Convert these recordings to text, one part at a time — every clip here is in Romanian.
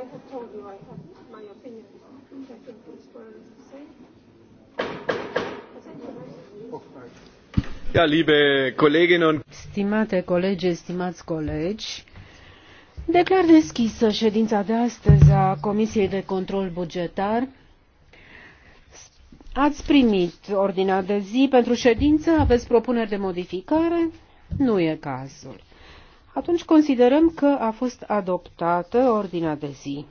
I have told you I have my opinion, which I think is for to say. Ja, liebe Kolleginnen und Stimate colegi, stimați colegi, declar deschisă ședința de astăzi a Comisiei de Control Bugetar. Ați primit ordinea de zi pentru ședință, aveți propuneri de modificare? Nu e cazul atunci considerăm că a fost adoptată ordinea de zi.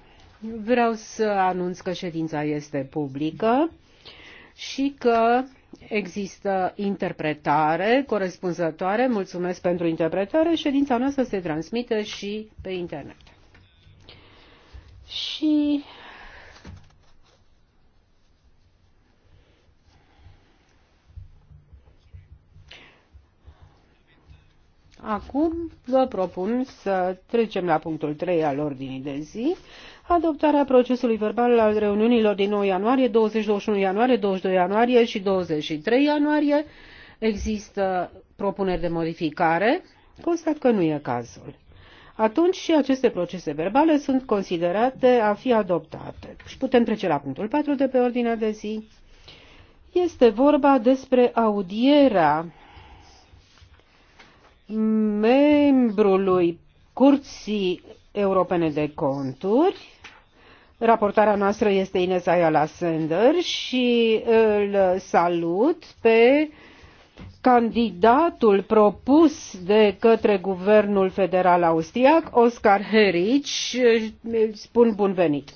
Vreau să anunț că ședința este publică și că există interpretare corespunzătoare. Mulțumesc pentru interpretare. Ședința noastră se transmite și pe internet. Și Acum vă propun să trecem la punctul 3 al ordinii de zi, adoptarea procesului verbal al reuniunilor din 9 ianuarie, 21 ianuarie, 22 ianuarie și 23 ianuarie. Există propuneri de modificare? Constat că nu e cazul. Atunci și aceste procese verbale sunt considerate a fi adoptate. Și putem trece la punctul 4 de pe ordinea de zi. Este vorba despre audierea membrului Curții Europene de Conturi. Raportarea noastră este Ines Ayala Sender și îl salut pe candidatul propus de către guvernul federal austriac, Oscar Herici, spun bun venit.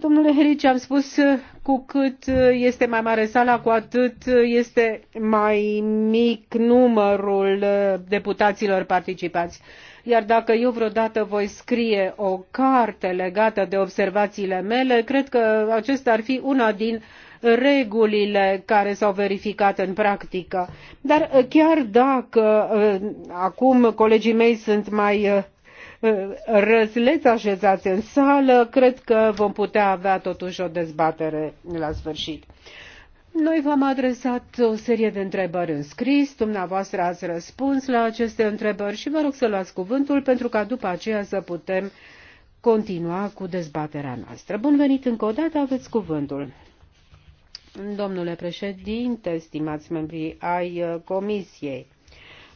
Domnule Herici, am spus uh, cu cât uh, este mai mare sala, cu atât uh, este mai mic numărul deputaților participați. Iar dacă eu vreodată voi scrie o carte legată de observațiile mele, cred că acesta ar fi una din regulile care s-au verificat în practică. Dar chiar dacă acum colegii mei sunt mai Ă, răzleți așezați în sală, cred că vom putea avea totuși o dezbatere la sfârșit. Noi v-am adresat o serie de întrebări în scris, dumneavoastră ați răspuns la aceste întrebări și vă rog să luați cuvântul pentru ca după aceea să putem continua cu dezbaterea noastră. Bun venit încă o dată, aveți cuvântul. Domnule președinte, stimați membrii ai ă, Comisiei,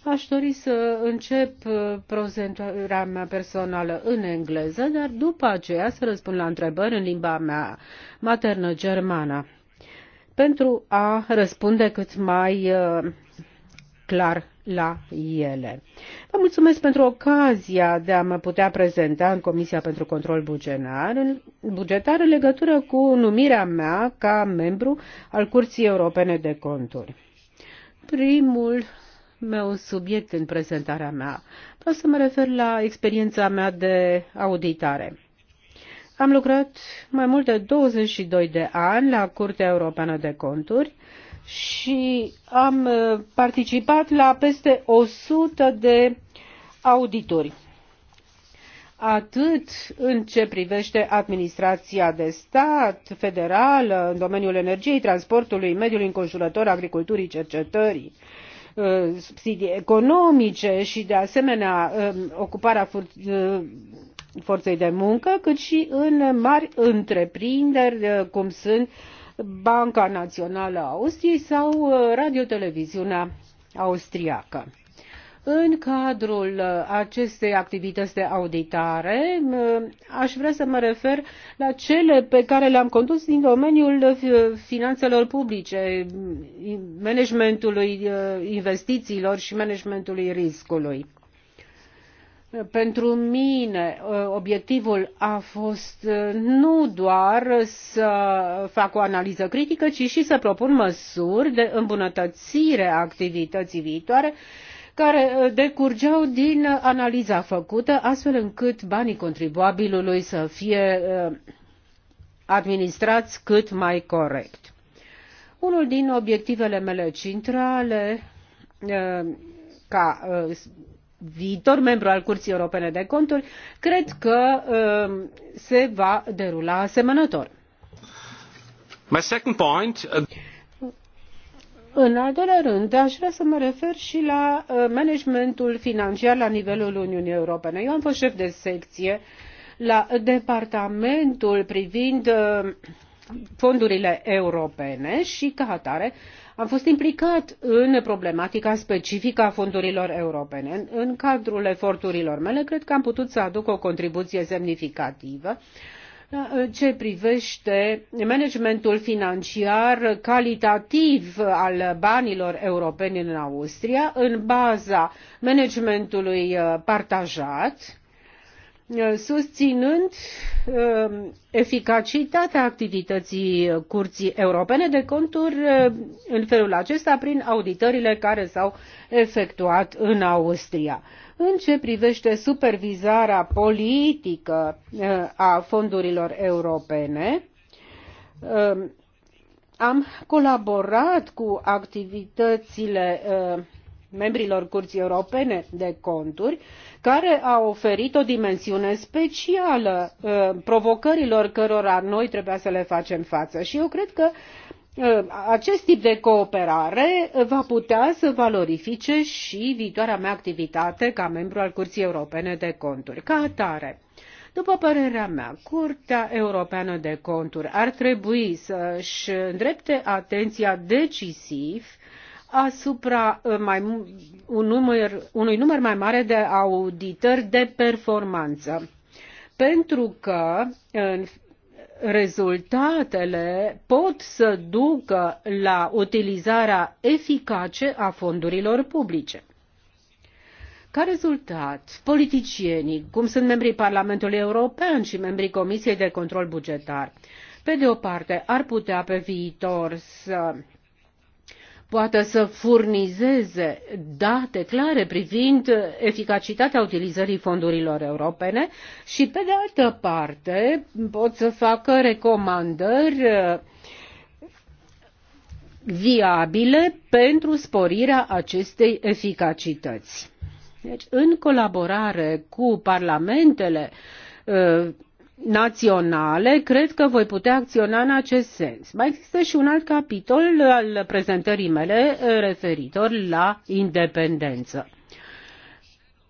Aș dori să încep uh, prezentarea mea personală în engleză, dar după aceea să răspund la întrebări în limba mea maternă germană, pentru a răspunde cât mai uh, clar la ele. Vă mulțumesc pentru ocazia de a mă putea prezenta în Comisia pentru Control Bugetar, bugetar în legătură cu numirea mea ca membru al Curții Europene de Conturi. Primul meu subiect în prezentarea mea. Vreau să mă refer la experiența mea de auditare. Am lucrat mai mult de 22 de ani la Curtea Europeană de Conturi și am uh, participat la peste 100 de auditori atât în ce privește administrația de stat, federală, în domeniul energiei, transportului, mediului înconjurător, agriculturii, cercetării. Uh, subsidii economice și de asemenea um, ocuparea uh, forței de muncă, cât și în mari întreprinderi, uh, cum sunt Banca Națională a Austriei sau Radiotelevisiunea austriacă. În cadrul uh, acestei activități de auditare, uh, aș vrea să mă refer la cele pe care le-am condus din domeniul uh, finanțelor publice, mm, managementului investițiilor și managementului riscului. Pentru mine, obiectivul a fost nu doar să fac o analiză critică, ci și să propun măsuri de îmbunătățire a activității viitoare care uh, decurgeau din analiza făcută, astfel încât banii contribuabilului să fie uh, administrați cât mai corect. Unul din obiectivele mele centrale uh, ca viitor membru al Curții Europene de Conturi, cred că se va derula asemănător. My second point, în al doilea rând, aș vrea să mă refer și la uh, managementul financiar la nivelul Uniunii Europene. Eu am fost șef de secție la departamentul privind uh, fondurile europene și, ca atare, am fost implicat în problematica specifică a fondurilor europene. În cadrul eforturilor mele, cred că am putut să aduc o contribuție semnificativă da, ce privește managementul financiar calitativ al banilor europeni în Austria, în baza managementului uh, partajat, uh, susținând uh, eficacitatea activității Curții Europene de Conturi în felul acesta prin auditările care s-au efectuat în Austria. În ce privește supervizarea politică eh, a fondurilor europene, eh, am colaborat cu activitățile eh, membrilor Curții Europene de Conturi, care a oferit o dimensiune specială provocărilor cărora noi trebuia să le facem față. Și eu cred că Ă, acest tip de cooperare va putea să valorifice și viitoarea mea activitate ca membru al Curții Europene de Conturi. Ca atare, după părerea mea, Curtea Europeană de Conturi ar trebui să-și îndrepte atenția decisiv asupra ă, mai, un număr, unui număr mai mare de auditări de performanță. Pentru că în rezultatele pot să ducă la utilizarea eficace a fondurilor publice. Ca rezultat, politicienii, cum sunt membrii Parlamentului European și membrii Comisiei de Control Bugetar, pe de o parte, ar putea pe viitor să poată să furnizeze date clare privind eficacitatea utilizării fondurilor europene și, pe de altă parte, pot să facă recomandări uh, viabile pentru sporirea acestei eficacități. Deci, în colaborare cu parlamentele uh, naționale, cred că voi putea acționa în acest sens. Mai există și un alt capitol al prezentării mele eh, referitor la independență.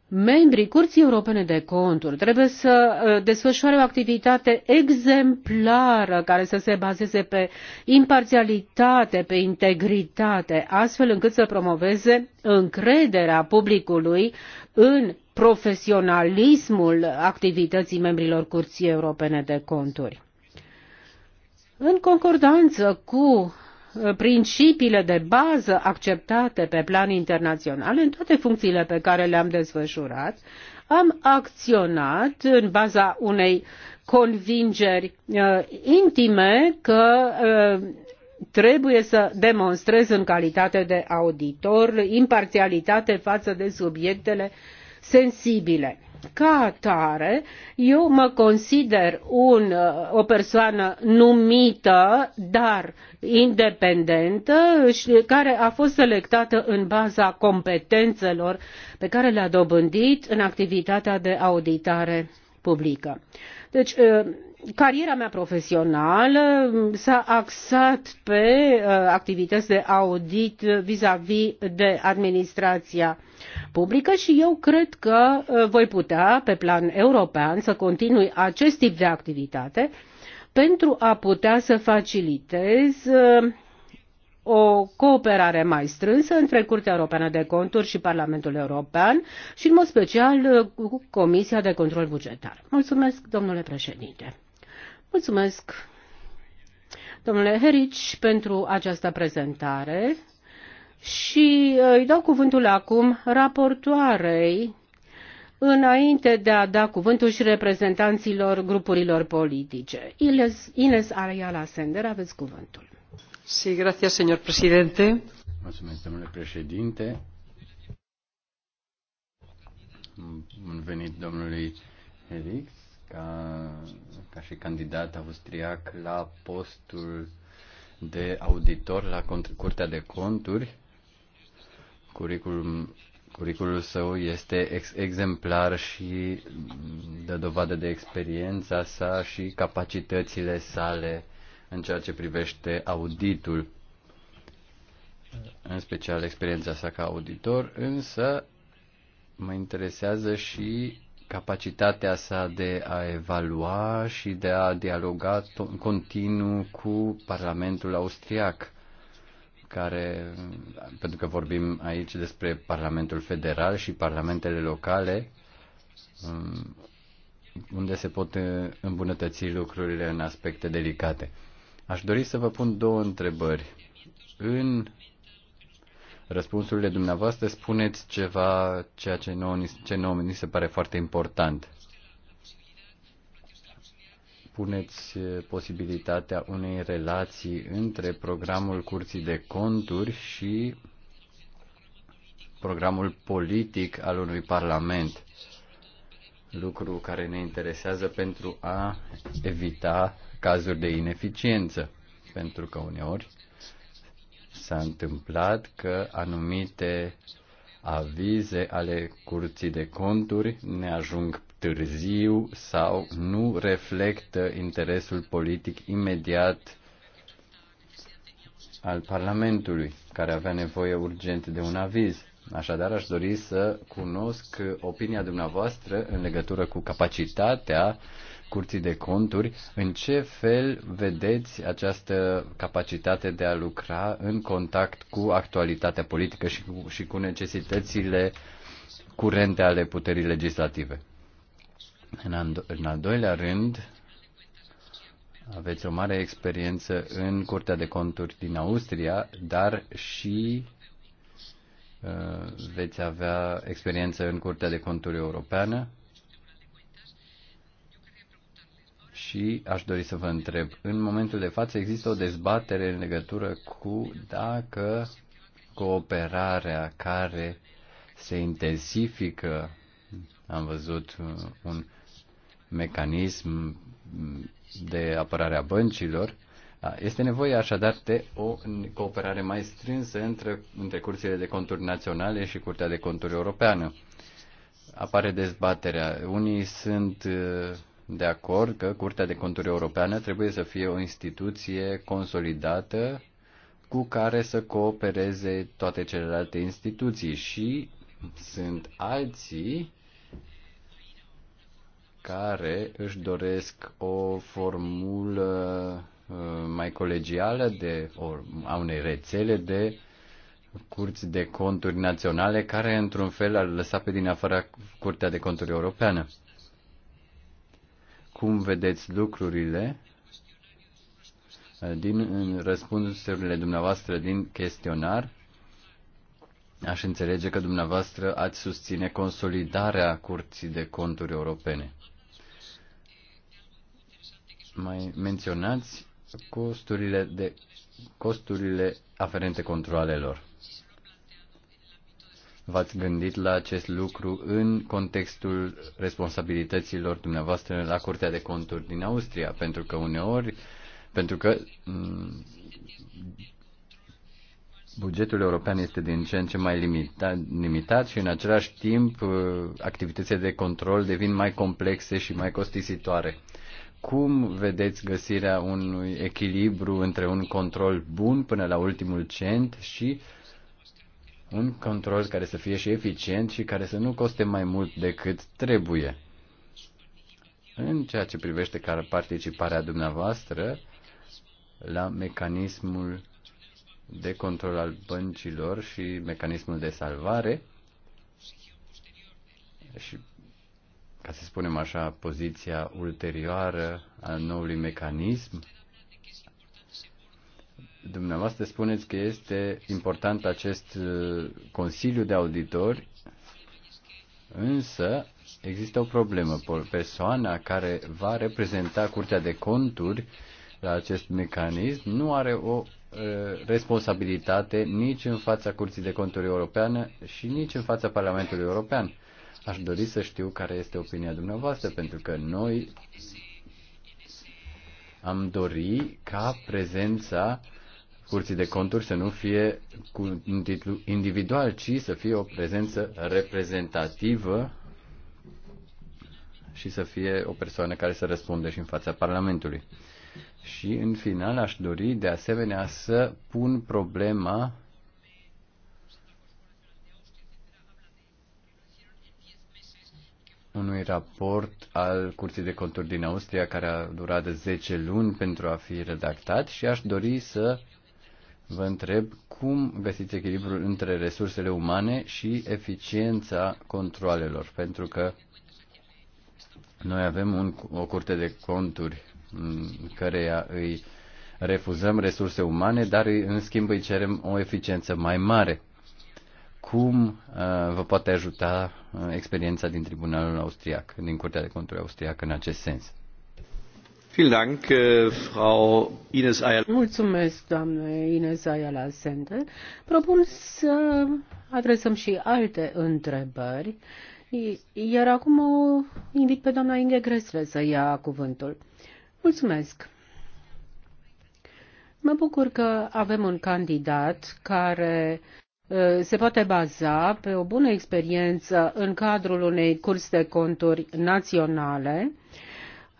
Membrii Curții Europene de Conturi trebuie să eh, desfășoare o activitate exemplară care să se bazeze pe imparțialitate, pe integritate, astfel încât să promoveze încrederea publicului în profesionalismul activității membrilor Curții Europene de Conturi. În concordanță cu uh, principiile de bază acceptate pe plan internațional în toate funcțiile pe care le-am desfășurat, am acționat în baza unei convingeri uh, intime că uh, trebuie să demonstrez în calitate de auditor imparțialitate față de subiectele uh, sensibile. Ca atare, eu mă consider un, uh, o persoană numită, dar independentă, care a fost selectată în baza competențelor pe care le-a dobândit în activitatea de auditare publică. Deci, uh, Cariera mea profesională s-a axat pe uh, activități de audit vis-a-vis -vis de administrația publică și eu cred că uh, voi putea, pe plan european, să continui acest tip de activitate pentru a putea să facilitez uh, o cooperare mai strânsă între Curtea Europeană de Conturi și Parlamentul European și, în mod special, cu Comisia de Control Bugetar. Mulțumesc, domnule președinte. Mulțumesc, domnule Herici, pentru această prezentare și uh, îi dau cuvântul acum raportoarei înainte de a da cuvântul și reprezentanților grupurilor politice. Ines, Ines Ariala Sender, aveți cuvântul. Sí, gracias, señor presidente. Mulțumesc, domnule președinte. Bun venit domnului Herici ca, ca și candidat austriac la postul de auditor la Curtea de Conturi. curiculum curriculul său este ex- exemplar și dă dovadă de experiența sa și capacitățile sale în ceea ce privește auditul, în special experiența sa ca auditor, însă mă interesează și capacitatea sa de a evalua și de a dialoga continuu cu Parlamentul austriac, care, pentru că vorbim aici despre Parlamentul federal și parlamentele locale, um, unde se pot uh, îmbunătăți lucrurile în aspecte delicate. Aș dori să vă pun două întrebări. În răspunsurile dumneavoastră spuneți ceva ceea ce nouă, ce nouă ni se pare foarte important. Puneți posibilitatea unei relații între programul Curții de Conturi și programul politic al unui parlament. Lucru care ne interesează pentru a evita cazuri de ineficiență. Pentru că uneori s-a întâmplat că anumite avize ale curții de conturi ne ajung târziu sau nu reflectă interesul politic imediat al Parlamentului, care avea nevoie urgent de un aviz. Așadar, aș dori să cunosc opinia dumneavoastră în legătură cu capacitatea Curții de Conturi, în ce fel vedeți această capacitate de a lucra în contact cu actualitatea politică și cu, și cu necesitățile curente ale puterii legislative? În, an, în al doilea rând, aveți o mare experiență în Curtea de Conturi din Austria, dar și uh, veți avea experiență în Curtea de Conturi Europeană și aș dori să vă întreb. În momentul de față există o dezbatere în legătură cu dacă cooperarea care se intensifică, am văzut uh, un mecanism mm, de apărare a băncilor, este nevoie așadar de o cooperare mai strânsă între, între curțile de conturi naționale și Curtea de Conturi Europeană. Apare dezbaterea. Unii sunt uh, de acord că Curtea de Conturi Europeană trebuie să fie o instituție consolidată cu care să coopereze toate celelalte instituții și sunt alții care își doresc o formulă uh, mai colegială de, or, a unei rețele de curți de conturi naționale care într-un fel ar lăsa pe din afara Curtea de Conturi Europeană cum vedeți lucrurile uh, din răspunsurile dumneavoastră din chestionar. Aș înțelege că dumneavoastră ați susține consolidarea Curții de Conturi Europene. Mai menționați costurile, de, costurile aferente controalelor v-ați gândit la acest lucru în contextul responsabilităților dumneavoastră la Curtea de Conturi din Austria, pentru că uneori, pentru că mm, bugetul european este din ce în ce mai limitat, limitat și în același timp uh, activitățile de control devin mai complexe și mai costisitoare. Cum vedeți găsirea unui echilibru între un control bun până la ultimul cent și uh, un control care să fie și eficient și care să nu coste mai mult decât trebuie. În ceea ce privește participarea dumneavoastră la mecanismul de control al băncilor și mecanismul de salvare și, ca să spunem așa, poziția ulterioară a noului mecanism, Dumneavoastră spuneți că este important acest uh, Consiliu de Auditori, însă există o problemă. Persoana care va reprezenta Curtea de Conturi la acest mecanism nu are o uh, responsabilitate nici în fața Curții de Conturi Europeană și nici în fața Parlamentului European. Aș dori să știu care este opinia dumneavoastră, pentru că noi am dori ca prezența uh, curții de conturi să nu fie cu individual, ci să fie o prezență reprezentativă și să fie o persoană care să răspunde și în fața Parlamentului. Și în final aș dori de asemenea să pun problema unui raport al Curții de Conturi din Austria care a durat de 10 luni pentru a fi redactat și aș dori să vă întreb cum găsiți echilibrul între resursele umane și eficiența controlelor, pentru că noi avem un, o curte de conturi în care îi refuzăm resurse umane, dar în schimb îi cerem o eficiență mai mare. Cum uh, vă poate ajuta uh, experiența din tribunalul austriac, din Curtea de Conturi austriacă în acest sens? Äh, Mulțumesc, doamnă Ines Ayala Sender. Propun să adresăm și alte întrebări, iar acum o invit pe doamna Inge Gresle să ia cuvântul. Mulțumesc. Mă bucur că avem un candidat care uh, se poate baza pe o bună experiență în cadrul unei curs de conturi naționale,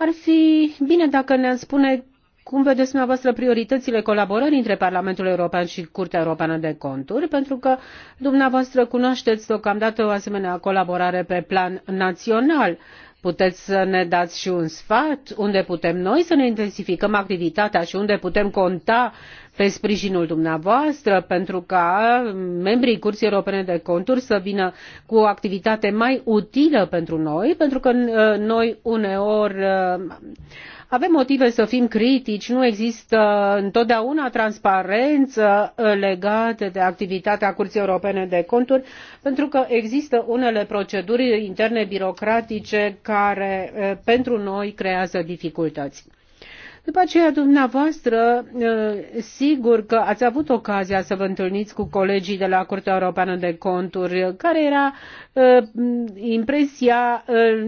ar fi bine dacă ne am spune cum vedeți dumneavoastră prioritățile colaborării între Parlamentul European și Curtea Europeană de Conturi, pentru că dumneavoastră cunoașteți deocamdată o asemenea colaborare pe plan național. Uh, Puteți să ne dați și un sfat unde putem noi să ne intensificăm activitatea și unde putem conta pe sprijinul dumneavoastră pentru ca membrii Curții Europene de Conturi să vină cu o activitate mai utilă pentru noi, pentru că uh, noi uneori uh, avem motive să fim critici, nu există întotdeauna transparență legată de activitatea Curții Europene de Conturi, pentru că există unele proceduri interne birocratice care eh, pentru noi creează dificultăți. După aceea, dumneavoastră, eh, sigur că ați avut ocazia să vă întâlniți cu colegii de la Curtea Europeană de Conturi. Care era eh, impresia eh,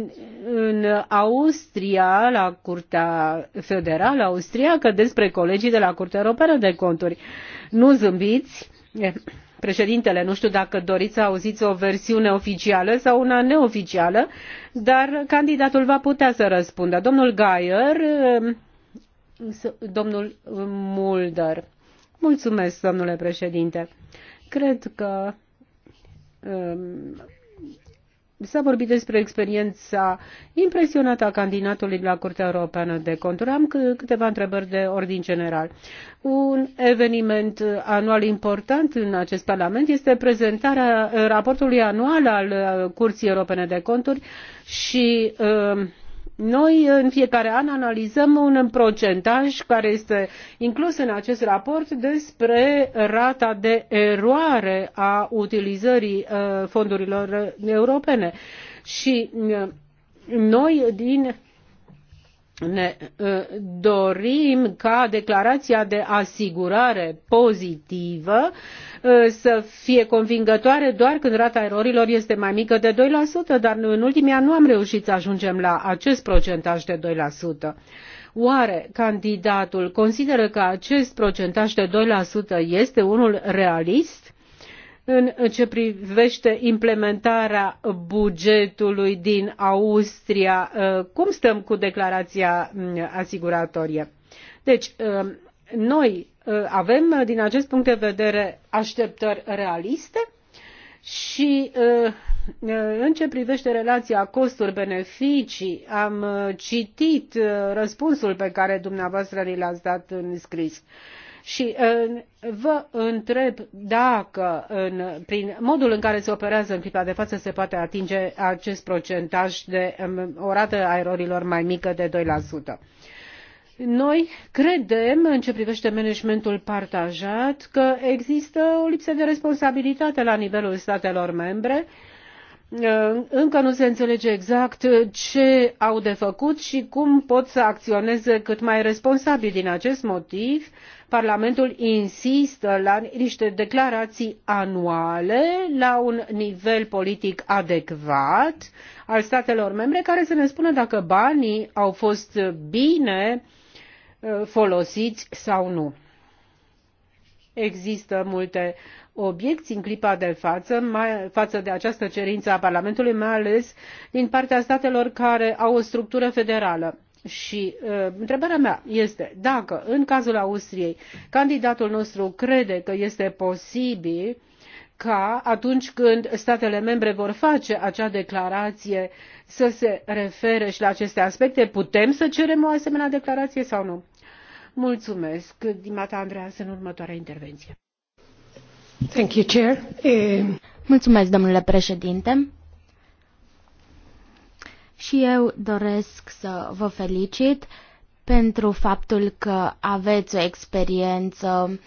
în, Austria, la Curtea Federală Austriacă, despre colegii de la Curtea Europeană de Conturi? Nu zâmbiți? președintele nu știu dacă doriți să auziți o versiune oficială sau una neoficială dar candidatul va putea să răspundă. domnul geier domnul Mulder. Mulțumesc, domnule președinte. Cred că um, S-a vorbit despre experiența impresionată a candidatului la Curtea Europeană de Conturi. Am câteva întrebări de ordin general. Un eveniment anual important în acest Parlament este prezentarea uh, raportului anual al uh, Curții Europene de Conturi și Um, noi în fiecare an analizăm un procentaj care este inclus în acest raport despre rata de eroare a utilizării uh, fondurilor europene și uh, noi din ne uh, dorim ca declarația de asigurare pozitivă Uh, să fie convingătoare doar când rata erorilor este mai mică de 2%, dar în ultimii ani nu am reușit să ajungem la acest procentaj de 2%. Oare candidatul consideră că acest procentaj de 2% este unul realist? în ce privește implementarea bugetului din Austria, uh, cum stăm cu declarația mm, asiguratorie? Deci, uh, noi Uh, avem uh, din acest punct de vedere așteptări realiste și uh, în ce privește relația costuri beneficii am citit răspunsul pe care dumneavoastră ni l-ați dat în scris și vă întreb dacă în, prin modul în care se operează în clipa de față se poate atinge acest procentaj de um, o rată a erorilor mai mică de 2%. Noi credem, în ce privește managementul partajat, că există o lipsă de responsabilitate la nivelul statelor membre. Uh, încă nu se înțelege exact ce au de făcut și cum pot să acționeze cât mai responsabil. Din acest motiv, Parlamentul insistă la niște declarații anuale, la un nivel politic adecvat al statelor membre, care să ne spună dacă banii au fost bine uh, folosiți sau nu. Există multe obiecții în clipa de față mai, față de această cerință a Parlamentului, mai ales din partea statelor care au o structură federală. Și uh, întrebarea mea este dacă, în cazul Austriei, candidatul nostru crede că este posibil ca atunci când statele membre vor face acea declarație să se refere și la aceste aspecte, putem să cerem o asemenea declarație sau nu? Mulțumesc, Dimata Andreas, în următoarea intervenție. Thank you, Chair. Mulțumesc, domnule președinte. Și eu doresc să vă felicit pentru faptul că aveți o experiență uh,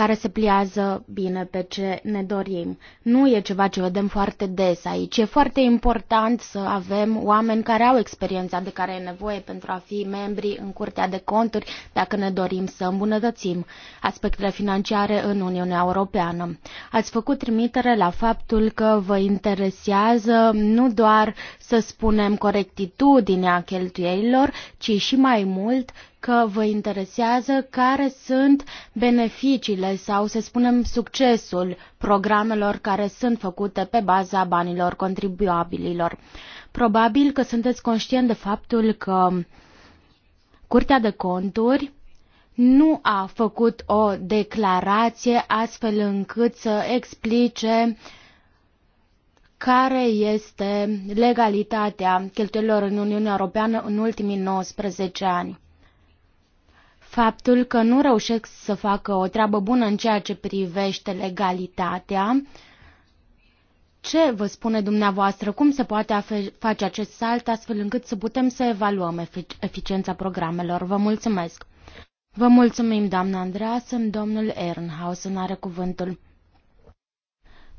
care se pliază bine pe ce ne dorim. Nu e ceva ce vedem foarte des aici. E foarte important să avem oameni care au experiența de care e nevoie pentru a fi membri în Curtea de Conturi dacă ne dorim să îmbunătățim aspectele financiare în Uniunea Europeană. Ați făcut trimitere la faptul că vă interesează nu doar să spunem corectitudinea cheltuielilor, ci și mai mult că vă interesează care sunt beneficiile sau, să spunem, succesul programelor care sunt făcute pe baza banilor contribuabililor. Probabil că sunteți conștient de faptul că Curtea de Conturi nu a făcut o declarație astfel încât să explice care este legalitatea cheltuielor în Uniunea Europeană în ultimii 19 ani faptul că nu reușesc să facă o treabă bună în ceea ce privește legalitatea. Ce vă spune dumneavoastră? Cum se poate face acest salt astfel încât să putem să evaluăm efic eficiența programelor? Vă mulțumesc! Vă mulțumim, doamna sunt domnul Ehrenhausen are cuvântul.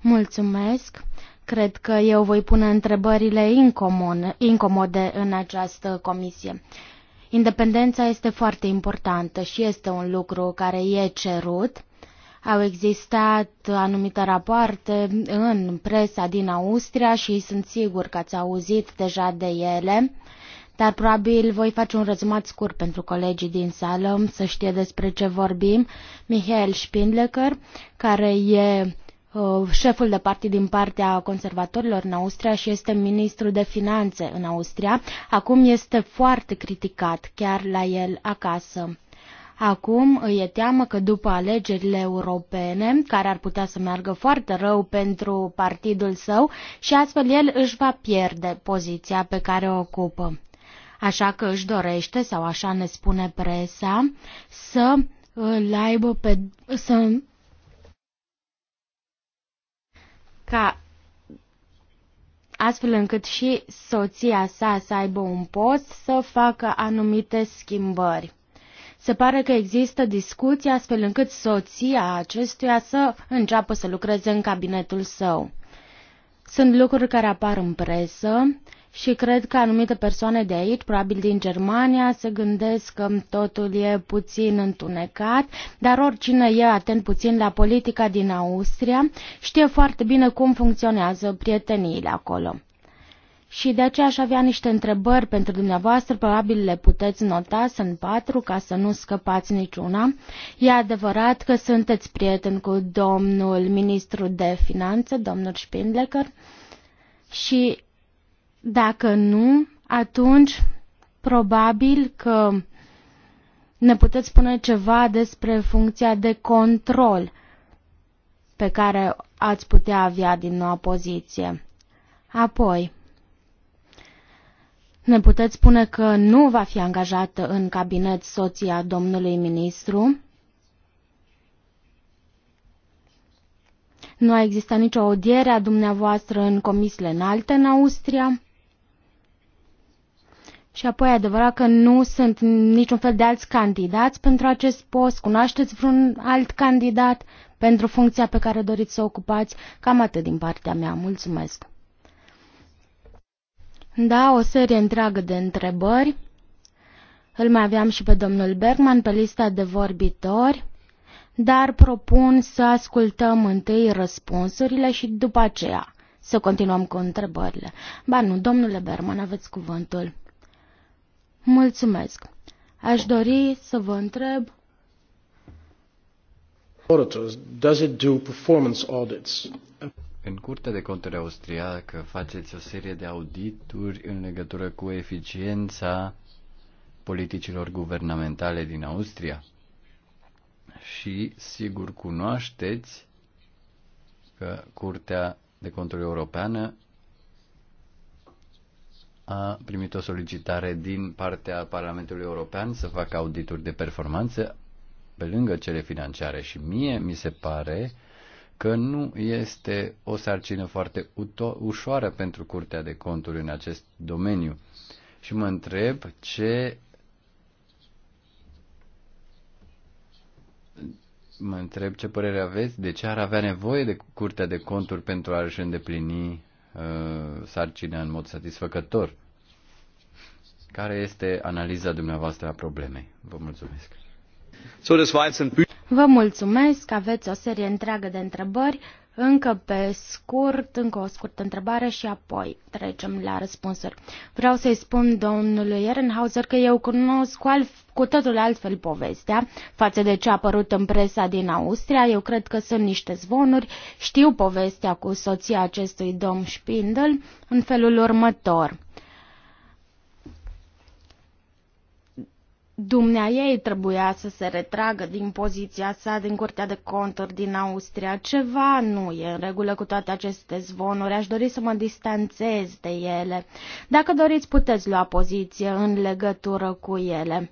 Mulțumesc! Cred că eu voi pune întrebările incomode în această comisie. Independența este foarte importantă și este un lucru care e cerut. Au existat anumite rapoarte în presa din Austria și sunt sigur că ați auzit deja de ele, dar probabil voi face un rezumat scurt pentru colegii din sală să știe despre ce vorbim. Mihail Spindlecker, care e Uh, șeful de partid din partea conservatorilor în Austria și este ministru de finanțe în Austria. Acum este foarte criticat chiar la el acasă. Acum îi e teamă că după alegerile europene, care ar putea să meargă foarte rău pentru partidul său, și astfel el își va pierde poziția pe care o ocupă. Așa că își dorește, sau așa ne spune presa, să îl aibă pe, să ca astfel încât și soția sa să aibă un post să facă anumite schimbări. Se pare că există discuții astfel încât soția acestuia să înceapă să lucreze în cabinetul său. Sunt lucruri care apar în presă și cred că anumite persoane de aici, probabil din Germania, se gândesc că totul e puțin întunecat, dar oricine e atent puțin la politica din Austria știe foarte bine cum funcționează prieteniile acolo. Și de aceea aș avea niște întrebări pentru dumneavoastră, probabil le puteți nota, sunt patru, ca să nu scăpați niciuna. E adevărat că sunteți prieten cu domnul ministru de finanțe, domnul Spindlecker, și dacă nu, atunci probabil că ne puteți spune ceva despre funcția de control pe care ați putea avea din noua poziție. Apoi, ne puteți spune că nu va fi angajată în cabinet soția domnului ministru? Nu a existat nicio audiere a dumneavoastră în comisiile înalte în Austria? Și apoi adevărat că nu sunt niciun fel de alți candidați pentru acest post. Cunoașteți vreun alt candidat pentru funcția pe care doriți să o ocupați? Cam atât din partea mea. Mulțumesc! Da, o serie întreagă de întrebări. Îl mai aveam și pe domnul Bergman pe lista de vorbitori, dar propun să ascultăm întâi răspunsurile și după aceea să continuăm cu întrebările. Ba nu, domnule Berman, aveți cuvântul. Mulțumesc. Aș dori să vă întreb... Auditors, does it do performance audits? În Curtea de Conturi Austriacă faceți o serie de audituri în legătură cu eficiența politicilor guvernamentale din Austria și sigur cunoașteți că Curtea de Conturi Europeană a primit o solicitare din partea Parlamentului European să facă audituri de performanță pe lângă cele financiare și mie mi se pare că nu este o sarcină foarte ușoară pentru Curtea de Conturi în acest domeniu. Și mă întreb ce mă întreb ce părere aveți, de ce ar avea nevoie de Curtea de Conturi pentru a-și îndeplini uh, sarcina în mod satisfăcător. Care este analiza dumneavoastră a problemei? Vă mulțumesc. Vă mulțumesc, aveți o serie întreagă de întrebări. Încă pe scurt, încă o scurtă întrebare și apoi trecem la răspunsuri. Vreau să-i spun domnului Ehrenhauser că eu cunosc cu, alt, cu totul altfel povestea față de ce a apărut în presa din Austria. Eu cred că sunt niște zvonuri. Știu povestea cu soția acestui domn Spindel în felul următor. ei trebuia să se retragă din poziția sa din Curtea de Conturi din Austria. Ceva nu e în regulă cu toate aceste zvonuri. Aș dori să mă distanțez de ele. Dacă doriți, puteți lua poziție în legătură cu ele.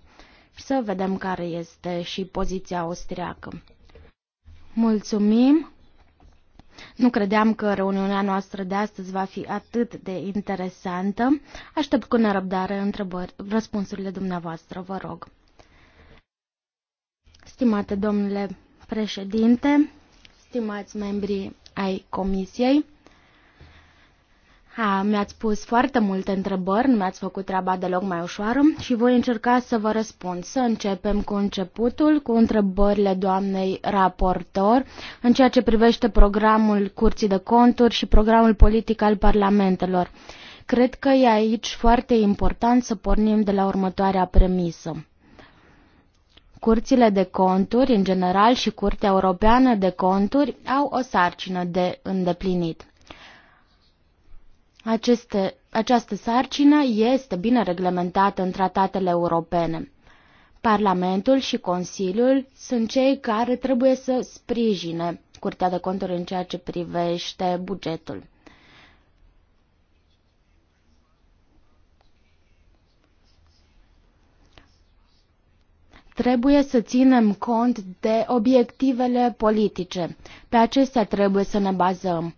Să vedem care este și poziția austriacă. Mulțumim! Nu credeam că reuniunea noastră de astăzi va fi atât de interesantă. Aștept cu nerăbdare întrebări, răspunsurile dumneavoastră, vă rog. Stimate domnule președinte, stimați membrii ai comisiei, Ah, mi-ați pus foarte multe întrebări, nu mi-ați făcut treaba deloc mai ușoară și voi încerca să vă răspund. Să începem cu începutul, cu întrebările doamnei raportor în ceea ce privește programul Curții de Conturi și programul politic al Parlamentelor. Cred că e aici foarte important să pornim de la următoarea premisă. Curțile de conturi, în general, și Curtea Europeană de Conturi au o sarcină de îndeplinit. Aceste, această sarcină este bine reglementată în tratatele europene. Parlamentul și Consiliul sunt cei care trebuie să sprijine Curtea de Conturi în ceea ce privește bugetul. trebuie să ținem cont de obiectivele politice. Pe acestea trebuie să ne bazăm.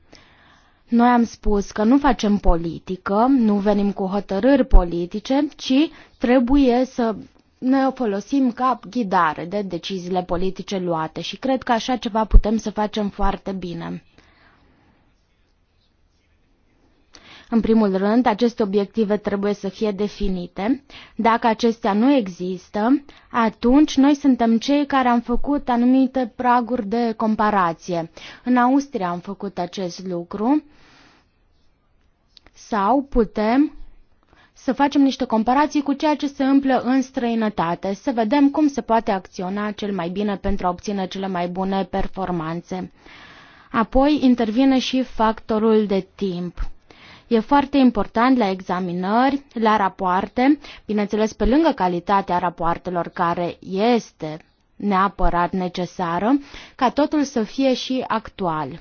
Noi am spus că nu facem politică, nu venim cu hotărâri politice, ci trebuie să ne folosim ca ghidare de deciziile politice luate și cred că așa ceva putem să facem foarte bine. În primul rând, aceste obiective trebuie să fie definite. Dacă acestea nu există, atunci noi suntem cei care am făcut anumite praguri de comparație. În Austria am făcut acest lucru sau putem să facem niște comparații cu ceea ce se întâmplă în străinătate, să vedem cum se poate acționa cel mai bine pentru a obține cele mai bune performanțe. Apoi intervine și factorul de timp. E foarte important la examinări, la rapoarte, bineînțeles pe lângă calitatea rapoartelor care este neapărat necesară, ca totul să fie și actual.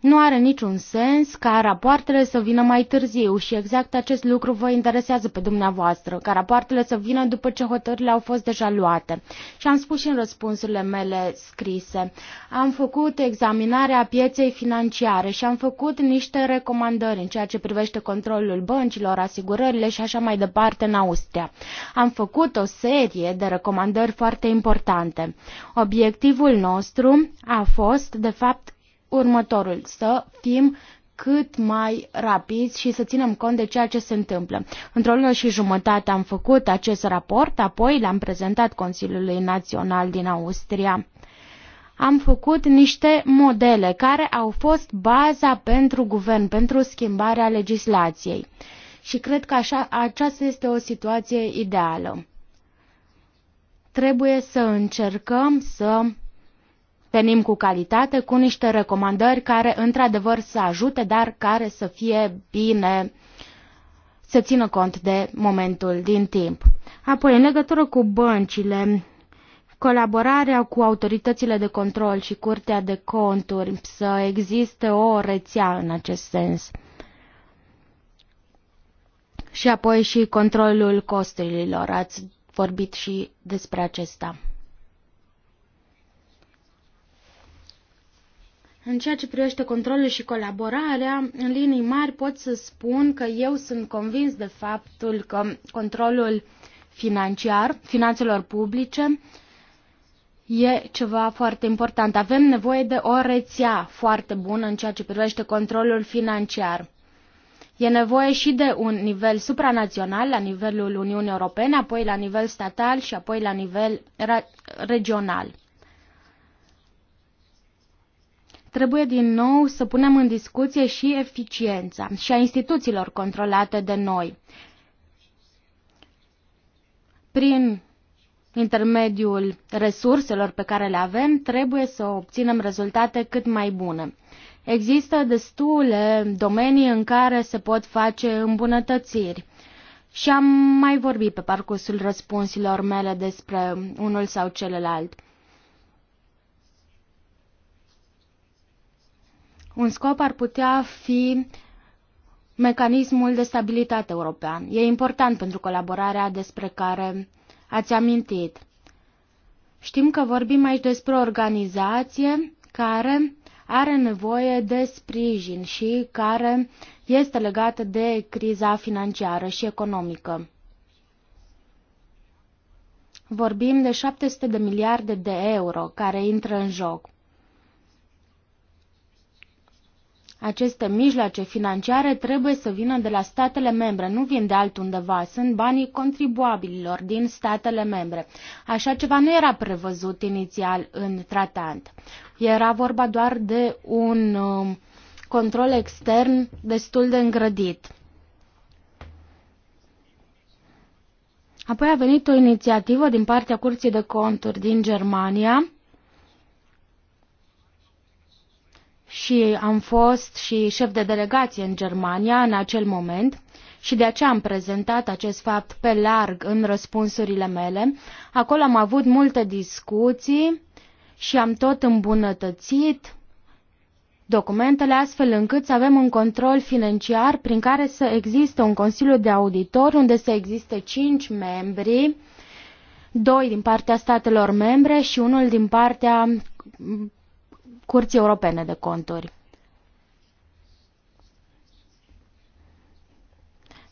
Nu are niciun sens ca rapoartele să vină mai târziu și exact acest lucru vă interesează pe dumneavoastră, ca rapoartele să vină după ce hotările au fost deja luate. Și am spus și în răspunsurile mele scrise. Am făcut examinarea pieței financiare și am făcut niște recomandări în ceea ce privește controlul băncilor, asigurările și așa mai departe în Austria. Am făcut o serie de recomandări foarte importante. Obiectivul nostru a fost, de fapt, următorul, să fim cât mai rapid și să ținem cont de ceea ce se întâmplă. Într-o lună și jumătate am făcut acest raport, apoi l-am prezentat Consiliului Național din Austria. Am făcut niște modele care au fost baza pentru guvern, pentru schimbarea legislației. Și cred că așa, aceasta este o situație ideală. Trebuie să încercăm să venim cu calitate, cu niște recomandări care într-adevăr să ajute, dar care să fie bine, să țină cont de momentul din timp. Apoi, în legătură cu băncile, colaborarea cu autoritățile de control și curtea de conturi, să existe o rețea în acest sens. Și apoi și controlul costurilor. Ați vorbit și despre acesta. În ceea ce privește controlul și colaborarea, în linii mari pot să spun că eu sunt convins de faptul că controlul financiar, finanțelor publice, e ceva foarte important. Avem nevoie de o rețea foarte bună în ceea ce privește controlul financiar. E nevoie și de un nivel supranațional, la nivelul Uniunii Europene, apoi la nivel statal și apoi la nivel regional. Trebuie din nou să punem în discuție și eficiența și a instituțiilor controlate de noi. Prin intermediul resurselor pe care le avem, trebuie să obținem rezultate cât mai bune. Există destule domenii în care se pot face îmbunătățiri. Și am mai vorbit pe parcursul răspunsilor mele despre unul sau celălalt. Un scop ar putea fi mecanismul de stabilitate european. E important pentru colaborarea despre care ați amintit. Știm că vorbim aici despre o organizație care are nevoie de sprijin și care este legată de criza financiară și economică. Vorbim de 700 de miliarde de euro care intră în joc. Aceste mijloace financiare trebuie să vină de la statele membre, nu vin de altundeva, sunt banii contribuabililor din statele membre. Așa ceva nu era prevăzut inițial în tratant. Era vorba doar de un um, control extern destul de îngrădit. Apoi a venit o inițiativă din partea Curții de Conturi din Germania, și am fost și șef de delegație în Germania în acel moment și de aceea am prezentat acest fapt pe larg în răspunsurile mele. Acolo am avut multe discuții și am tot îmbunătățit documentele astfel încât să avem un control financiar prin care să existe un Consiliu de Auditori unde să existe cinci membri, doi din partea statelor membre și unul din partea Curții Europene de Conturi.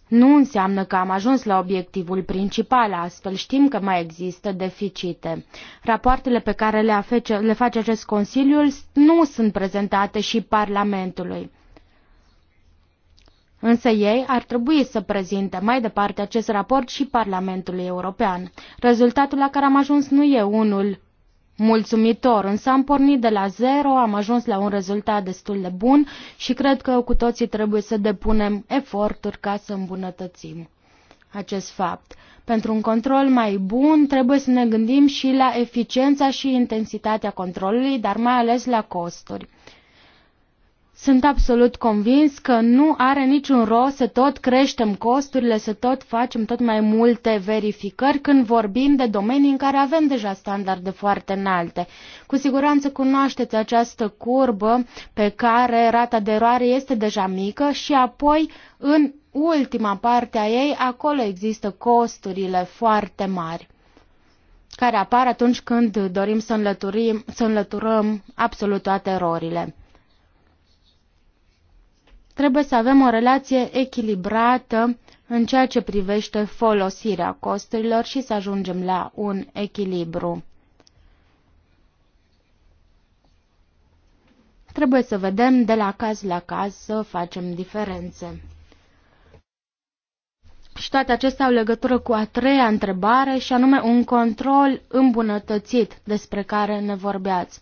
Nu înseamnă că am ajuns la obiectivul principal, astfel știm că mai există deficite. Rapoartele pe care le, afece, le face acest Consiliu nu sunt prezentate și Parlamentului. Însă ei ar trebui să prezinte mai departe acest raport și Parlamentului European. Rezultatul la care am ajuns nu e unul mulțumitor, însă am pornit de la zero, am ajuns la un rezultat destul de bun și cred că cu toții trebuie să depunem eforturi ca să îmbunătățim acest fapt. Pentru un control mai bun trebuie să ne gândim și la eficiența și intensitatea controlului, dar mai ales la costuri. Sunt absolut convins că nu are niciun rost să tot creștem costurile, să tot facem tot mai multe verificări când vorbim de domenii în care avem deja standarde foarte înalte. Cu siguranță cunoașteți această curbă pe care rata de eroare este deja mică și apoi în ultima parte a ei acolo există costurile foarte mari care apar atunci când dorim să, înlăturim, să înlăturăm absolut toate erorile. Trebuie să avem o relație echilibrată în ceea ce privește folosirea costurilor și să ajungem la un echilibru. Trebuie să vedem de la caz la caz să facem diferențe. Și toate acestea au legătură cu a treia întrebare și anume un control îmbunătățit despre care ne vorbeați.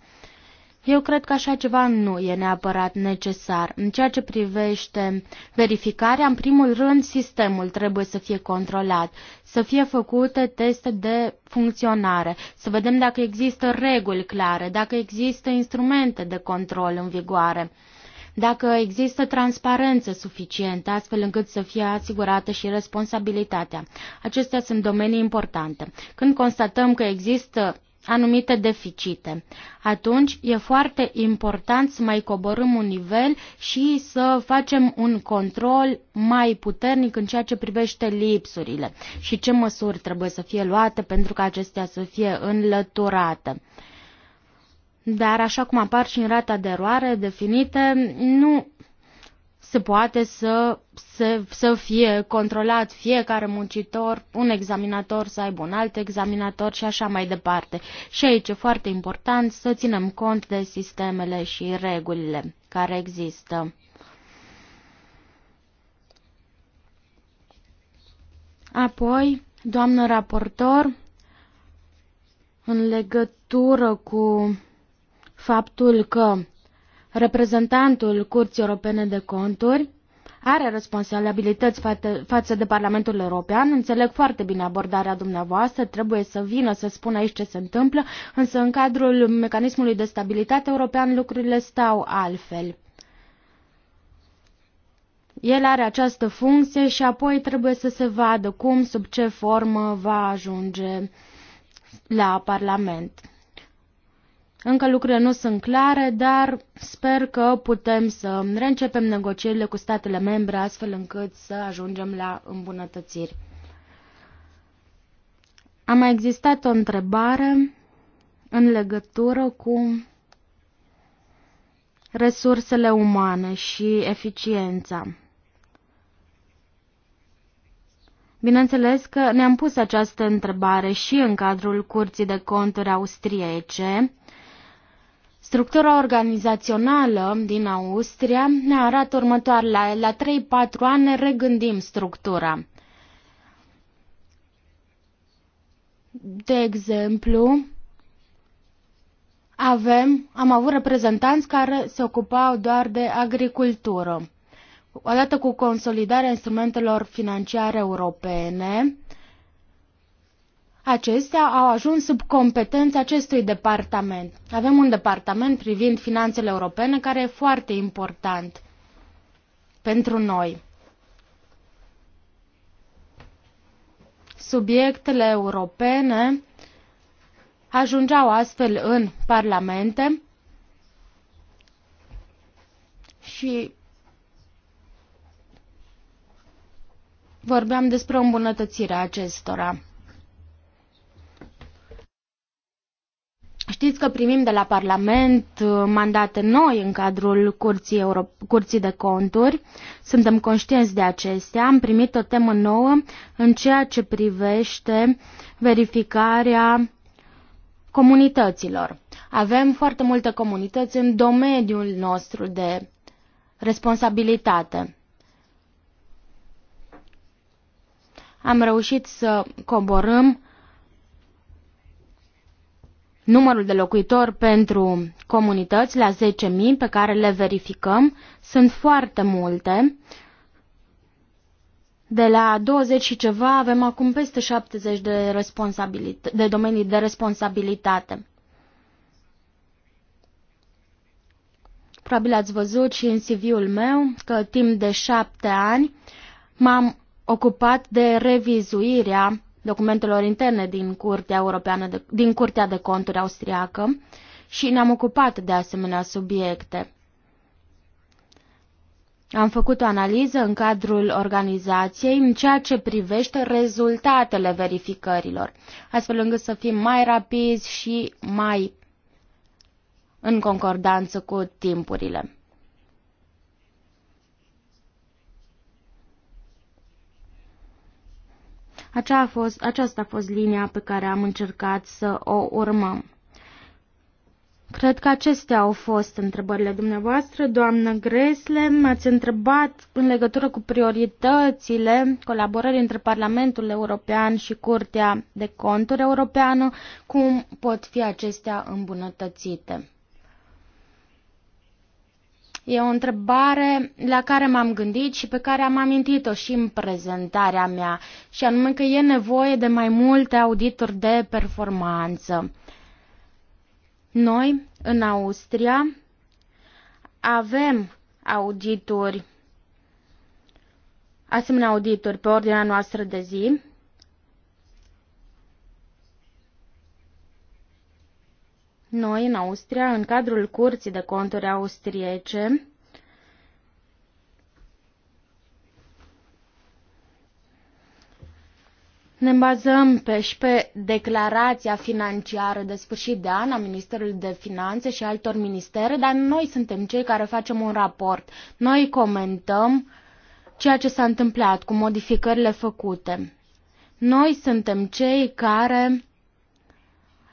Eu cred că așa ceva nu e neapărat necesar. În ceea ce privește verificarea, în primul rând, sistemul trebuie să fie controlat, să fie făcute teste de funcționare, să vedem dacă există reguli clare, dacă există instrumente de control în vigoare dacă există transparență suficientă, astfel încât să fie asigurată și responsabilitatea. Acestea sunt domenii importante. Când constatăm că există anumite deficite. Atunci e foarte important să mai coborâm un nivel și să facem un control mai puternic în ceea ce privește lipsurile și ce măsuri trebuie să fie luate pentru ca acestea să fie înlăturate. Dar așa cum apar și în rata de eroare definite, nu se poate să, să, să fie controlat fiecare muncitor, un examinator să aibă un alt examinator și așa mai departe. Și aici e foarte important să ținem cont de sistemele și regulile care există. Apoi, doamnă raportor, în legătură cu faptul că Reprezentantul Curții Europene de Conturi are responsabilități față de Parlamentul European. Înțeleg foarte bine abordarea dumneavoastră, trebuie să vină să spună aici ce se întâmplă, însă în cadrul mecanismului de stabilitate european lucrurile stau altfel. El are această funcție și apoi trebuie să se vadă cum, sub ce formă va ajunge la Parlament. Încă lucrurile nu sunt clare, dar sper că putem să reîncepem negocierile cu statele membre astfel încât să ajungem la îmbunătățiri. A mai existat o întrebare în legătură cu resursele umane și eficiența. Bineînțeles că ne-am pus această întrebare și în cadrul Curții de Conturi Austriece, Structura organizațională din Austria ne arată următoarele. La, la 3-4 ani ne regândim structura. De exemplu, avem, am avut reprezentanți care se ocupau doar de agricultură. Odată cu consolidarea instrumentelor financiare europene, Acestea au ajuns sub competența acestui departament. Avem un departament privind finanțele europene care e foarte important pentru noi. Subiectele europene ajungeau astfel în parlamente și vorbeam despre o îmbunătățire a acestora. Știți că primim de la Parlament uh, mandate noi în cadrul Curții, Euro- Curții de Conturi. Suntem conștienți de acestea. Am primit o temă nouă în ceea ce privește verificarea comunităților. Avem foarte multe comunități în domeniul nostru de responsabilitate. Am reușit să coborâm numărul de locuitori pentru comunități la 10.000 pe care le verificăm sunt foarte multe. De la 20 și ceva avem acum peste 70 de, de domenii de responsabilitate. Probabil ați văzut și în CV-ul meu că timp de șapte ani m-am ocupat de revizuirea documentelor interne din Curtea, Europeană de, din Curtea de Conturi Austriacă și ne-am ocupat de asemenea subiecte. Am făcut o analiză în cadrul organizației în ceea ce privește rezultatele verificărilor, astfel încât să fim mai rapizi și mai în concordanță cu timpurile. Acea a fost, aceasta a fost linia pe care am încercat să o urmăm. Cred că acestea au fost întrebările dumneavoastră. Doamnă Gresle, m-ați întrebat în legătură cu prioritățile colaborării între Parlamentul European și Curtea de Conturi Europeană, cum pot fi acestea îmbunătățite. E o întrebare la care m-am gândit și pe care am amintit-o și în prezentarea mea, și anume că e nevoie de mai multe auditori de performanță. Noi, în Austria, avem audituri, asemenea auditori pe ordinea noastră de zi, Noi, în Austria, în cadrul Curții de Conturi Austriece, Ne bazăm pe și pe declarația financiară de sfârșit de an a Ministerului de Finanțe și altor ministere, dar noi suntem cei care facem un raport. Noi comentăm ceea ce s-a întâmplat cu modificările făcute. Noi suntem cei care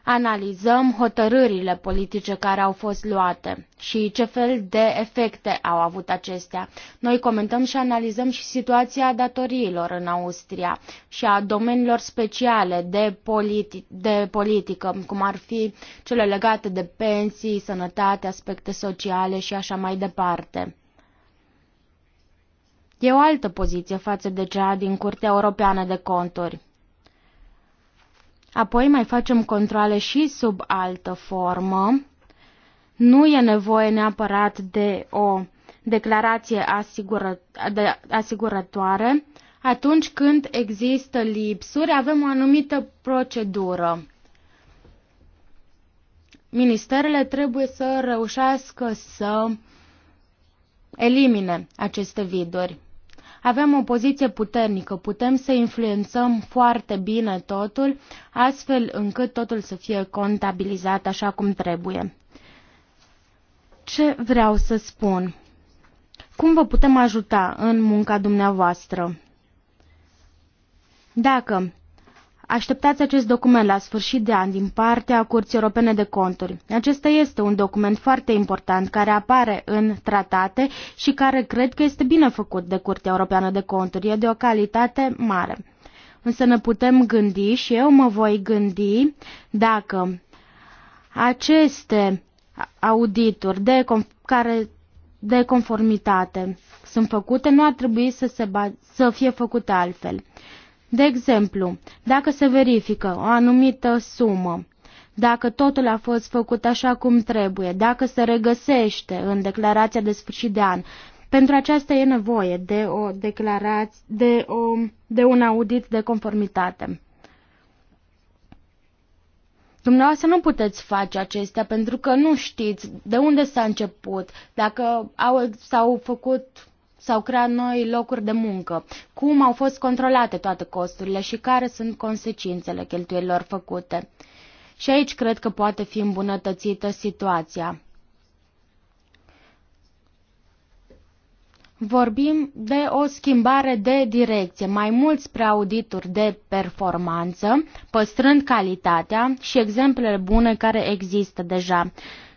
analizăm hotărârile politice care au fost luate și ce fel de efecte au avut acestea. Noi comentăm și analizăm și situația datoriilor în Austria și a domeniilor speciale de, politi- de politică, cum ar fi cele legate de pensii, sănătate, aspecte sociale și așa mai departe. E o altă poziție față de cea din Curtea Europeană de Conturi. Apoi mai facem controle și sub altă formă. Nu e nevoie neapărat de o declarație asigură, de asigurătoare. Atunci când există lipsuri, avem o anumită procedură. Ministerele trebuie să reușească să elimine aceste viduri. Avem o poziție puternică, putem să influențăm foarte bine totul, astfel încât totul să fie contabilizat așa cum trebuie. Ce vreau să spun? Cum vă putem ajuta în munca dumneavoastră? Dacă Așteptați acest document la sfârșit de an din partea Curții Europene de Conturi. Acesta este un document foarte important care apare în tratate și care cred că este bine făcut de Curtea Europeană de Conturi. E de o calitate mare. Însă ne putem gândi și eu mă voi gândi dacă aceste audituri de, care de conformitate sunt făcute, nu ar trebui să, se să fie făcute altfel. De exemplu, dacă se verifică o anumită sumă, dacă totul a fost făcut așa cum trebuie, dacă se regăsește în declarația de sfârșit de an, pentru aceasta e nevoie de o declarație, de, o, de un audit de conformitate. Dumneavoastră nu puteți face acestea pentru că nu știți de unde s-a început, dacă au, s-au făcut s-au creat noi locuri de muncă, cum au fost controlate toate costurile și care sunt consecințele cheltuielilor făcute. Și aici cred că poate fi îmbunătățită situația. Vorbim de o schimbare de direcție, mai mult spre audituri de performanță, păstrând calitatea și exemplele bune care există deja.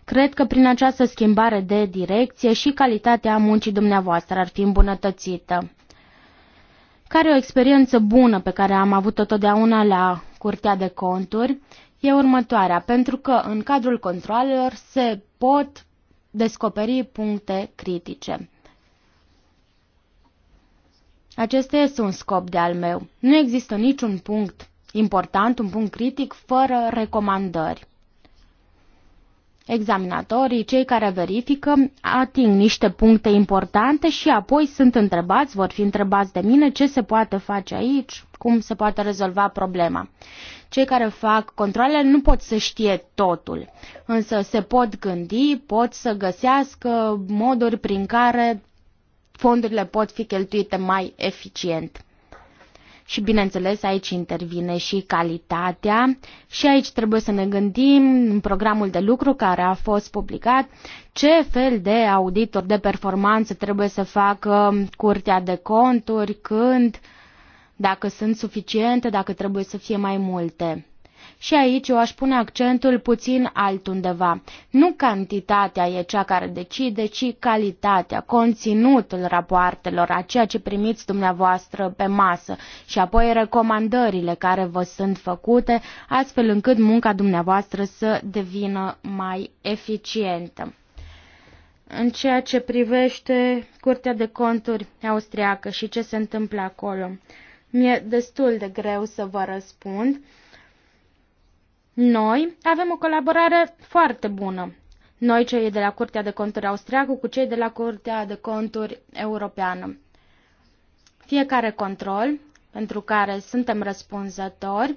Cred că prin această schimbare de direcție și calitatea muncii dumneavoastră ar fi îmbunătățită. Care o experiență bună pe care am avut-o totdeauna la Curtea de Conturi e următoarea, pentru că în cadrul controlelor se pot descoperi puncte critice. Acesta este un scop de al meu. Nu există niciun punct important, un punct critic, fără recomandări examinatorii, cei care verifică, ating niște puncte importante și apoi sunt întrebați, vor fi întrebați de mine ce se poate face aici, cum se poate rezolva problema. Cei care fac controle nu pot să știe totul, însă se pot gândi, pot să găsească moduri prin care fondurile pot fi cheltuite mai eficient. Și bineînțeles aici intervine și calitatea și aici trebuie să ne gândim în programul de lucru care a fost publicat ce fel de auditor de performanță trebuie să facă curtea de conturi, când, dacă sunt suficiente, dacă trebuie să fie mai multe. Și aici eu aș pune accentul puțin altundeva. Nu cantitatea e cea care decide, ci calitatea, conținutul rapoartelor, a ceea ce primiți dumneavoastră pe masă și apoi recomandările care vă sunt făcute, astfel încât munca dumneavoastră să devină mai eficientă în ceea ce privește Curtea de Conturi austriacă și ce se întâmplă acolo. Mi-e destul de greu să vă răspund, noi avem o colaborare foarte bună. Noi, cei de la Curtea de Conturi Austriacă, cu cei de la Curtea de Conturi Europeană. Fiecare control pentru care suntem răspunzători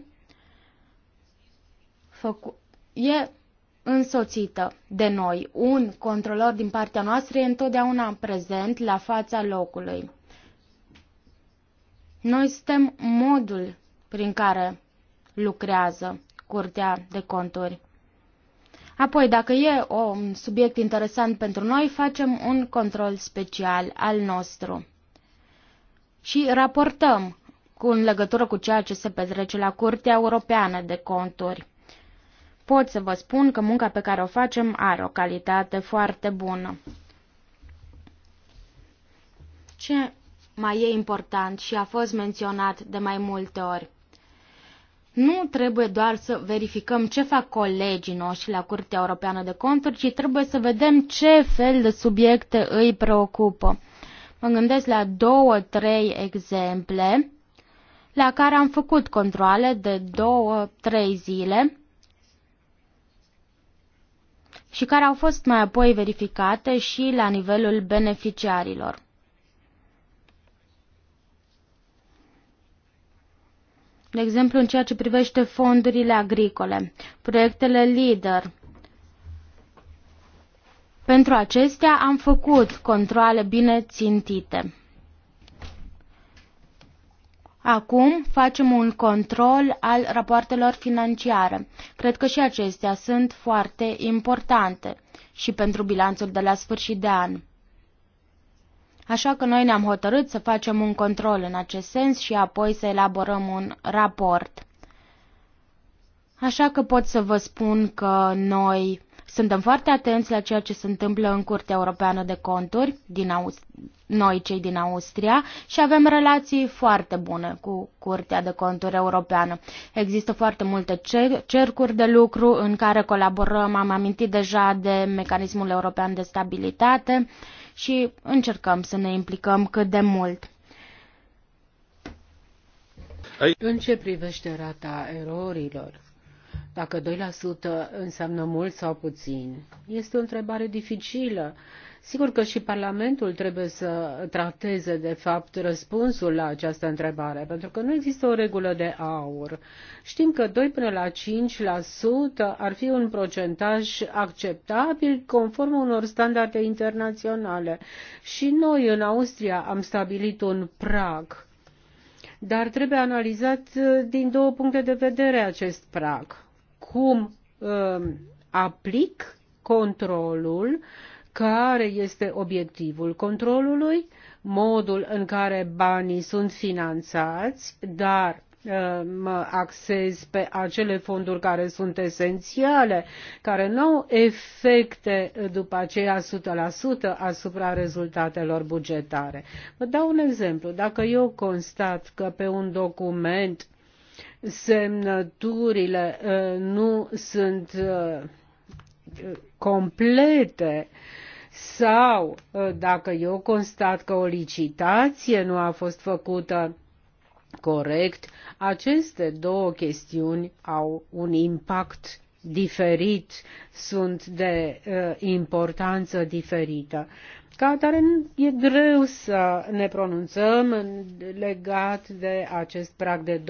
e însoțită de noi. Un controlor din partea noastră e întotdeauna prezent la fața locului. Noi suntem modul prin care lucrează. Curtea de Conturi. Apoi, dacă e o, un subiect interesant pentru noi, facem un control special al nostru și raportăm cu în legătură cu ceea ce se petrece la Curtea Europeană de Conturi. Pot să vă spun că munca pe care o facem are o calitate foarte bună. Ce mai e important și a fost menționat de mai multe ori. Nu trebuie doar să verificăm ce fac colegii noștri la Curtea Europeană de Conturi, ci trebuie să vedem ce fel de subiecte îi preocupă. Mă gândesc la două, trei exemple la care am făcut controle de două, trei zile și care au fost mai apoi verificate și la nivelul beneficiarilor. de exemplu în ceea ce privește fondurile agricole, proiectele LEADER. Pentru acestea am făcut controle bine țintite. Acum facem un control al rapoartelor financiare. Cred că și acestea sunt foarte importante și pentru bilanțul de la sfârșit de an. Așa că noi ne-am hotărât să facem un control în acest sens și apoi să elaborăm un raport. Așa că pot să vă spun că noi suntem foarte atenți la ceea ce se întâmplă în Curtea Europeană de Conturi, din Aust- noi cei din Austria, și avem relații foarte bune cu Curtea de Conturi Europeană. Există foarte multe cer- cercuri de lucru în care colaborăm, am amintit deja de Mecanismul European de Stabilitate, uh, și încercăm să ne implicăm cât de mult. În ce privește rata erorilor, dacă 2% înseamnă mult sau puțin, este o întrebare dificilă Sigur că și Parlamentul trebuie să trateze, de fapt, răspunsul la această întrebare, pentru că nu există o regulă de aur. Știm că 2 până la 5% ar fi un procentaj acceptabil conform unor standarde internaționale. Și noi, în Austria, am stabilit un prag. Dar trebuie analizat uh, din două puncte de vedere acest prag. Cum uh, aplic controlul uh, care este obiectivul controlului, modul în care banii sunt finanțați, dar uh, mă axez pe acele fonduri care sunt esențiale, care nu au efecte după aceea 100% asupra rezultatelor bugetare. Vă dau un exemplu. Dacă eu constat că pe un document semnăturile uh, nu sunt uh, complete, uh, sau ă, dacă eu constat că o licitație nu a fost făcută corect, aceste două chestiuni au un impact diferit, sunt de uh, importanță diferită. Ca atare, e greu să ne pronunțăm legat de acest prag de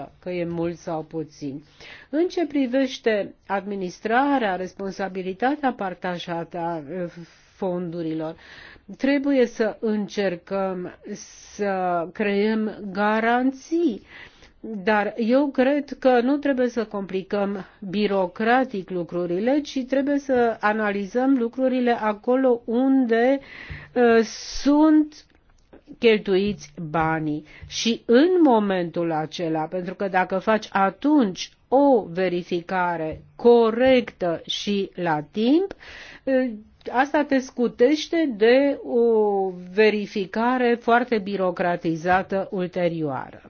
2%, că e mult sau puțin. În ce privește administrarea, responsabilitatea partajată a fondurilor, trebuie să încercăm să creăm garanții uh, dar eu cred că nu trebuie să complicăm birocratic lucrurile, ci trebuie să analizăm lucrurile acolo unde uh, sunt cheltuiți banii. Și în momentul acela, pentru că dacă faci atunci o verificare corectă și la timp, uh, asta te scutește de o verificare foarte birocratizată ulterioară.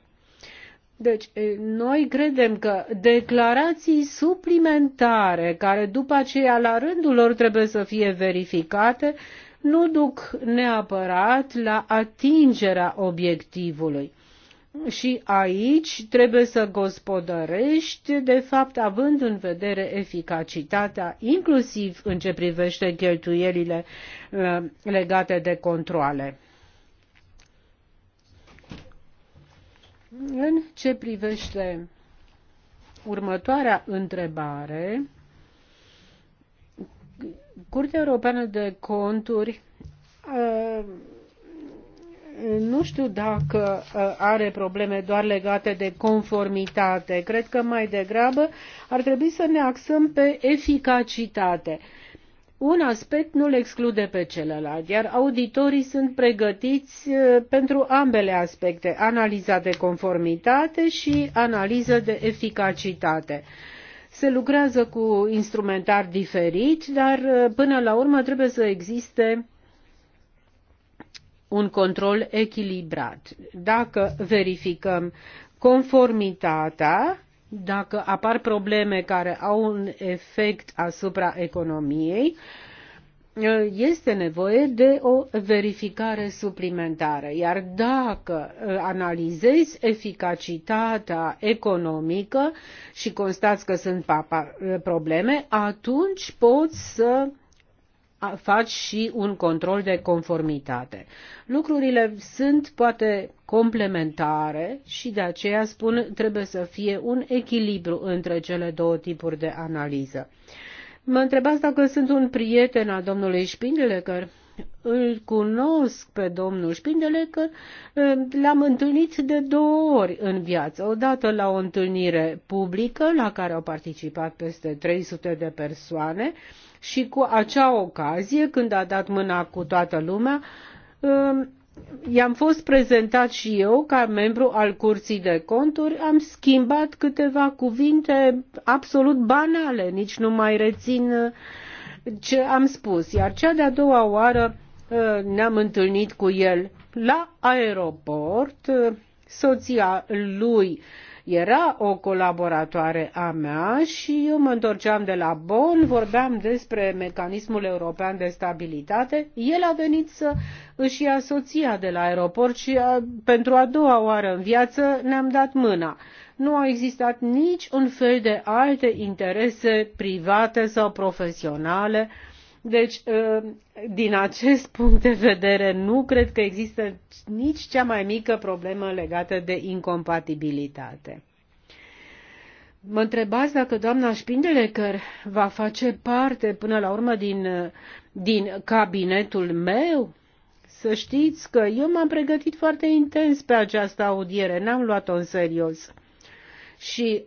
Deci, noi credem că declarații suplimentare, care după aceea la rândul lor trebuie să fie verificate, nu duc neapărat la atingerea obiectivului. Și aici trebuie să gospodărești, de fapt, având în vedere eficacitatea, inclusiv în ce privește cheltuielile legate de controle. În ce privește următoarea întrebare, Curtea Europeană de Conturi uh, nu știu dacă uh, are probleme doar legate de conformitate. Cred că mai degrabă ar trebui să ne axăm pe eficacitate un aspect nu le exclude pe celălalt, iar auditorii sunt pregătiți uh, pentru ambele aspecte, analiza de conformitate și analiza de eficacitate. Se lucrează cu instrumentar diferit, dar uh, până la urmă trebuie să existe un control echilibrat. Dacă verificăm conformitatea, dacă apar probleme care au un efect asupra economiei, este nevoie de o verificare suplimentară. Iar dacă ă, analizezi eficacitatea economică și constați că sunt ă, probleme, atunci poți să uh, faci și un control de conformitate. Lucrurile sunt poate complementare și de aceea spun trebuie să fie un echilibru între cele două tipuri de analiză. Mă întrebați dacă sunt un prieten al domnului Spindelecker? Îl cunosc pe domnul Spindelecker, l-am întâlnit de două ori în viață. Odată la o întâlnire publică la care au participat peste 300 de persoane și cu acea ocazie, când a dat mâna cu toată lumea, um, i-am fost prezentat și eu ca membru al Curții de Conturi, am schimbat câteva cuvinte absolut banale, nici nu mai rețin uh, ce am spus. Iar cea de-a doua oară uh, ne-am întâlnit cu el la aeroport, uh, soția lui era o colaboratoare a mea și eu mă întorceam de la Bonn, vorbeam despre mecanismul european de stabilitate. El a venit să își ia soția de la aeroport și a, pentru a doua oară în viață ne-am dat mâna nu au existat nici un fel de alte interese private sau profesionale uh, deci, ă, din acest punct de vedere, nu cred că există nici cea mai mică problemă legată de incompatibilitate. Mă întrebați dacă doamna Spindelecăr va face parte până la urmă din, din cabinetul meu? Să știți că eu m-am pregătit foarte intens pe această audiere, n-am luat-o în serios. Și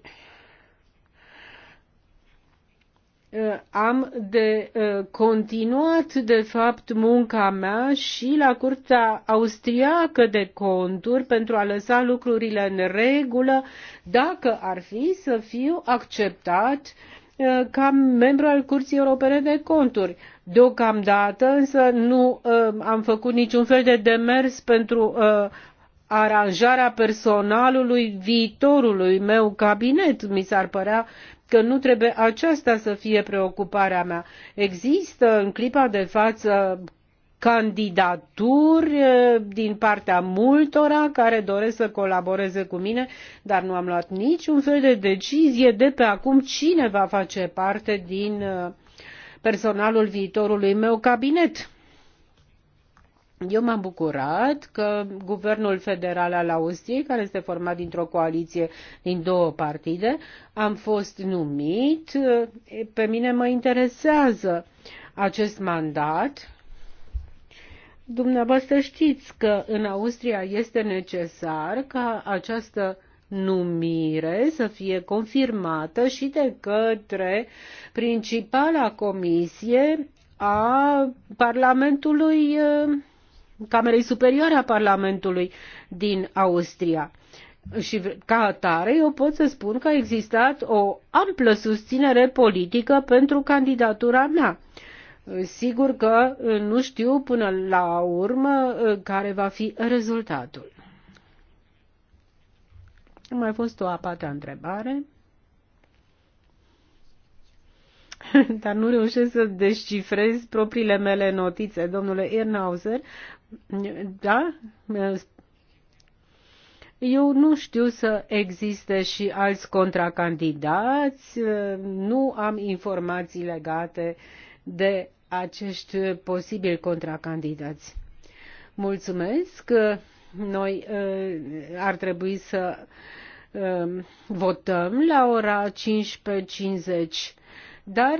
Uh, am de uh, continuat, de fapt, munca mea și la Curtea Austriacă de Conturi pentru a lăsa lucrurile în regulă, dacă ar fi să fiu acceptat uh, ca membru al Curții Europene de Conturi. Deocamdată însă nu am făcut niciun fel de demers pentru aranjarea personalului viitorului meu cabinet. Mi s-ar părea că nu trebuie aceasta să fie preocuparea mea. Există în clipa de față candidaturi din partea multora care doresc să colaboreze cu mine, dar nu am luat niciun fel de decizie de pe acum cine va face parte din personalul viitorului meu cabinet eu m-am bucurat că guvernul federal al Austriei, care este format dintr-o coaliție din două partide, am fost numit. Pe mine mă interesează acest mandat. Dumneavoastră știți că în Austria este necesar ca această numire să fie confirmată și de către principala comisie a Parlamentului uh, Camerei Superioare a Parlamentului din Austria. Și ca atare eu pot să spun că a existat o amplă susținere politică pentru candidatura mea. Sigur că uh, nu știu până la urmă uh, care va fi rezultatul. A mai fost o a patra întrebare. Dar nu reușesc să descifrez propriile mele notițe, domnule Irnhauser. Da? Eu nu știu să existe și alți contracandidați, nu am informații legate de acești posibili contracandidați. Mulțumesc. Noi eh, ar trebui să eh, votăm la ora 15.50, dar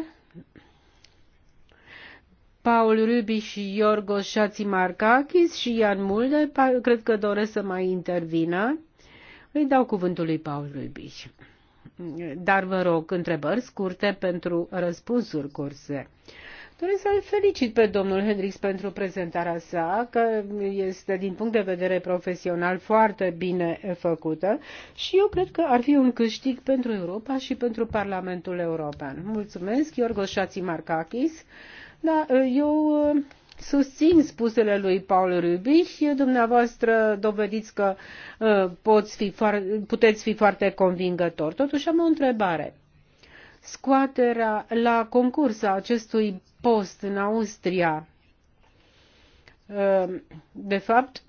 Paul Rubi și Yorgos Șațimarcakis și Ian Mulde, cred că doresc să mai intervină. Îi dau cuvântul lui Paul Rubi. Dar vă rog, întrebări scurte pentru răspunsuri curse. Doresc să-l felicit pe domnul Hendrix pentru prezentarea sa, că este din punct de vedere profesional foarte bine făcută și eu cred că ar fi un câștig pentru Europa și pentru Parlamentul European. Mulțumesc, Iorgos Șațimarcakis. Marcachis. Da, eu uh, susțin spusele lui Paul și Dumneavoastră dovediți că uh, poți fi, puteți fi foarte convingător. Totuși am o întrebare. Scoaterea la concurs a acestui post în Austria, uh, de fapt,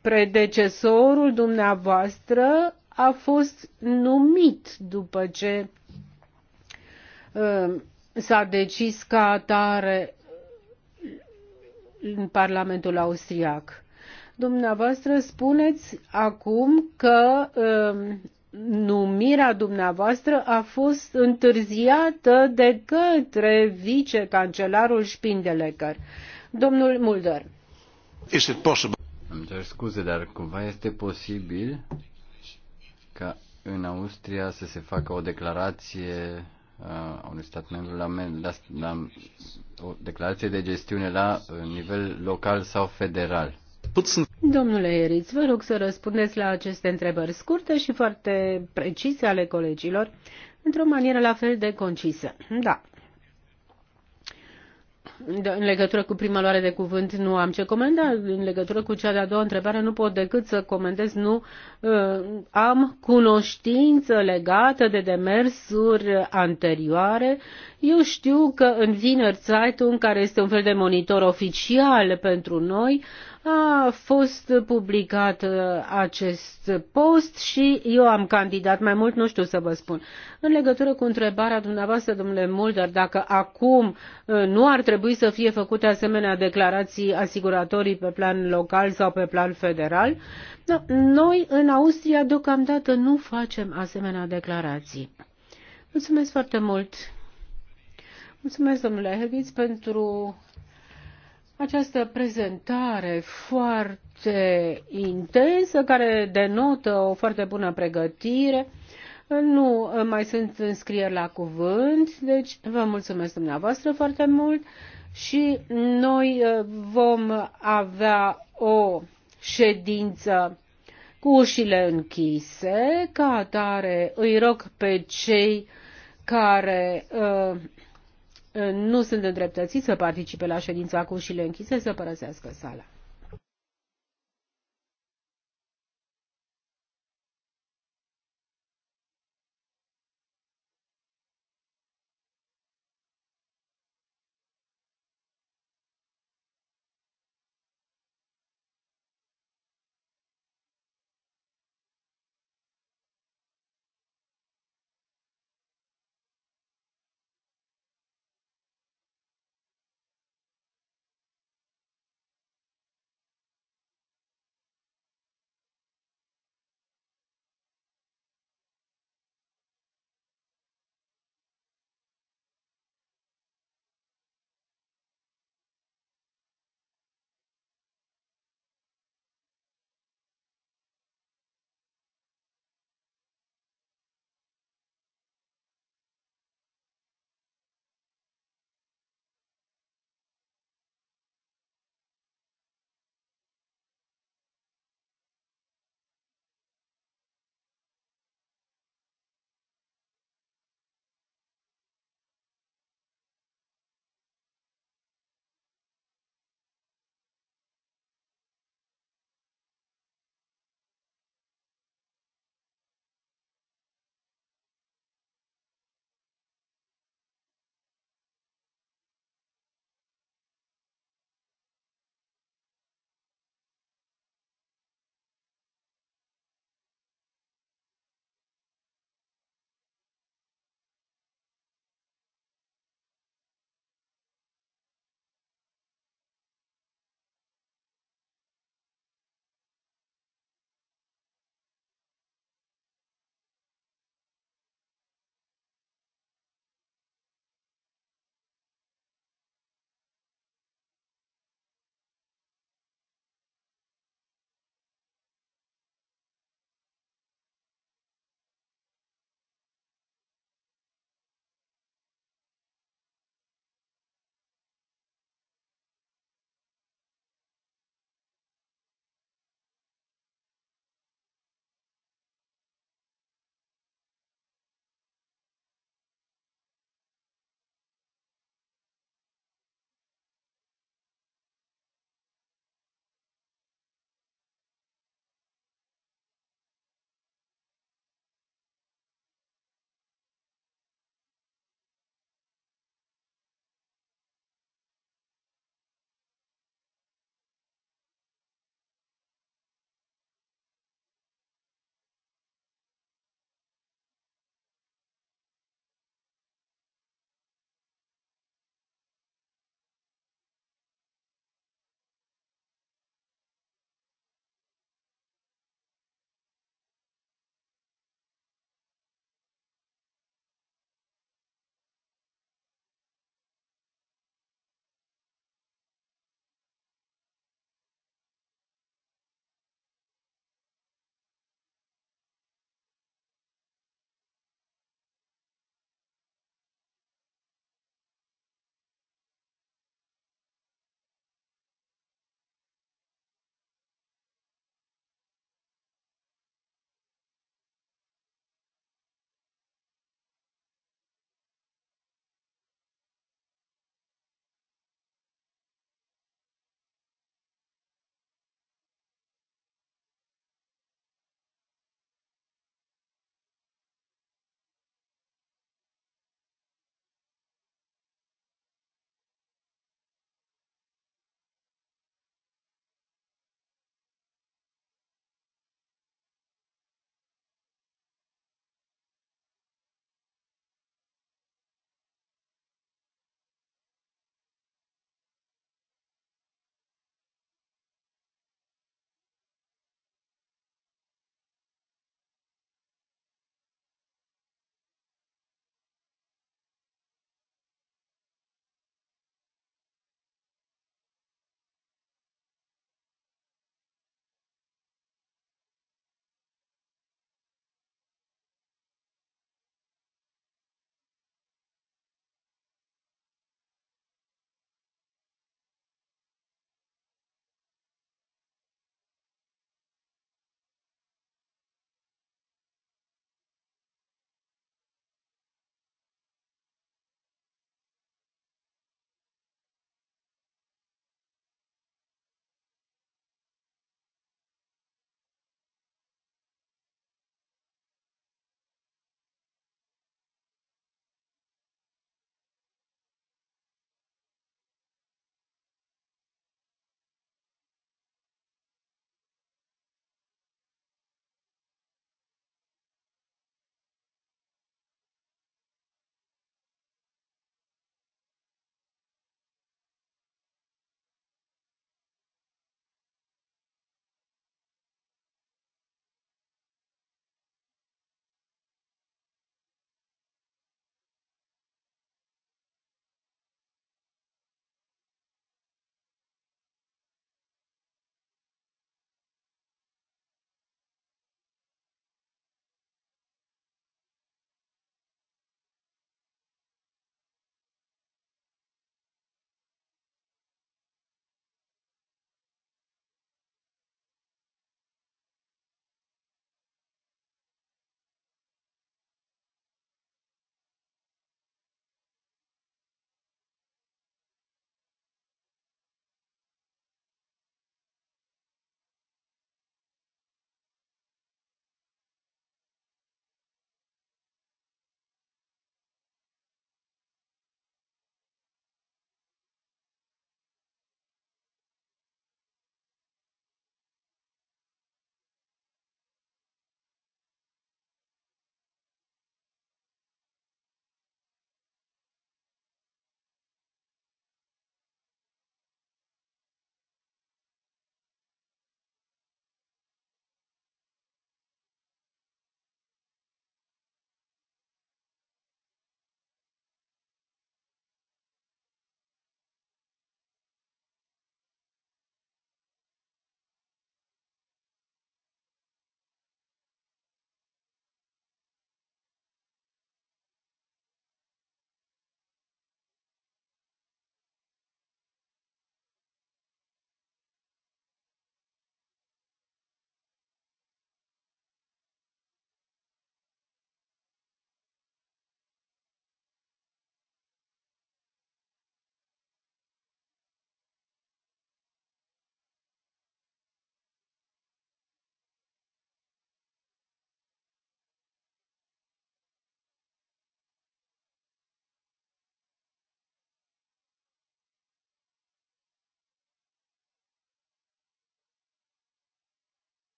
predecesorul dumneavoastră a fost numit după ce s-a decis ca atare în Parlamentul austriac. Dumneavoastră spuneți acum că um, numirea dumneavoastră a fost întârziată de către vicecancelarul Spindelecker. Domnul Mulder. Este posibil. Îmi cer scuze, dar cumva este posibil ca în Austria să se facă o declarație a unui stat membru la, la, la o declarație de gestiune la uh, nivel local sau federal. Domnule Eriț, vă rog să răspundeți la aceste întrebări scurte și foarte precise ale colegilor, într-o manieră la fel de concisă. Da. Da, în legătură cu prima luare de cuvânt nu am ce comenda. în legătură cu cea de-a doua întrebare nu pot decât să comentez, nu ă, am cunoștință legată de demersuri anterioare. Eu știu că în Wiener Zeitung, care este un fel de monitor oficial pentru noi, a fost publicat uh, acest post și eu am candidat mai mult, nu știu să vă spun. În legătură cu întrebarea dumneavoastră, domnule Mulder, dacă acum uh, nu ar trebui să fie făcute asemenea declarații asiguratorii pe plan local sau pe plan federal, da, noi în Austria deocamdată nu facem asemenea declarații. Mulțumesc foarte mult! Mulțumesc, domnule Helviț, pentru această prezentare foarte intensă, care denotă o foarte bună pregătire. Nu mai sunt înscrieri la cuvânt, deci vă mulțumesc dumneavoastră foarte mult și noi uh, vom avea o ședință cu ușile închise. Ca atare îi rog pe cei care uh, nu sunt îndreptățiți să participe la ședința cu ușile închise, să părăsească sala.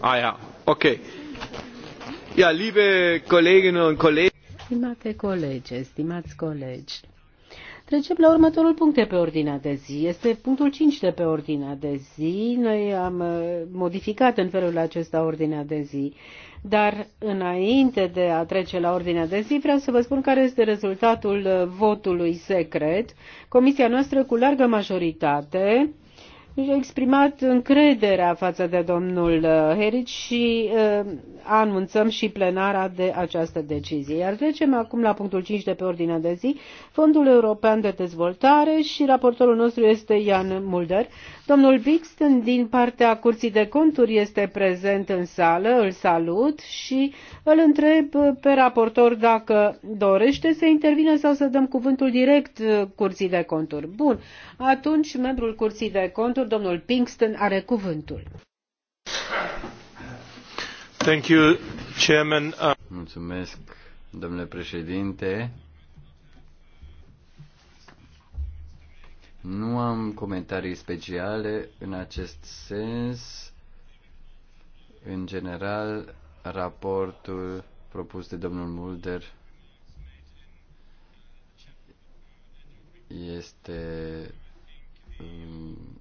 Ah, ja, ok. Ja, liebe Kolleginnen und Kollegen. Stimate colegi, stimați colegi, Trecem la următorul punct de pe ordinea de zi. Este punctul 5 de pe ordinea de zi. Noi am uh, modificat în felul acesta ordinea de zi. Dar înainte de a trece la ordinea de zi, vreau să vă spun care este rezultatul uh, votului secret. Comisia noastră, cu largă majoritate, și-a exprimat încrederea față de domnul uh, Heric și uh, anunțăm și plenara de această decizie. Iar trecem acum la punctul 5 de pe ordinea de zi, Fondul European de Dezvoltare și raportorul nostru este Ian Mulder. Domnul Bixton din partea Curții de Conturi este prezent în sală, îl salut și îl întreb pe raportor dacă dorește să intervină sau să dăm cuvântul direct Curții de Conturi. Bun, atunci membrul Curții de Conturi, domnul Pinkston, are cuvântul. Thank you, Chairman. Mulțumesc, domnule președinte. Nu am comentarii speciale în acest sens. În general, raportul propus de domnul Mulder este mm,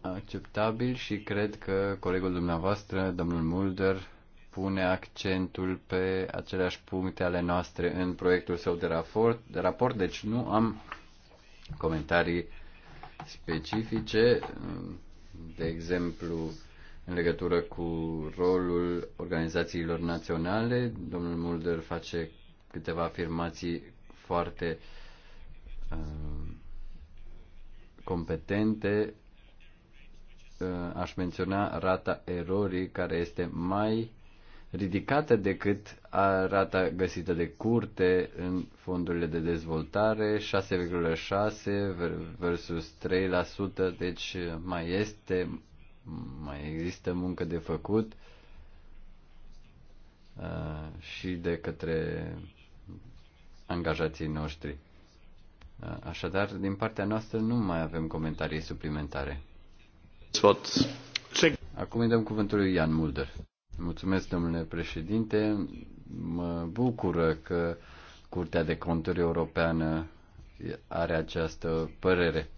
acceptabil și cred că colegul dumneavoastră, domnul Mulder, pune accentul pe aceleași puncte ale noastre în proiectul său de raport, de raport deci nu am comentarii specifice, de exemplu, în legătură cu rolul organizațiilor naționale. Domnul Mulder face câteva afirmații foarte uh, competente. Uh, aș menționa rata erorii care este mai ridicată decât rata găsită de curte în fondurile de dezvoltare, 6,6 versus 3%, deci mai este, mai există muncă de făcut și de către angajații noștri. Așadar, din partea noastră nu mai avem comentarii suplimentare. Acum îi dăm cuvântul lui Ian Mulder. Mulțumesc, domnule președinte. Mă bucură că Curtea de Conturi Europeană are această părere.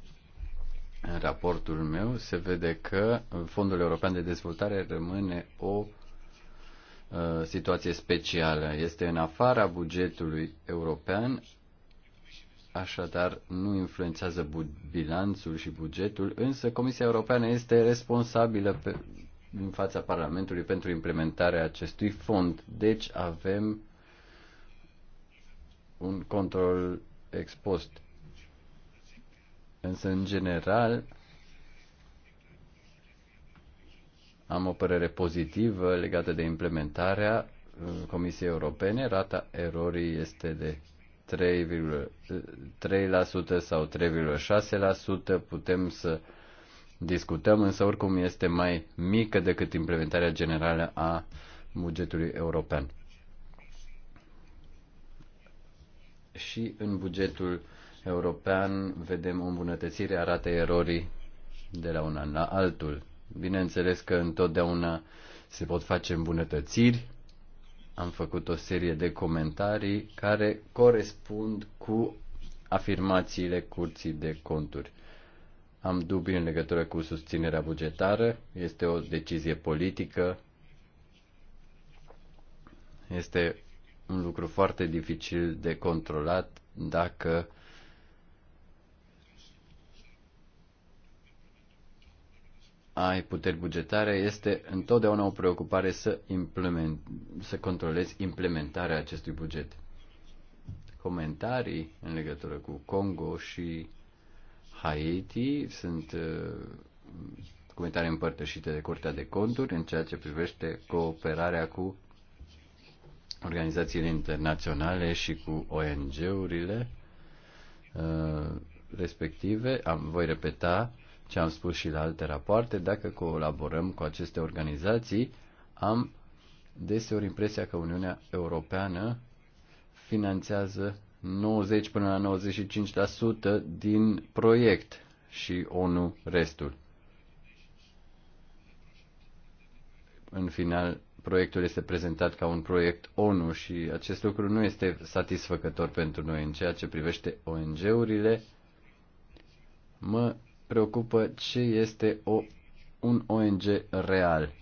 În raportul meu se vede că Fondul European de Dezvoltare rămâne o uh, situație specială. Este în afara bugetului european, așadar nu influențează bilanțul și bugetul, însă Comisia Europeană este responsabilă pe, în fața Parlamentului pentru implementarea acestui fond. Deci avem un control expost. Însă, în general, am o părere pozitivă legată de implementarea uh, Comisiei Europene. Rata erorii este de 3,3% uh, sau 3,6%. Putem să uh, discutăm, însă oricum este mai mică decât implementarea generală a bugetului european. Și în bugetul european vedem o îmbunătățire a ratei erorii de la un an la altul. Bineînțeles că întotdeauna se pot face îmbunătățiri. Am făcut o serie de comentarii care corespund cu afirmațiile curții de conturi. Am dubii în legătură cu susținerea bugetară. Este o decizie politică. Este un lucru foarte dificil de controlat dacă ai puteri bugetare, este întotdeauna o preocupare să, implement, să controlezi implementarea acestui buget. Comentarii în legătură cu Congo și Haiti sunt uh, comentarii împărtășite de Curtea de Conturi în ceea ce privește cooperarea cu organizațiile internaționale și cu ONG-urile uh, respective. Am, voi repeta ce am spus și la alte rapoarte. Dacă colaborăm cu aceste organizații, am deseori impresia că Uniunea Europeană finanțează 90 până la 95% din proiect și ONU restul. În final, proiectul este prezentat ca un proiect ONU și acest lucru nu este satisfăcător pentru noi în ceea ce privește ONG-urile. Mă preocupă ce este o, un ONG real.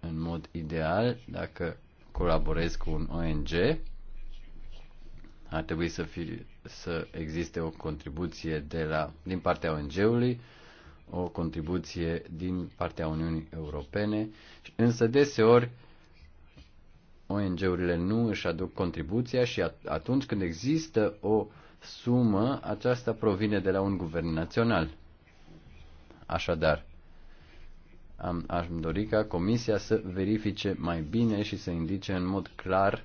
În mod ideal, dacă colaborez cu un ONG, ar trebui să, fi, să existe o contribuție de la, din partea ONG-ului, o contribuție din partea Uniunii Europene, însă deseori ONG-urile nu își aduc contribuția și atunci când există o sumă, aceasta provine de la un guvern național. Așadar, am, aș dori ca Comisia să verifice mai bine și să indice în mod clar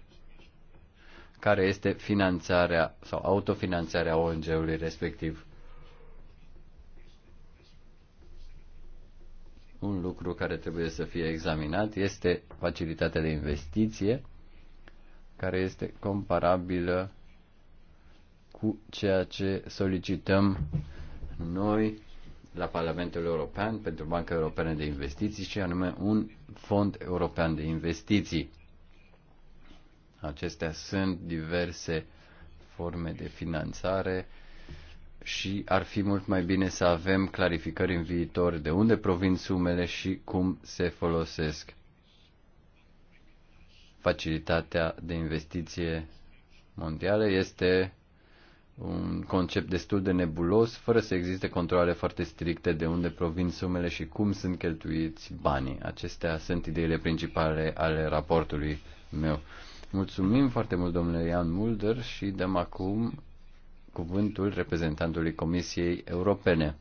care este finanțarea sau autofinanțarea ONG-ului respectiv. Un lucru care trebuie să fie examinat este facilitatea de investiție, care este comparabilă cu ceea ce solicităm noi la Parlamentul European pentru Banca Europeană de Investiții și anume un fond european de investiții. Acestea sunt diverse forme de finanțare și ar fi mult mai bine să avem clarificări în viitor de unde provin sumele și cum se folosesc. Facilitatea de investiție mondială este un concept destul de nebulos, fără să existe controle foarte stricte de unde provin sumele și cum sunt cheltuiți banii. Acestea sunt ideile principale ale raportului meu. Mulțumim foarte mult, domnule Ian Mulder, și dăm acum cuvântul reprezentantului Comisiei Europene.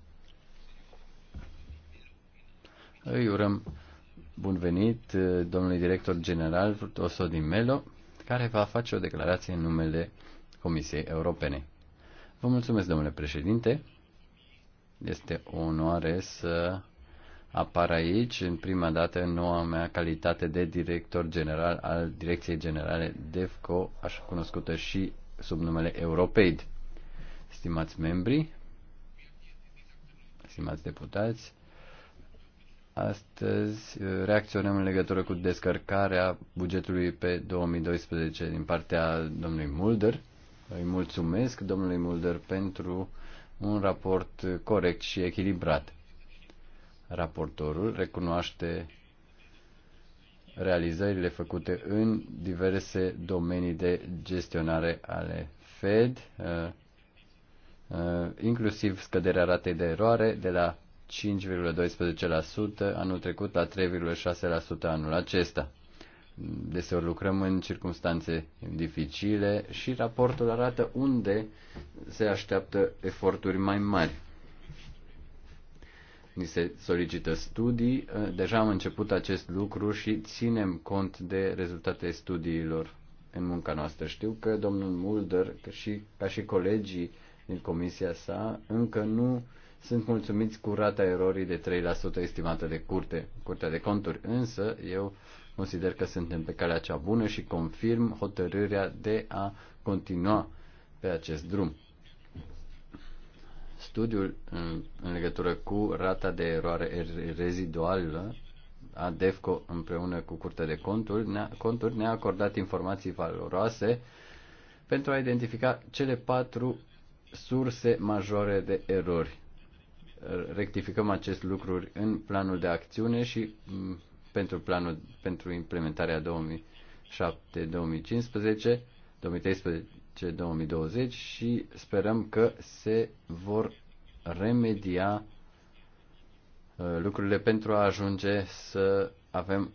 Îi urăm bun venit eh, domnului director general Frutoso din Melo, care va face o declarație în numele Comisiei Europene. Vă mulțumesc, domnule președinte. Este o onoare să apar aici în prima dată în noua mea calitate de director general al Direcției Generale DEFCO, așa cunoscută și sub numele Europaid. Stimați membri, stimați deputați, astăzi uh, reacționăm în legătură cu descărcarea bugetului pe 2012 din partea domnului Mulder. Îi mulțumesc domnului Mulder pentru un raport corect și echilibrat. Raportorul recunoaște realizările făcute în diverse domenii de gestionare ale Fed, uh, uh, inclusiv scăderea ratei de eroare de la 5,12% anul trecut la 3,6% anul acesta. Deseori lucrăm în circunstanțe dificile și raportul arată unde se așteaptă eforturi mai mari ni se solicită studii. Eh, deja am început acest lucru și ținem cont de rezultatele studiilor în munca noastră. Știu că domnul Mulder, ca și, ca și colegii din comisia sa, încă nu sunt mulțumiți cu rata erorii de 3% estimată de curte, curtea de conturi, însă eu consider că suntem pe calea cea bună și confirm hotărârea de a continua pe acest drum. Studiul în legătură cu rata de eroare er, reziduală a DEFCO împreună cu Curtea de Conturi ne-a, conturi ne-a acordat informații valoroase pentru a identifica cele patru surse majore de erori. Rectificăm acest lucru în planul de acțiune și pentru planul pentru implementarea 2007-2015, 2013 2020 și sperăm că se vor remedia uh, lucrurile pentru a ajunge să avem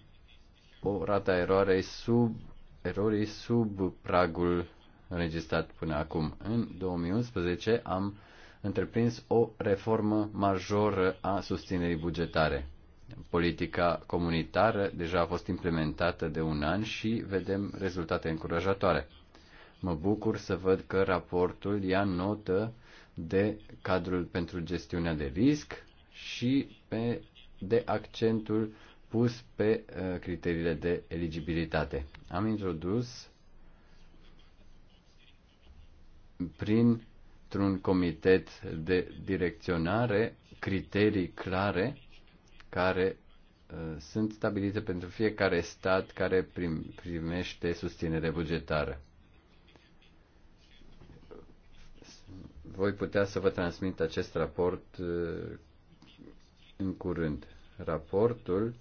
o rată eroarei sub, erorii sub pragul înregistrat până acum. În 2011 am întreprins o reformă majoră a susținerii bugetare. Politica comunitară deja a fost implementată de un an și vedem rezultate încurajatoare. Mă bucur să văd că raportul ia notă de cadrul pentru gestiunea de risc și pe, de accentul pus pe uh, criteriile de eligibilitate. Am introdus printr-un comitet de direcționare criterii clare care uh, sunt stabilite pentru fiecare stat care prim, primește susținere bugetară. voi putea să vă transmit acest raport uh, în curând. Raportul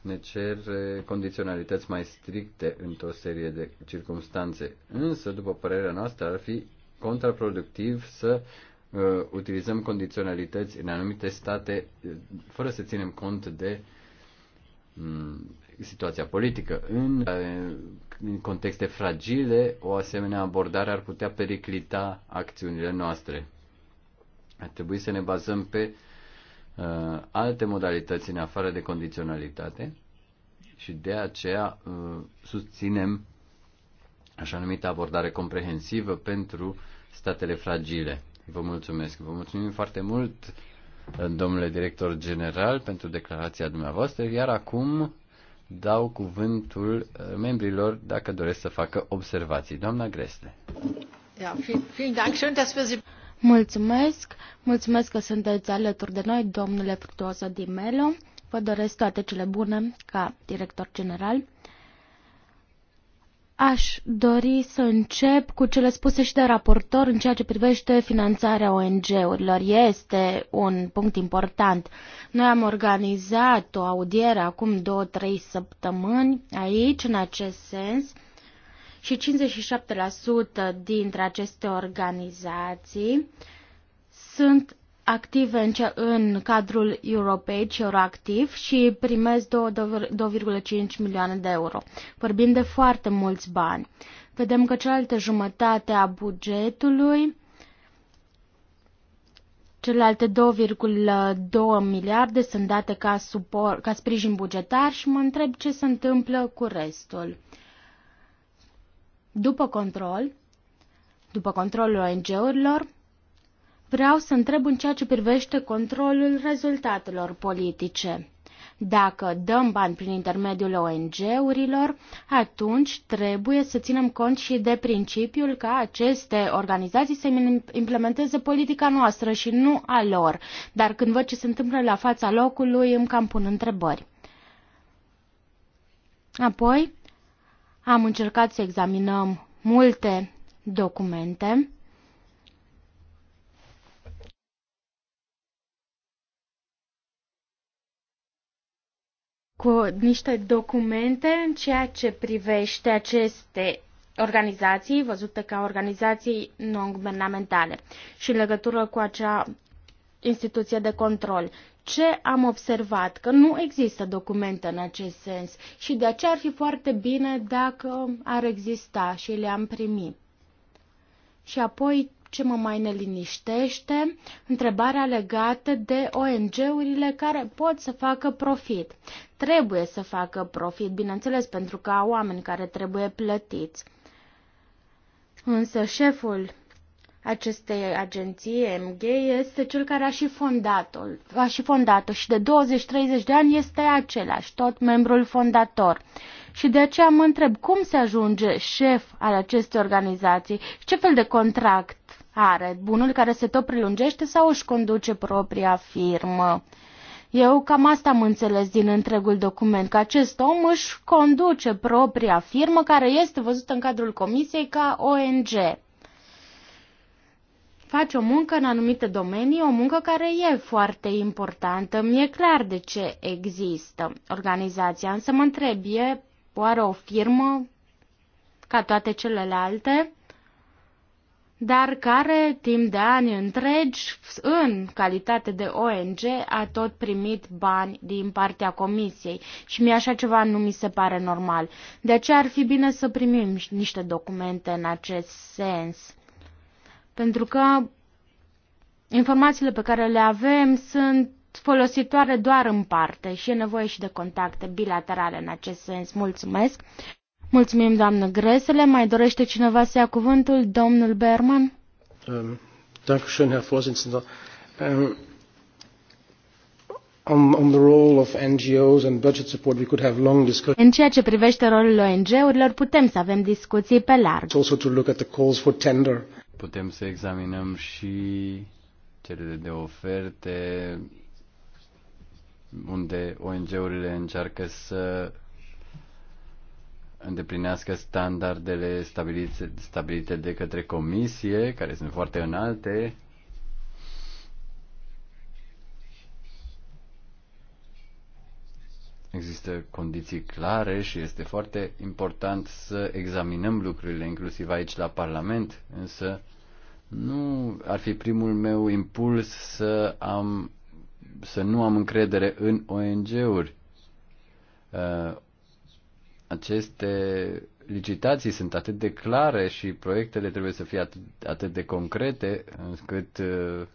ne cer condiționalități mai stricte într-o serie de circumstanțe. Însă, după părerea noastră, ar fi contraproductiv să uh, utilizăm condiționalități în anumite state uh, fără să ținem cont de um, situația politică. În, eh, în contexte fragile, o asemenea abordare ar putea periclita acțiunile noastre. Ar trebui să ne bazăm pe uh, alte modalități în afară de condiționalitate și de aceea uh, susținem așa numită abordare comprehensivă pentru statele fragile. Vă mulțumesc. Vă mulțumim foarte mult, domnule director general, pentru declarația dumneavoastră, iar acum dau cuvântul uh, membrilor dacă doresc să facă observații. Doamna Gresle. Mulțumesc, mulțumesc că sunteți alături de noi, domnule Fructuoso Di Melo. Vă doresc toate cele bune ca director general. Aș dori să încep cu cele spuse și de raportor în ceea ce privește finanțarea ONG-urilor. Este un punct important. Noi am organizat o audiere acum 2-3 săptămâni aici, în acest sens, și 57% dintre aceste organizații sunt active în, ce, în cadrul Europei, și Euroactiv și primesc 2,5 milioane de euro. Vorbim de foarte mulți bani. Vedem că cealaltă jumătate a bugetului, celelalte 2,2 miliarde sunt date ca, suport, ca sprijin bugetar și mă întreb ce se întâmplă cu restul. După control, după controlul ONG-urilor, Vreau să întreb în ceea ce privește controlul rezultatelor politice. Dacă dăm bani prin intermediul ONG-urilor, atunci trebuie să ținem cont și de principiul ca aceste organizații să implementeze politica noastră și nu a lor. Dar când văd ce se întâmplă la fața locului, îmi cam pun întrebări. Apoi, am încercat să examinăm multe documente cu niște documente în ceea ce privește aceste organizații văzute ca organizații non-guvernamentale și în legătură cu acea instituție de control. Ce am observat? Că nu există documente în acest sens și de aceea ar fi foarte bine dacă ar exista și le-am primit. Și apoi ce mă mai neliniștește, întrebarea legată de ONG-urile care pot să facă profit. Trebuie să facă profit, bineînțeles, pentru că au oameni care trebuie plătiți. Însă șeful acestei agenții MG este cel care a și fondat-o, a și fondat-o și de 20-30 de ani este același, tot membrul fondator. Și de aceea mă întreb cum se ajunge șef al acestei organizații, ce fel de contract are, bunul care se tot prelungește sau își conduce propria firmă. Eu cam asta am înțeles din întregul document, că acest om își conduce propria firmă care este văzută în cadrul comisiei ca ONG. Face o muncă în anumite domenii, o muncă care e foarte importantă. Mi-e clar de ce există organizația, însă mă întreb, e oare o firmă ca toate celelalte? dar care timp de ani întregi, în calitate de ONG, a tot primit bani din partea comisiei și mi așa ceva nu mi se pare normal. De aceea ar fi bine să primim niște documente în acest sens. Pentru că informațiile pe care le avem sunt folositoare doar în parte și e nevoie și de contacte bilaterale în acest sens. Mulțumesc! Mulțumim, doamnă Gresele. Mai dorește cineva să ia cuvântul? Domnul Berman? Um, Dankeschön, Herr Vorsitzender. Um, on, on the role of NGOs and budget support, we could have long discussions. În ceea ce privește rolul ONG-urilor, putem să avem discuții pe larg. Also to look at the calls for tender. Putem să examinăm și cerere de oferte unde ONG-urile încearcă să îndeplinească standardele stabilite, stabilite de către comisie, care sunt foarte înalte. Există condiții clare și este foarte important să examinăm lucrurile, inclusiv aici la Parlament, însă nu ar fi primul meu impuls să, am, să nu am încredere în ONG-uri uh, aceste licitații sunt atât de clare și proiectele trebuie să fie atât, atât de concrete încât uh,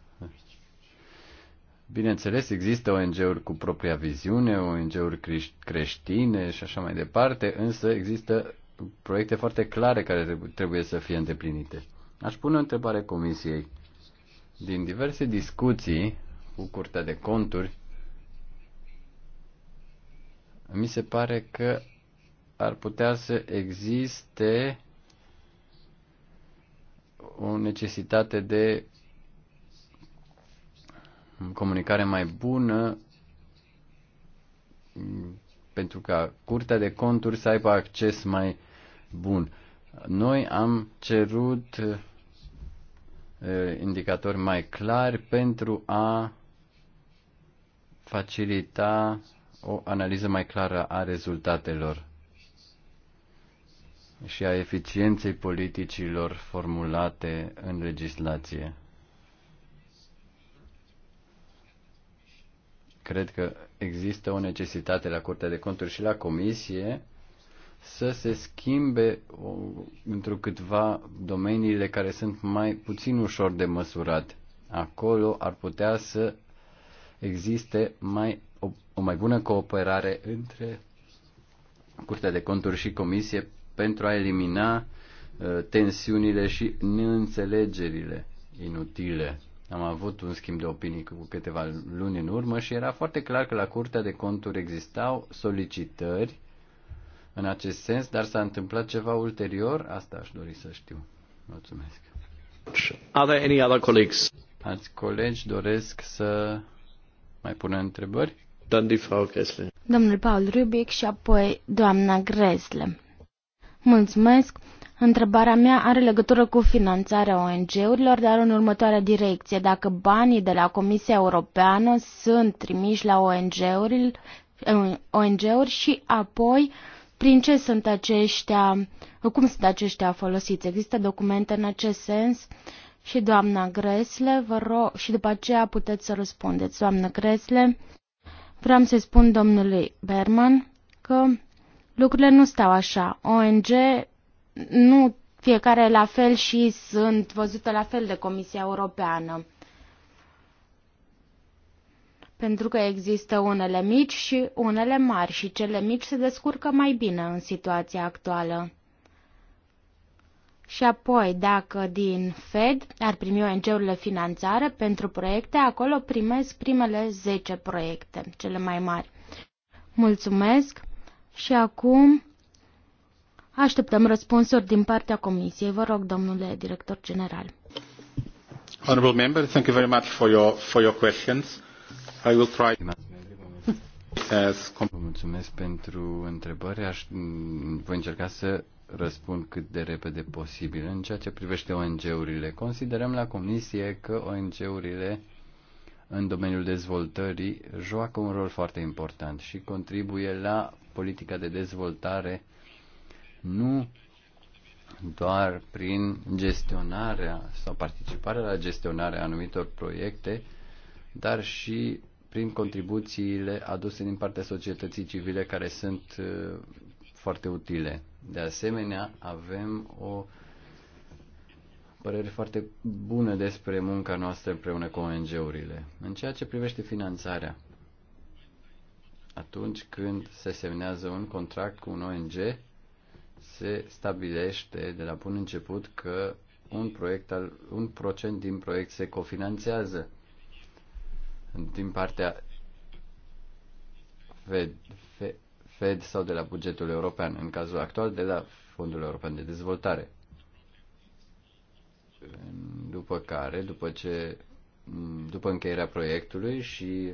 Bineînțeles, există ONG-uri cu propria viziune, ONG-uri creștine și așa mai departe, însă există proiecte foarte clare care trebuie să fie îndeplinite. Aș pune o întrebare comisiei. Din diverse discuții cu Curtea de Conturi, mi se pare că ar putea să existe o necesitate de comunicare mai bună pentru ca Curtea de Conturi să aibă acces mai bun. Noi am cerut uh, indicatori mai clari pentru a facilita o analiză mai clară a rezultatelor și a eficienței politicilor formulate în legislație. Cred că există o necesitate la Curtea de Conturi și la Comisie să se schimbe într-un câtva domeniile care sunt mai puțin ușor de măsurat. Acolo ar putea să existe mai, o, o mai bună cooperare între Curtea de Conturi și Comisie pentru a elimina uh, tensiunile și neînțelegerile inutile. Am avut un schimb de opinii cu câteva luni în urmă și era foarte clar că la Curtea de Conturi existau solicitări în acest sens, dar s-a întâmplat ceva ulterior, asta aș dori să știu. Mulțumesc. Are there any other colleagues? Alți colegi doresc să mai pună întrebări? Dan Frau Gresle. Domnul Paul Rubic și apoi doamna Gresle. Mulțumesc. Întrebarea mea are legătură cu finanțarea ONG-urilor, dar în următoarea direcție. Dacă banii de la Comisia Europeană sunt trimiși la ONG-uri ONG și apoi prin ce sunt aceștia, cum sunt aceștia folosiți? Există documente în acest sens? Și doamna Gresle, vă rog, și după aceea puteți să răspundeți. Doamna Gresle, vreau să spun domnului Berman că lucrurile nu stau așa. ONG nu fiecare la fel și sunt văzute la fel de Comisia Europeană. Pentru că există unele mici și unele mari și cele mici se descurcă mai bine în situația actuală. Și apoi, dacă din Fed ar primi ONG-urile finanțare pentru proiecte, acolo primesc primele 10 proiecte, cele mai mari. Mulțumesc! Și acum așteptăm răspunsuri din partea Comisiei. Vă rog, domnule director general. Honorable member, thank you very much for your, for your questions. I will try... Vă mulțumesc pentru întrebări. Aș, voi încerca să răspund cât de repede posibil. În ceea ce privește ONG-urile, considerăm la Comisie că ONG-urile în domeniul dezvoltării joacă un rol foarte important și contribuie la politica de dezvoltare nu doar prin gestionarea sau participarea la gestionarea anumitor proiecte, dar și prin contribuțiile aduse din partea societății civile care sunt uh, foarte utile. De asemenea, avem o părere foarte bună despre munca noastră împreună cu ONG-urile. În ceea ce privește finanțarea, atunci când se semnează un contract cu un ONG, se stabilește de la bun început că un, proiect al, un procent din proiect se cofinanțează din partea Fed, Fed, sau de la bugetul european, în cazul actual de la Fondul European de Dezvoltare. După care, după ce după încheierea proiectului și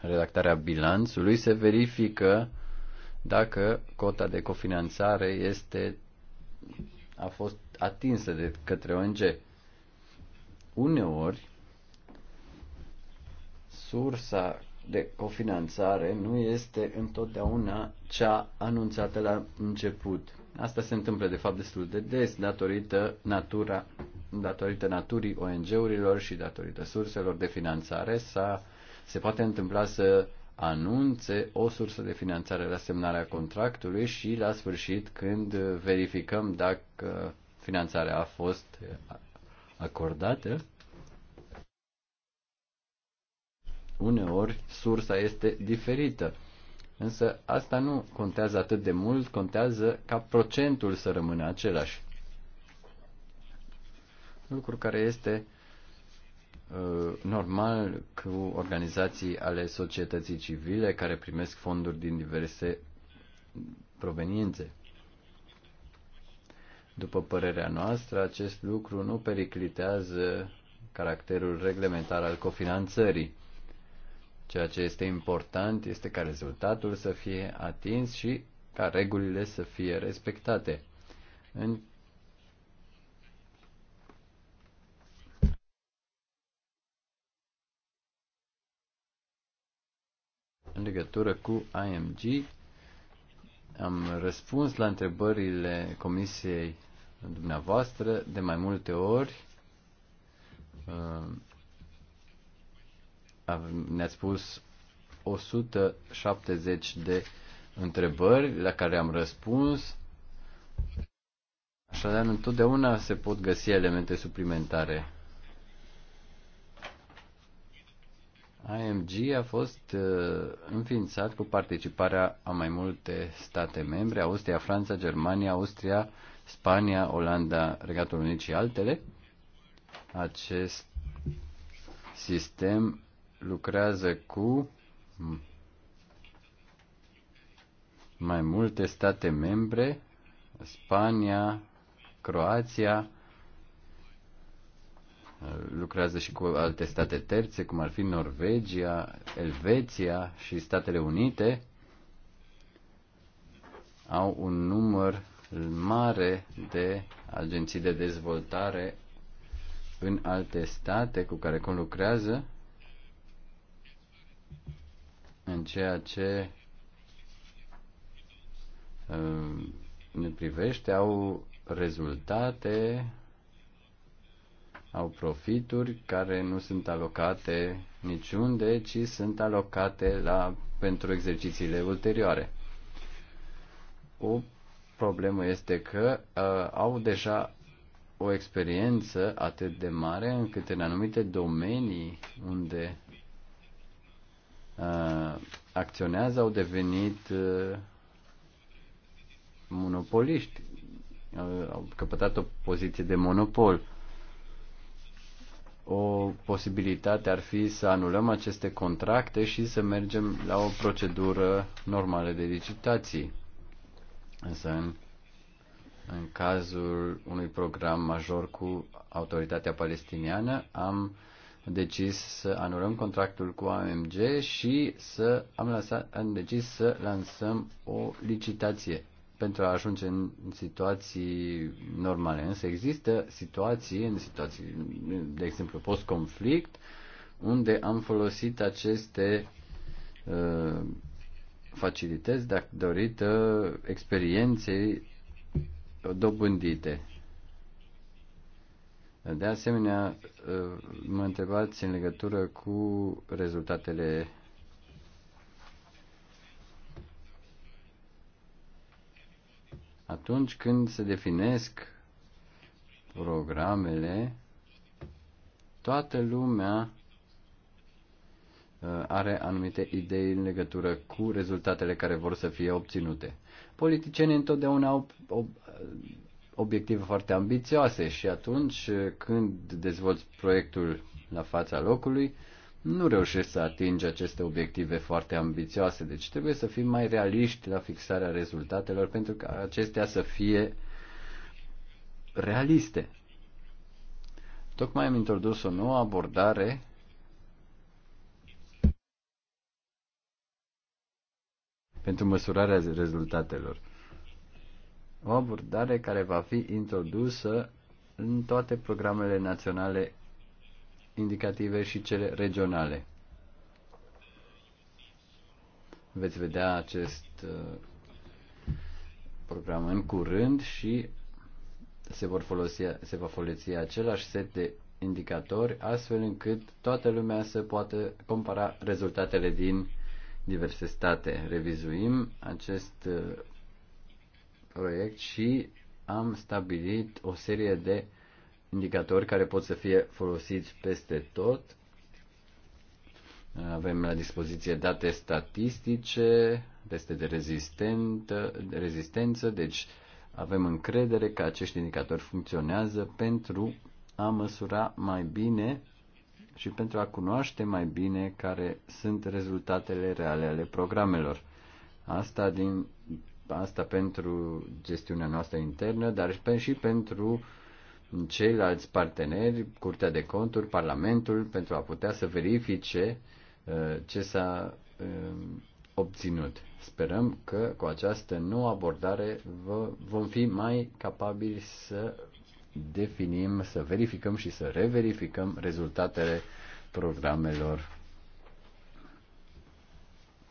redactarea bilanțului se verifică dacă cota de cofinanțare este, a fost atinsă de către ONG. Uneori, sursa de cofinanțare nu este întotdeauna cea anunțată la început. Asta se întâmplă de fapt destul de des datorită, natura, datorită naturii ONG-urilor și datorită surselor de finanțare s-a se poate întâmpla să anunțe o sursă de finanțare la semnarea contractului și la sfârșit când verificăm dacă finanțarea a fost acordată. Uneori sursa este diferită. Însă asta nu contează atât de mult, contează ca procentul să rămână același. Lucru care este uh, Uh, normal cu organizații ale societății civile care primesc fonduri din diverse proveniențe. După părerea noastră, acest lucru nu periclitează caracterul reglementar al cofinanțării. Ceea ce este important este ca rezultatul să fie atins și ca regulile să fie respectate. În În legătură cu IMG, am răspuns la întrebările comisiei dumneavoastră de mai multe ori. Uh, ne-ați pus 170 de întrebări la care am răspuns. Așadar, întotdeauna se pot găsi elemente suplimentare. AMG a fost uh, înființat cu participarea a mai multe state membre, Austria, Franța, Germania, Austria, Spania, Olanda, Regatul Unit și altele. Acest sistem lucrează cu mai multe state membre, Spania, Croația, lucrează și cu alte state terțe, cum ar fi Norvegia, Elveția și Statele Unite, au un număr mare de agenții de dezvoltare în alte state cu care conlucrează în ceea ce uh, ne privește, au rezultate au profituri care nu sunt alocate niciunde, ci sunt alocate la, pentru exercițiile ulterioare. O problemă este că uh, au deja o experiență atât de mare încât în anumite domenii unde uh, acționează au devenit uh, monopoliști, uh, au căpătat o poziție de monopol o posibilitate ar fi să anulăm aceste contracte și să mergem la o procedură normală de licitații. Însă în, în cazul unui program major cu autoritatea palestiniană am decis să anulăm contractul cu AMG și să am, lăsat, am decis să lansăm o licitație pentru a ajunge în situații normale. Însă există situații, în situații, de exemplu, post-conflict, unde am folosit aceste uh, facilități dacă dorită experienței dobândite. De asemenea, uh, mă întrebați în legătură cu rezultatele Atunci când se definesc programele, toată lumea uh, are anumite idei în legătură cu rezultatele care vor să fie obținute. Politicienii întotdeauna au obiective foarte ambițioase și atunci uh, când dezvolți proiectul la fața locului, nu reușești să atingi aceste obiective foarte ambițioase. Deci trebuie să fim mai realiști la fixarea rezultatelor pentru ca acestea să fie realiste. Tocmai am introdus o nouă abordare pentru măsurarea rezultatelor. O abordare care va fi introdusă în toate programele naționale indicative și cele regionale. Veți vedea acest uh, program în curând și se, vor folosi, se va folosi același set de indicatori astfel încât toată lumea să poată compara rezultatele din diverse state. Revizuim acest uh, proiect și am stabilit o serie de indicatori care pot să fie folosiți peste tot. Avem la dispoziție date statistice, teste de rezistentă, de rezistență, deci avem încredere că acești indicatori funcționează pentru a măsura mai bine și pentru a cunoaște mai bine care sunt rezultatele reale ale programelor. Asta, din, asta pentru gestiunea noastră internă, dar și pentru ceilalți parteneri, Curtea de Conturi, Parlamentul, pentru a putea să verifice uh, ce s-a um, obținut. Sperăm că cu această nouă abordare vom fi mai capabili să definim, să verificăm și să reverificăm rezultatele programelor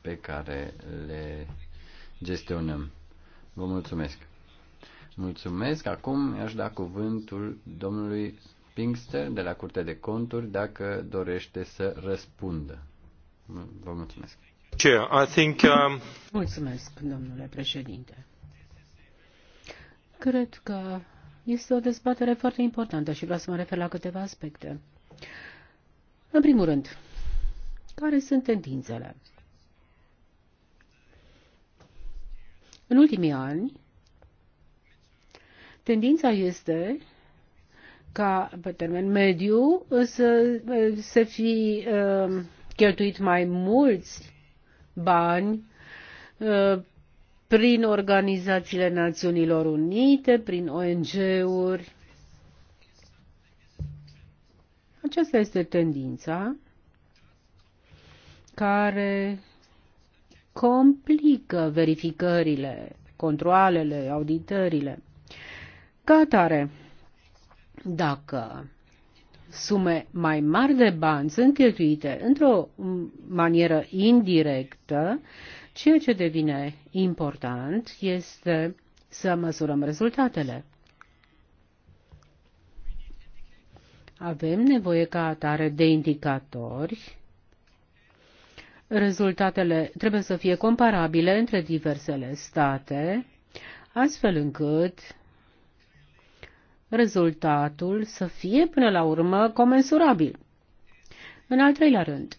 pe care le gestionăm. Vă mulțumesc! Mulțumesc. Acum i-aș da cuvântul domnului Pinkster de la Curtea de Conturi dacă dorește să răspundă. Vă mulțumesc. I think, um... Mulțumesc, domnule președinte. Cred că este o dezbatere foarte importantă și vreau să mă refer la câteva aspecte. În primul rând, care sunt tendințele? În ultimii ani, Tendința este ca pe termen mediu să să fi uh, cheltuit mai mulți bani uh, prin organizațiile Națiunilor Unite, prin ONG-uri. Aceasta este tendința care complică verificările, controlele, auditările. Ca atare, dacă sume mai mari de bani sunt cheltuite într-o manieră indirectă, ceea ce devine important este să măsurăm rezultatele. Avem nevoie ca atare de indicatori. Rezultatele trebuie să fie comparabile între diversele state, astfel încât rezultatul să fie până la urmă comensurabil. În al treilea rând,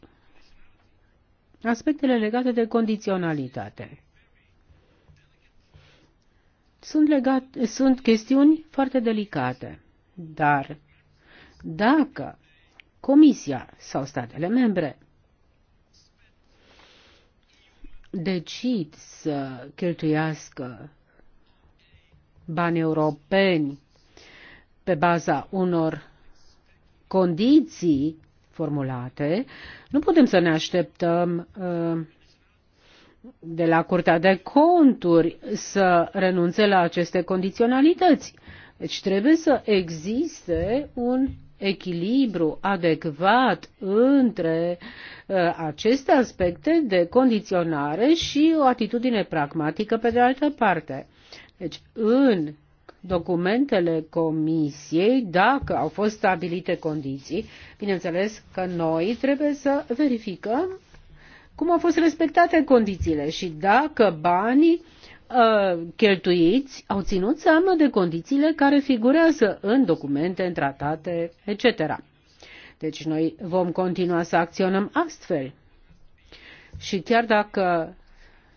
aspectele legate de condiționalitate. Sunt, legat, sunt chestiuni foarte delicate, dar dacă Comisia sau statele membre decid să cheltuiască bani europeni pe baza unor condiții formulate, nu putem să ne așteptăm uh, de la Curtea de Conturi să renunțe la aceste condiționalități. Deci trebuie să existe un echilibru adecvat între uh, aceste aspecte de condiționare și o atitudine pragmatică pe de altă parte. Deci, în documentele comisiei, dacă au fost stabilite condiții, bineînțeles că noi trebuie să verificăm cum au fost respectate condițiile și dacă banii uh, cheltuiți au ținut seama de condițiile care figurează în documente, în tratate, etc. Deci noi vom continua să acționăm astfel. Și chiar dacă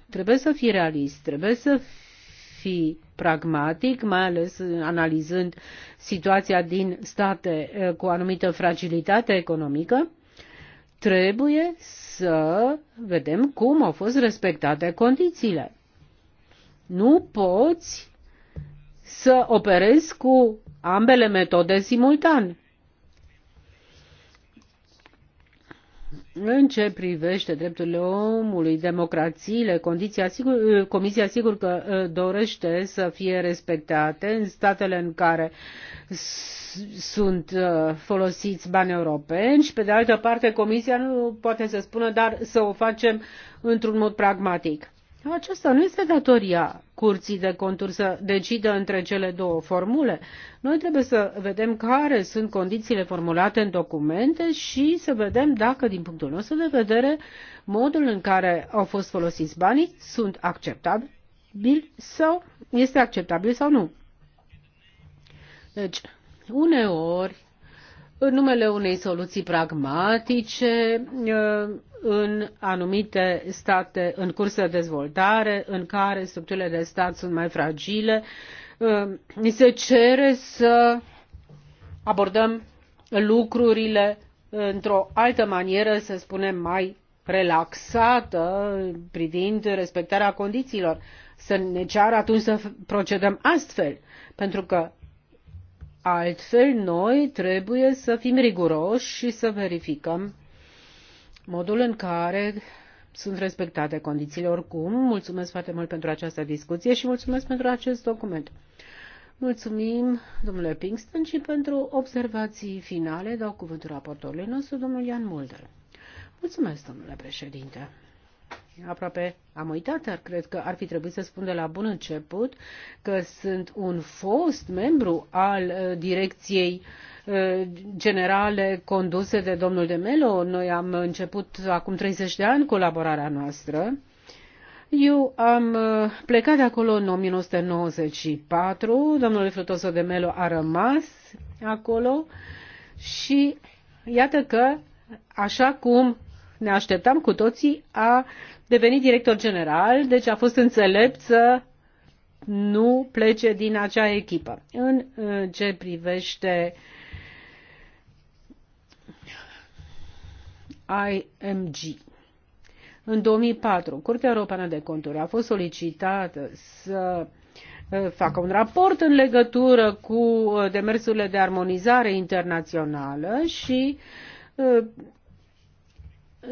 trebuie să fii realist, trebuie să fi pragmatic, mai ales analizând situația din state eh, cu anumită fragilitate economică, trebuie să vedem cum au fost respectate condițiile. Nu poți să operezi cu ambele metode simultan. În ce privește drepturile omului, democrațiile, condiția, sigur, Comisia sigur că uh, dorește să fie respectate în statele în care sunt uh, folosiți bani europeni și, pe de altă parte, Comisia nu poate să spună, dar să o facem într-un mod pragmatic. Aceasta nu este datoria curții de conturi să decidă între cele două formule. Noi trebuie să vedem care sunt condițiile formulate în documente și să vedem dacă, din punctul nostru de vedere, modul în care au fost folosiți banii sunt acceptabil sau este acceptabil sau nu. Deci, uneori în numele unei soluții pragmatice ă, în anumite state în curs de dezvoltare, în care structurile de stat sunt mai fragile, ă, ni se cere să abordăm lucrurile într-o altă manieră, să spunem, mai relaxată privind respectarea condițiilor. Să ne ceară atunci să procedăm astfel, pentru că Altfel, noi trebuie să fim riguroși și să verificăm modul în care sunt respectate condițiile oricum. Mulțumesc foarte mult pentru această discuție și mulțumesc pentru acest document. Mulțumim, domnule Pinkston, și pentru observații finale. Dau cuvântul raportorului nostru, domnul Ian Mulder. Mulțumesc, domnule președinte aproape am uitat, dar cred că ar fi trebuit să spun de la bun început că sunt un fost membru al uh, direcției uh, generale conduse de domnul de Melo. Noi am început acum 30 de ani colaborarea noastră. Eu am uh, plecat de acolo în 1994, domnul Frutoso de Melo a rămas acolo și iată că, așa cum ne așteptam cu toții, a devenit director general, deci a fost înțelept să nu plece din acea echipă. În ce privește IMG. În 2004, Curtea Europeană de Conturi a fost solicitată să facă un raport în legătură cu demersurile de armonizare internațională și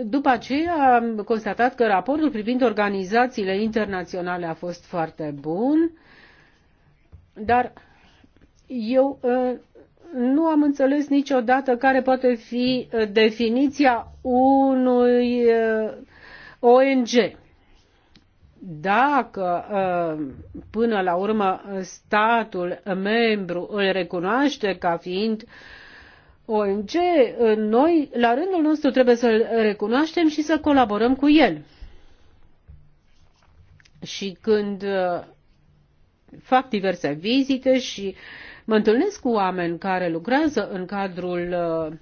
după aceea am constatat că raportul privind organizațiile internaționale a fost foarte bun, dar eu ă, nu am înțeles niciodată care poate fi ă, definiția unui ă, ONG. Dacă până la urmă statul membru îl recunoaște ca fiind uh, ONG noi, la rândul nostru, trebuie să-l recunoaștem și să colaborăm cu el. Și când uh, fac diverse vizite și mă întâlnesc cu oameni care lucrează în cadrul uh,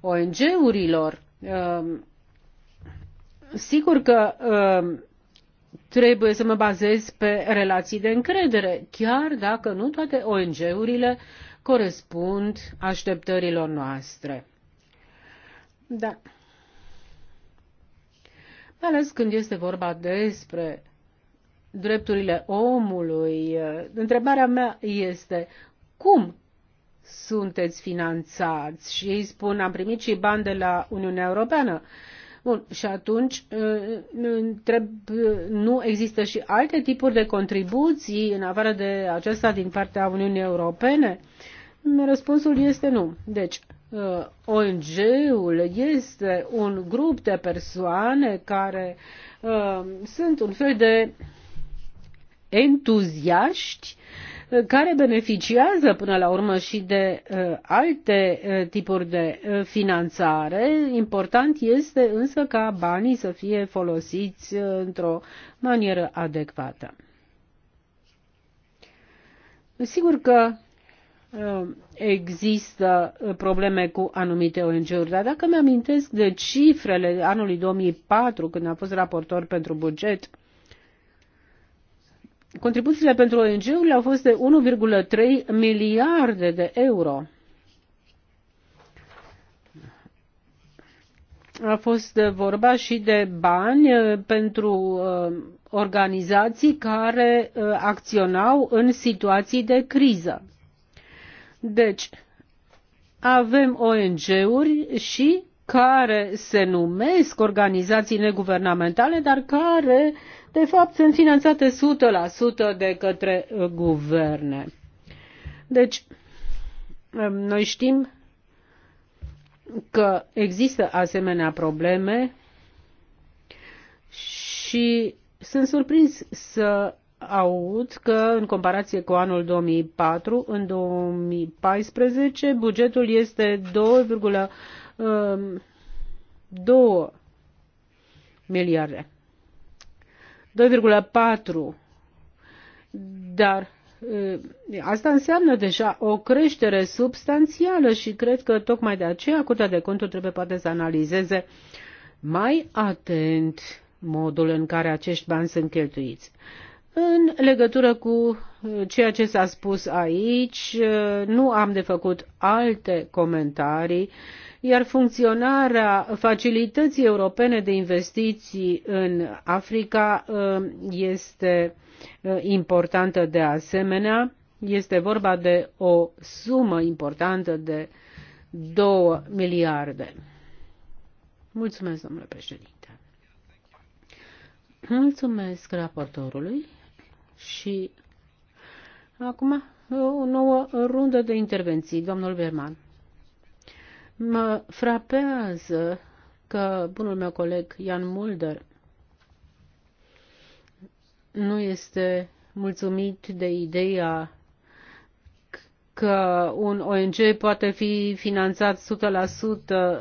ONG-urilor, um, sigur că um, trebuie să mă bazez pe relații de încredere, chiar dacă nu toate ONG-urile uh, corespund așteptărilor noastre. Da. Mai ales când este vorba despre drepturile omului, întrebarea mea este cum sunteți finanțați? Și ei spun, am primit și bani de la Uniunea Europeană. Bun, și atunci uh, întreb, uh, nu există și alte tipuri de contribuții în afară de aceasta din partea Uniunii Europene? Uh, Răspunsul este nu. Deci, uh, ONG-ul este un grup de persoane care uh, sunt un fel de entuziaști uh, care beneficiază până la urmă și de uh, alte uh, tipuri de uh, finanțare. Important este însă ca banii să fie folosiți uh, într-o manieră adecvată. Sigur că Um, există uh, probleme cu anumite ONG-uri, dar dacă mi-amintesc de cifrele anului 2004, când a fost raportor pentru buget, contribuțiile pentru ONG-urile au fost de 1,3 miliarde de euro. A fost uh, vorba și de bani uh, pentru organizații care acționau în situații de criză. Deci, avem ONG-uri și care se numesc organizații neguvernamentale, dar care, de fapt, sunt finanțate 100% de către uh, guverne. Deci, um, noi știm că există asemenea probleme și sunt surprins să aud că, în comparație cu anul 2004, în 2014 bugetul este 2,2 um, miliarde. 2,4. Dar uh, asta înseamnă deja o creștere substanțială și cred că tocmai de aceea Curtea de Conturi trebuie poate să analizeze mai atent modul în care acești bani sunt cheltuiți. În legătură cu uh, ceea ce s-a spus aici, uh, nu am de făcut alte comentarii, iar funcționarea Facilității Europene de Investiții în Africa uh, este importantă de asemenea. Este vorba de o sumă importantă de 2 miliarde. Mulțumesc, domnule președinte. Mulțumesc raportorului și acum o nouă rundă de intervenții, domnul Berman. Mă frapează că bunul meu coleg Ian Mulder nu este mulțumit de ideea că un ONG poate fi finanțat 100% uh,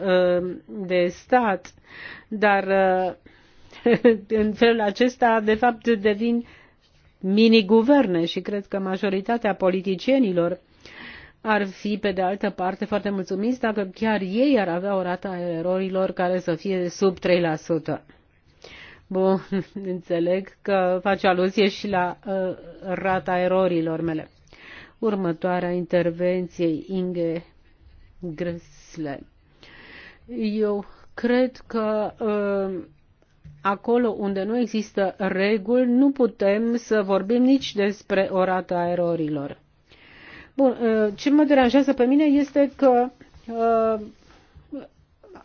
de stat, dar uh, în felul acesta, de fapt, devin mini-guverne și cred că majoritatea politicienilor ar fi, pe de altă parte, foarte mulțumiți dacă chiar ei ar avea o rată a erorilor care să fie sub 3%. Bun, înțeleg că face aluzie și la uh, rata erorilor mele. Următoarea intervenție, Inge Grăsle. Eu cred că uh, acolo unde nu există reguli, nu putem să vorbim nici despre o rată a erorilor. Bun, uh, ce mă deranjează pe mine este că uh,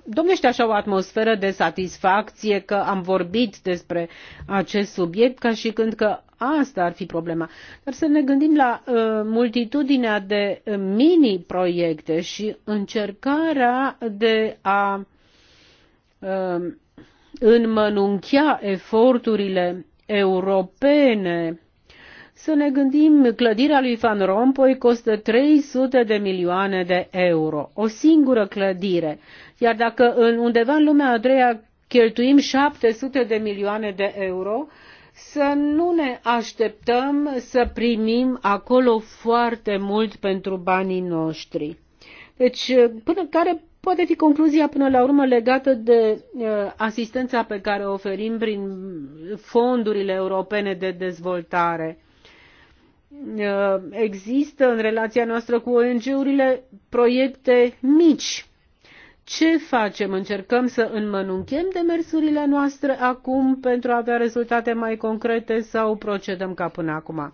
domnește așa o atmosferă de satisfacție că am vorbit despre acest subiect ca și când că asta ar fi problema. Dar să ne gândim la uh, multitudinea de mini-proiecte și încercarea de a înmănunchea eforturile europene. Să ne gândim, clădirea lui Van Rompuy costă 300 de milioane de euro, o singură clădire. Iar dacă în undeva în lumea a treia cheltuim 700 de milioane de euro, să nu ne așteptăm să primim acolo foarte mult pentru banii noștri. Deci, până care poate fi concluzia până la urmă legată de uh, asistența pe care o oferim prin fondurile europene de dezvoltare. Uh, există în relația noastră cu ONG-urile proiecte mici. Ce facem? Încercăm să înmănunchem demersurile noastre acum pentru a avea rezultate mai concrete sau procedăm ca până acum?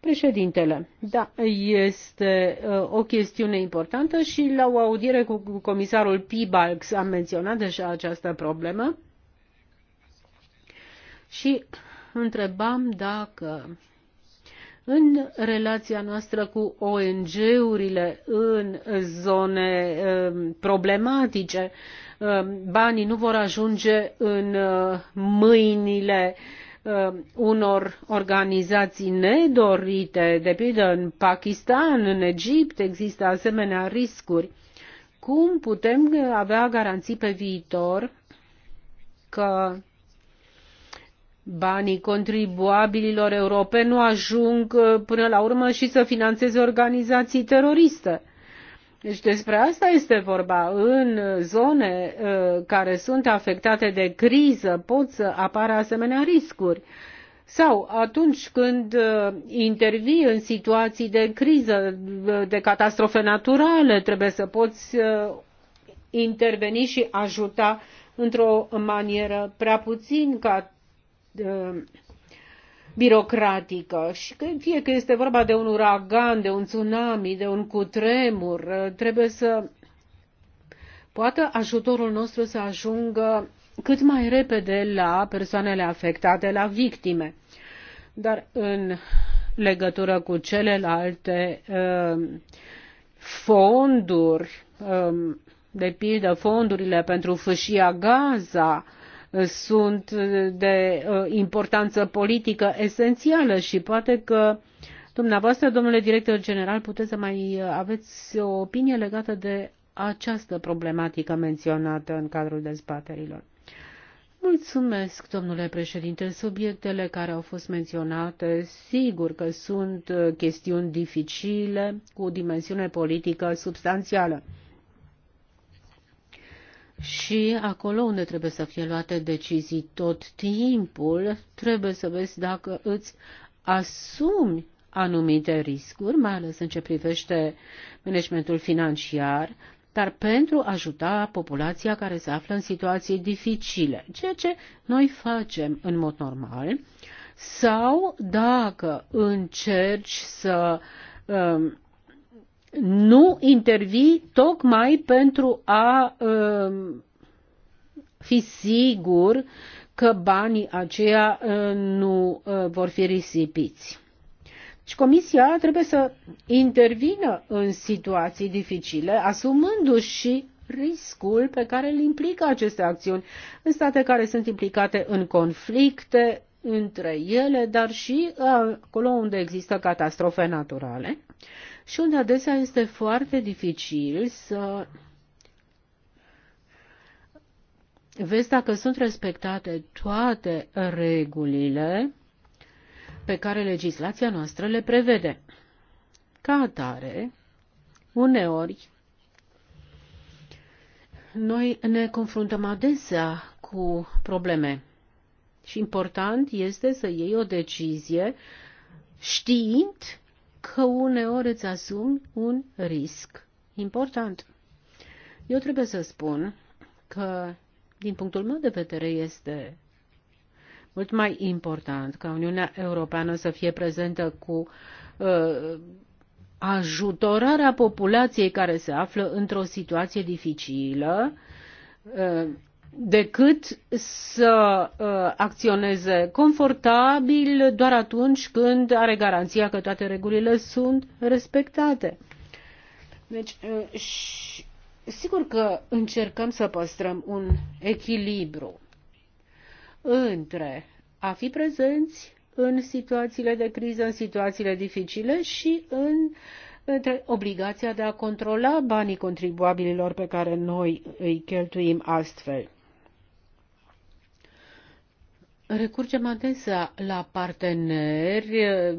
Președintele, da, este uh, o chestiune importantă și la o audiere cu comisarul Pibalx am menționat deja această problemă și întrebam dacă în relația noastră cu ONG-urile în zone uh, problematice, uh, banii nu vor ajunge în mâinile uh, Uh, unor organizații nedorite, de pildă în Pakistan, în Egipt există asemenea riscuri. Cum putem avea garanții pe viitor că banii contribuabililor europeni nu ajung uh, până la urmă și să financeze organizații teroriste? Deci despre asta este vorba. În zone uh, care sunt afectate de criză pot să apară asemenea riscuri. Sau atunci când uh, intervii în situații de criză, uh, de catastrofe naturale, trebuie să poți interveni și ajuta într-o manieră prea puțin ca birocratică și că fie că este vorba de un uragan, de un tsunami, de un cutremur, trebuie să poată ajutorul nostru să ajungă cât mai repede la persoanele afectate, la victime. Dar în legătură cu celelalte uh, fonduri, uh, de pildă fondurile pentru fâșia Gaza, Uh, sunt de uh, importanță politică esențială și poate că dumneavoastră, domnule director general, puteți să mai uh, aveți o opinie legată de această problematică menționată în cadrul dezbaterilor. Mulțumesc, domnule președinte. Subiectele care au fost menționate, sigur că sunt chestiuni dificile, cu o dimensiune politică substanțială. Și acolo unde trebuie să fie luate decizii tot timpul, trebuie să vezi dacă îți asumi anumite riscuri, mai ales în ce privește managementul financiar, dar pentru a ajuta populația care se află în situații dificile, ceea ce noi facem în mod normal, sau dacă încerci să um, nu intervii tocmai pentru a um, fi sigur că banii aceia uh, nu uh, vor fi risipiți. Și deci comisia trebuie să intervină în situații dificile, asumându-și și riscul pe care îl implică aceste acțiuni în state care sunt implicate în conflicte între ele, dar și uh, acolo unde există catastrofe naturale și unde adesea este foarte dificil să vezi dacă sunt respectate toate regulile pe care legislația noastră le prevede. Ca atare, uneori, noi ne confruntăm adesea cu probleme și important este să iei o decizie știind că uneori îți asumi un risc important. Eu trebuie să spun că, din punctul meu de vedere, este mult mai important ca Uniunea Europeană să fie prezentă cu uh, ajutorarea populației care se află într-o situație dificilă, uh, decât să uh, acționeze confortabil doar atunci când are garanția că toate regulile sunt respectate. Deci, uh, și, sigur că încercăm să păstrăm un echilibru între a fi prezenți în situațiile de criză, în situațiile dificile și în, între obligația de a controla banii contribuabililor pe care noi îi cheltuim astfel. Recurgem adesea la parteneri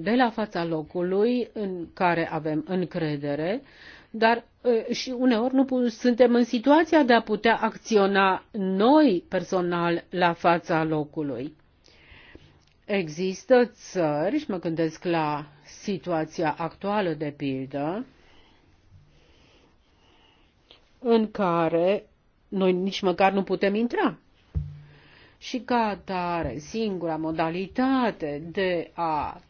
de la fața locului în care avem încredere, dar și uneori nu suntem în situația de a putea acționa noi personal la fața locului. Există țări, și mă gândesc la situația actuală de pildă, în care noi nici măcar nu putem intra și ca atare singura modalitate de a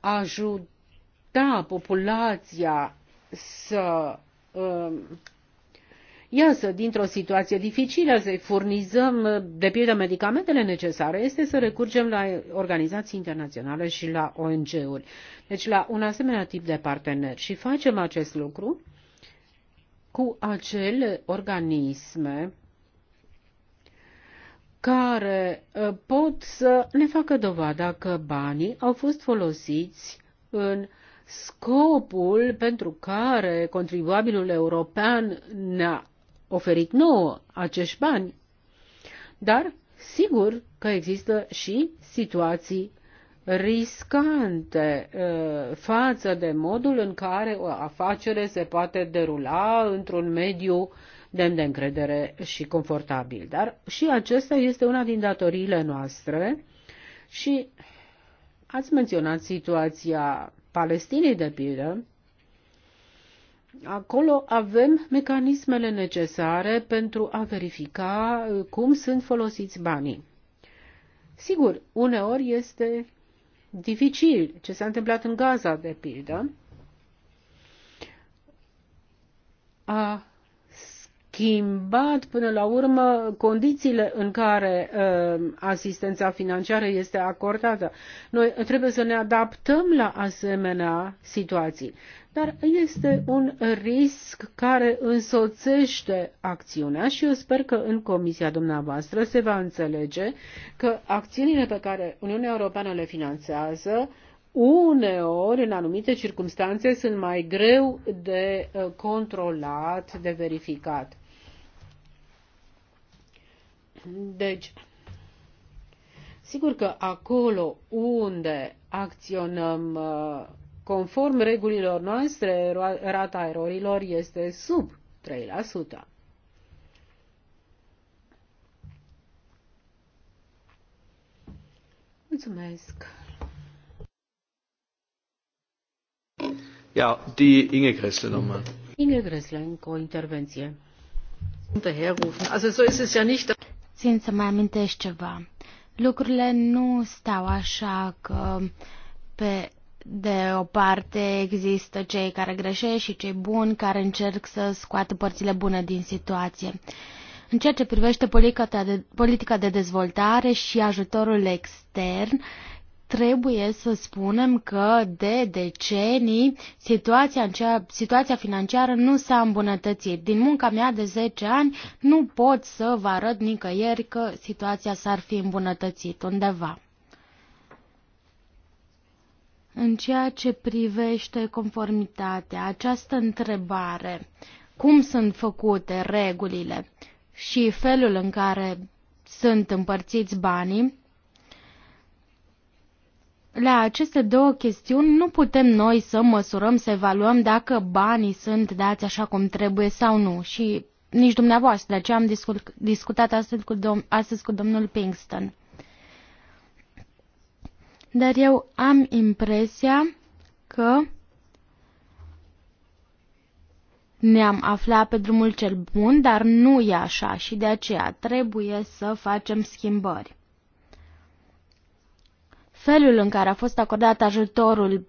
ajuta populația să uh, iasă dintr-o situație dificilă, să-i furnizăm, de pildă, medicamentele necesare, este să recurgem la organizații internaționale și la ONG-uri. Deci la un asemenea tip de partener. Și facem acest lucru cu acele organisme care ă, pot să ne facă dovada că banii au fost folosiți în scopul pentru care contribuabilul european ne-a oferit nouă acești bani. Dar, sigur că există și situații riscante ă, față de modul în care o afacere se poate derula într-un mediu uh, demn de încredere și confortabil. Dar și acesta este una din datoriile noastre și ați menționat situația Palestinei de pildă. Acolo avem mecanismele necesare pentru a verifica uh, cum sunt folosiți banii. Sigur, uneori este dificil ce s-a întâmplat în Gaza, de pildă. A schimbat până la urmă condițiile în care uh, asistența financiară este acordată. Noi trebuie să ne adaptăm la asemenea situații, dar este un risc care însoțește acțiunea și eu sper că în comisia dumneavoastră se va înțelege că acțiunile pe care Uniunea Europeană le finanțează uneori, în anumite circunstanțe, sunt mai greu de uh, controlat, de verificat. Deci, sigur că acolo unde acționăm uh, conform regulilor noastre, rata erorilor este sub 3%. Ja, die Inge Gressle nochmal. Inge Gressle, Co-Intervention. intervenție. Also so ist es ja nicht. Țin să mai amintești ceva. Lucrurile nu stau așa că pe de o parte există cei care greșesc și cei buni care încerc să scoată părțile bune din situație. În ceea ce privește politica de, politica de dezvoltare și ajutorul extern, Trebuie să spunem că de decenii situația, situația financiară nu s-a îmbunătățit. Din munca mea de 10 ani nu pot să vă arăt nicăieri că situația s-ar fi îmbunătățit undeva. În ceea ce privește conformitatea, această întrebare, cum sunt făcute regulile și felul în care sunt împărțiți banii, la aceste două chestiuni nu putem noi să măsurăm, să evaluăm dacă banii sunt dați așa cum trebuie sau nu și nici dumneavoastră, de aceea am discutat astăzi cu, dom- astăzi cu domnul Pinkston. Dar eu am impresia că ne-am aflat pe drumul cel bun, dar nu e așa și de aceea trebuie să facem schimbări felul în care a fost acordat ajutorul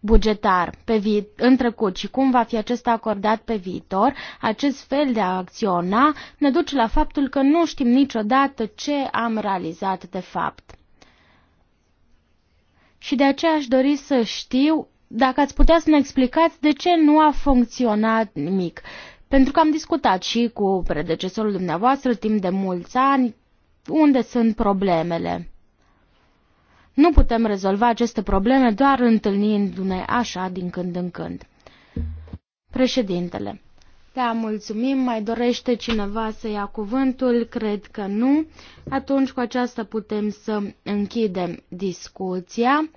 bugetar pe vi- în trecut și cum va fi acesta acordat pe viitor, acest fel de a acționa ne duce la faptul că nu știm niciodată ce am realizat de fapt. Și de aceea aș dori să știu dacă ați putea să ne explicați de ce nu a funcționat nimic. Pentru că am discutat și cu predecesorul dumneavoastră timp de mulți ani unde sunt problemele. Nu putem rezolva aceste probleme doar întâlnindu-ne așa din când în când. Președintele. Da, mulțumim. Mai dorește cineva să ia cuvântul? Cred că nu. Atunci cu aceasta putem să închidem discuția.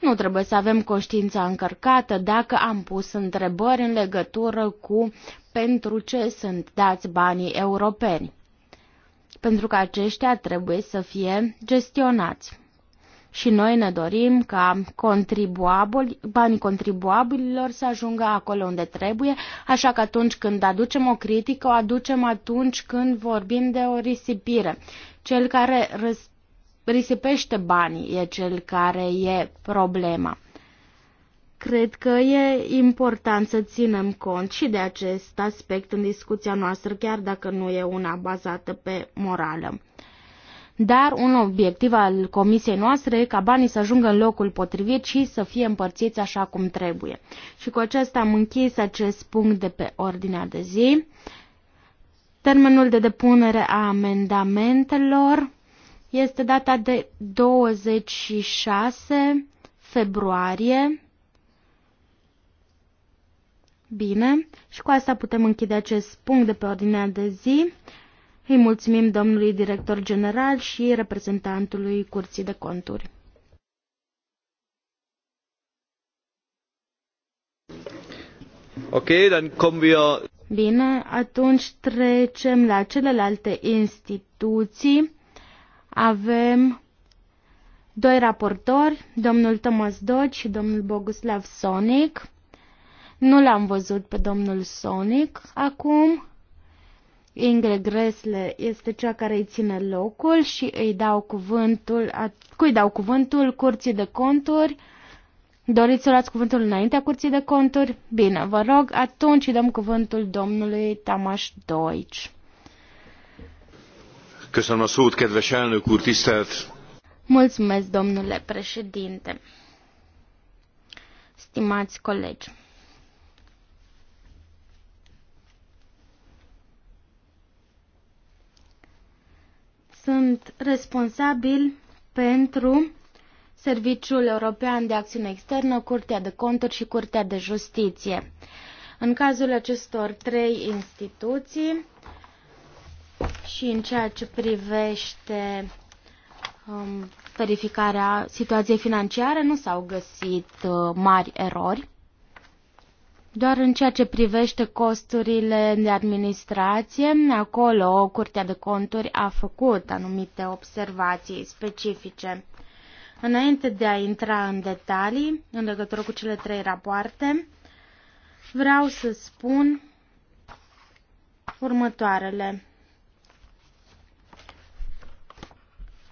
Nu trebuie să avem conștiința încărcată dacă am pus întrebări în legătură cu pentru ce sunt dați banii europeni. Pentru că aceștia trebuie să fie gestionați și noi ne dorim ca contribuabili, banii contribuabililor să ajungă acolo unde trebuie, așa că atunci când aducem o critică, o aducem atunci când vorbim de o risipire. Cel care risipește banii e cel care e problema. Cred că e important să ținem cont și de acest aspect în discuția noastră, chiar dacă nu e una bazată pe morală. Dar un obiectiv al comisiei noastre e ca banii să ajungă în locul potrivit și să fie împărțiți așa cum trebuie. Și cu acesta am închis acest punct de pe ordinea de zi. Termenul de depunere a amendamentelor este data de 26 februarie. Bine, și cu asta putem închide acest punct de pe ordinea de zi. Îi mulțumim domnului director general și reprezentantului Curții de Conturi. Ok, dann kommen wir... Bine, atunci trecem la celelalte instituții. Avem doi raportori, domnul Thomas Dodge și domnul Boguslav Sonic. Nu l-am văzut pe domnul Sonic acum. Inge Gresle este cea care îi ține locul și îi dau cuvântul, a, cui dau cuvântul curții de conturi. Doriți să luați cuvântul înaintea curții de conturi? Bine, vă rog, atunci îi dăm cuvântul domnului Tamas Deutsch. Köszönöm a szót, kedves Mulțumesc, domnule președinte! Stimați colegi! sunt responsabil pentru Serviciul European de Acțiune Externă, Curtea de Conturi și Curtea de Justiție. În cazul acestor trei instituții și în ceea ce privește um, verificarea situației financiare, nu s-au găsit uh, mari erori. Doar în ceea ce privește costurile de administrație, acolo Curtea de Conturi a făcut anumite observații specifice. Înainte de a intra în detalii în legătură cu cele trei rapoarte, vreau să spun următoarele.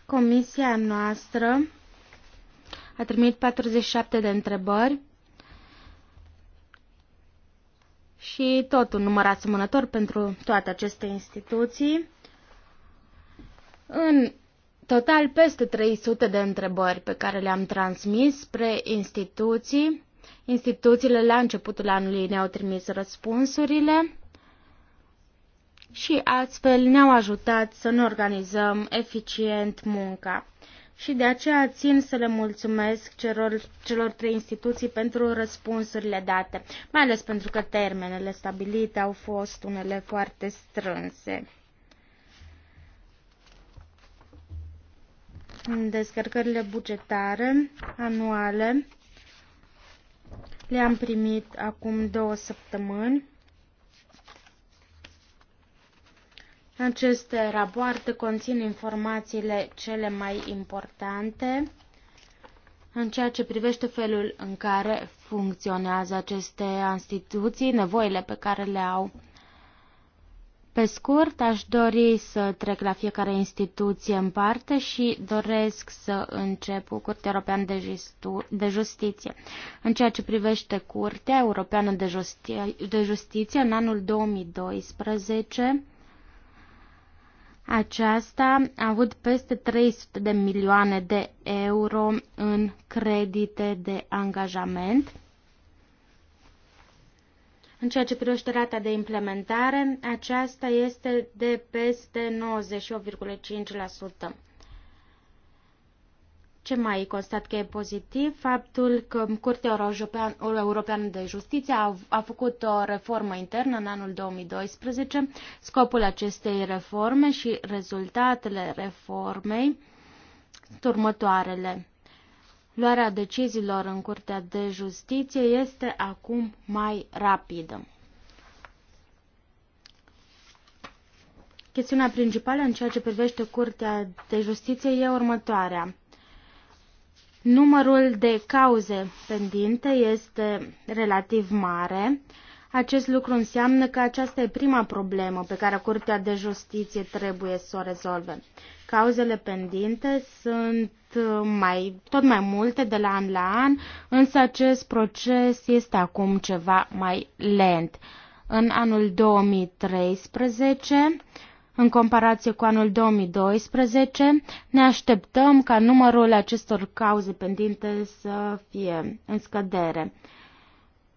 Comisia noastră a trimit 47 de întrebări și tot un număr asemănător pentru toate aceste instituții. În total, peste 300 de întrebări pe care le-am transmis spre instituții. Instituțiile la începutul anului ne-au trimis răspunsurile și astfel ne-au ajutat să ne organizăm eficient munca și de aceea țin să le mulțumesc celor, celor trei instituții pentru răspunsurile date, mai ales pentru că termenele stabilite au fost unele foarte strânse. Descărcările bugetare anuale le-am primit acum două săptămâni. Aceste rapoarte conțin informațiile cele mai importante în ceea ce privește felul în care funcționează aceste instituții, nevoile pe care le au. Pe scurt, aș dori să trec la fiecare instituție în parte și doresc să încep cu Curtea Europeană de, Justu- de Justiție. În ceea ce privește Curtea Europeană de, Justi- de Justiție, în anul 2012, aceasta a avut peste 300 de milioane de euro în credite de angajament. În ceea ce privește rata de implementare, aceasta este de peste 98,5%. Ce mai constat că e pozitiv? Faptul că Curtea Europeană de Justiție a, a făcut o reformă internă în anul 2012. Scopul acestei reforme și rezultatele reformei sunt următoarele. Luarea deciziilor în Curtea de Justiție este acum mai rapidă. Chestiunea principală în ceea ce privește Curtea de Justiție e următoarea. Numărul de cauze pendinte este relativ mare. Acest lucru înseamnă că aceasta e prima problemă pe care Curtea de Justiție trebuie să o rezolve. Cauzele pendinte sunt uh, mai, tot mai multe de la an la an, însă acest proces este acum ceva mai lent. În anul 2013, în comparație cu anul 2012, ne așteptăm ca numărul acestor cauze pendinte să fie în scădere.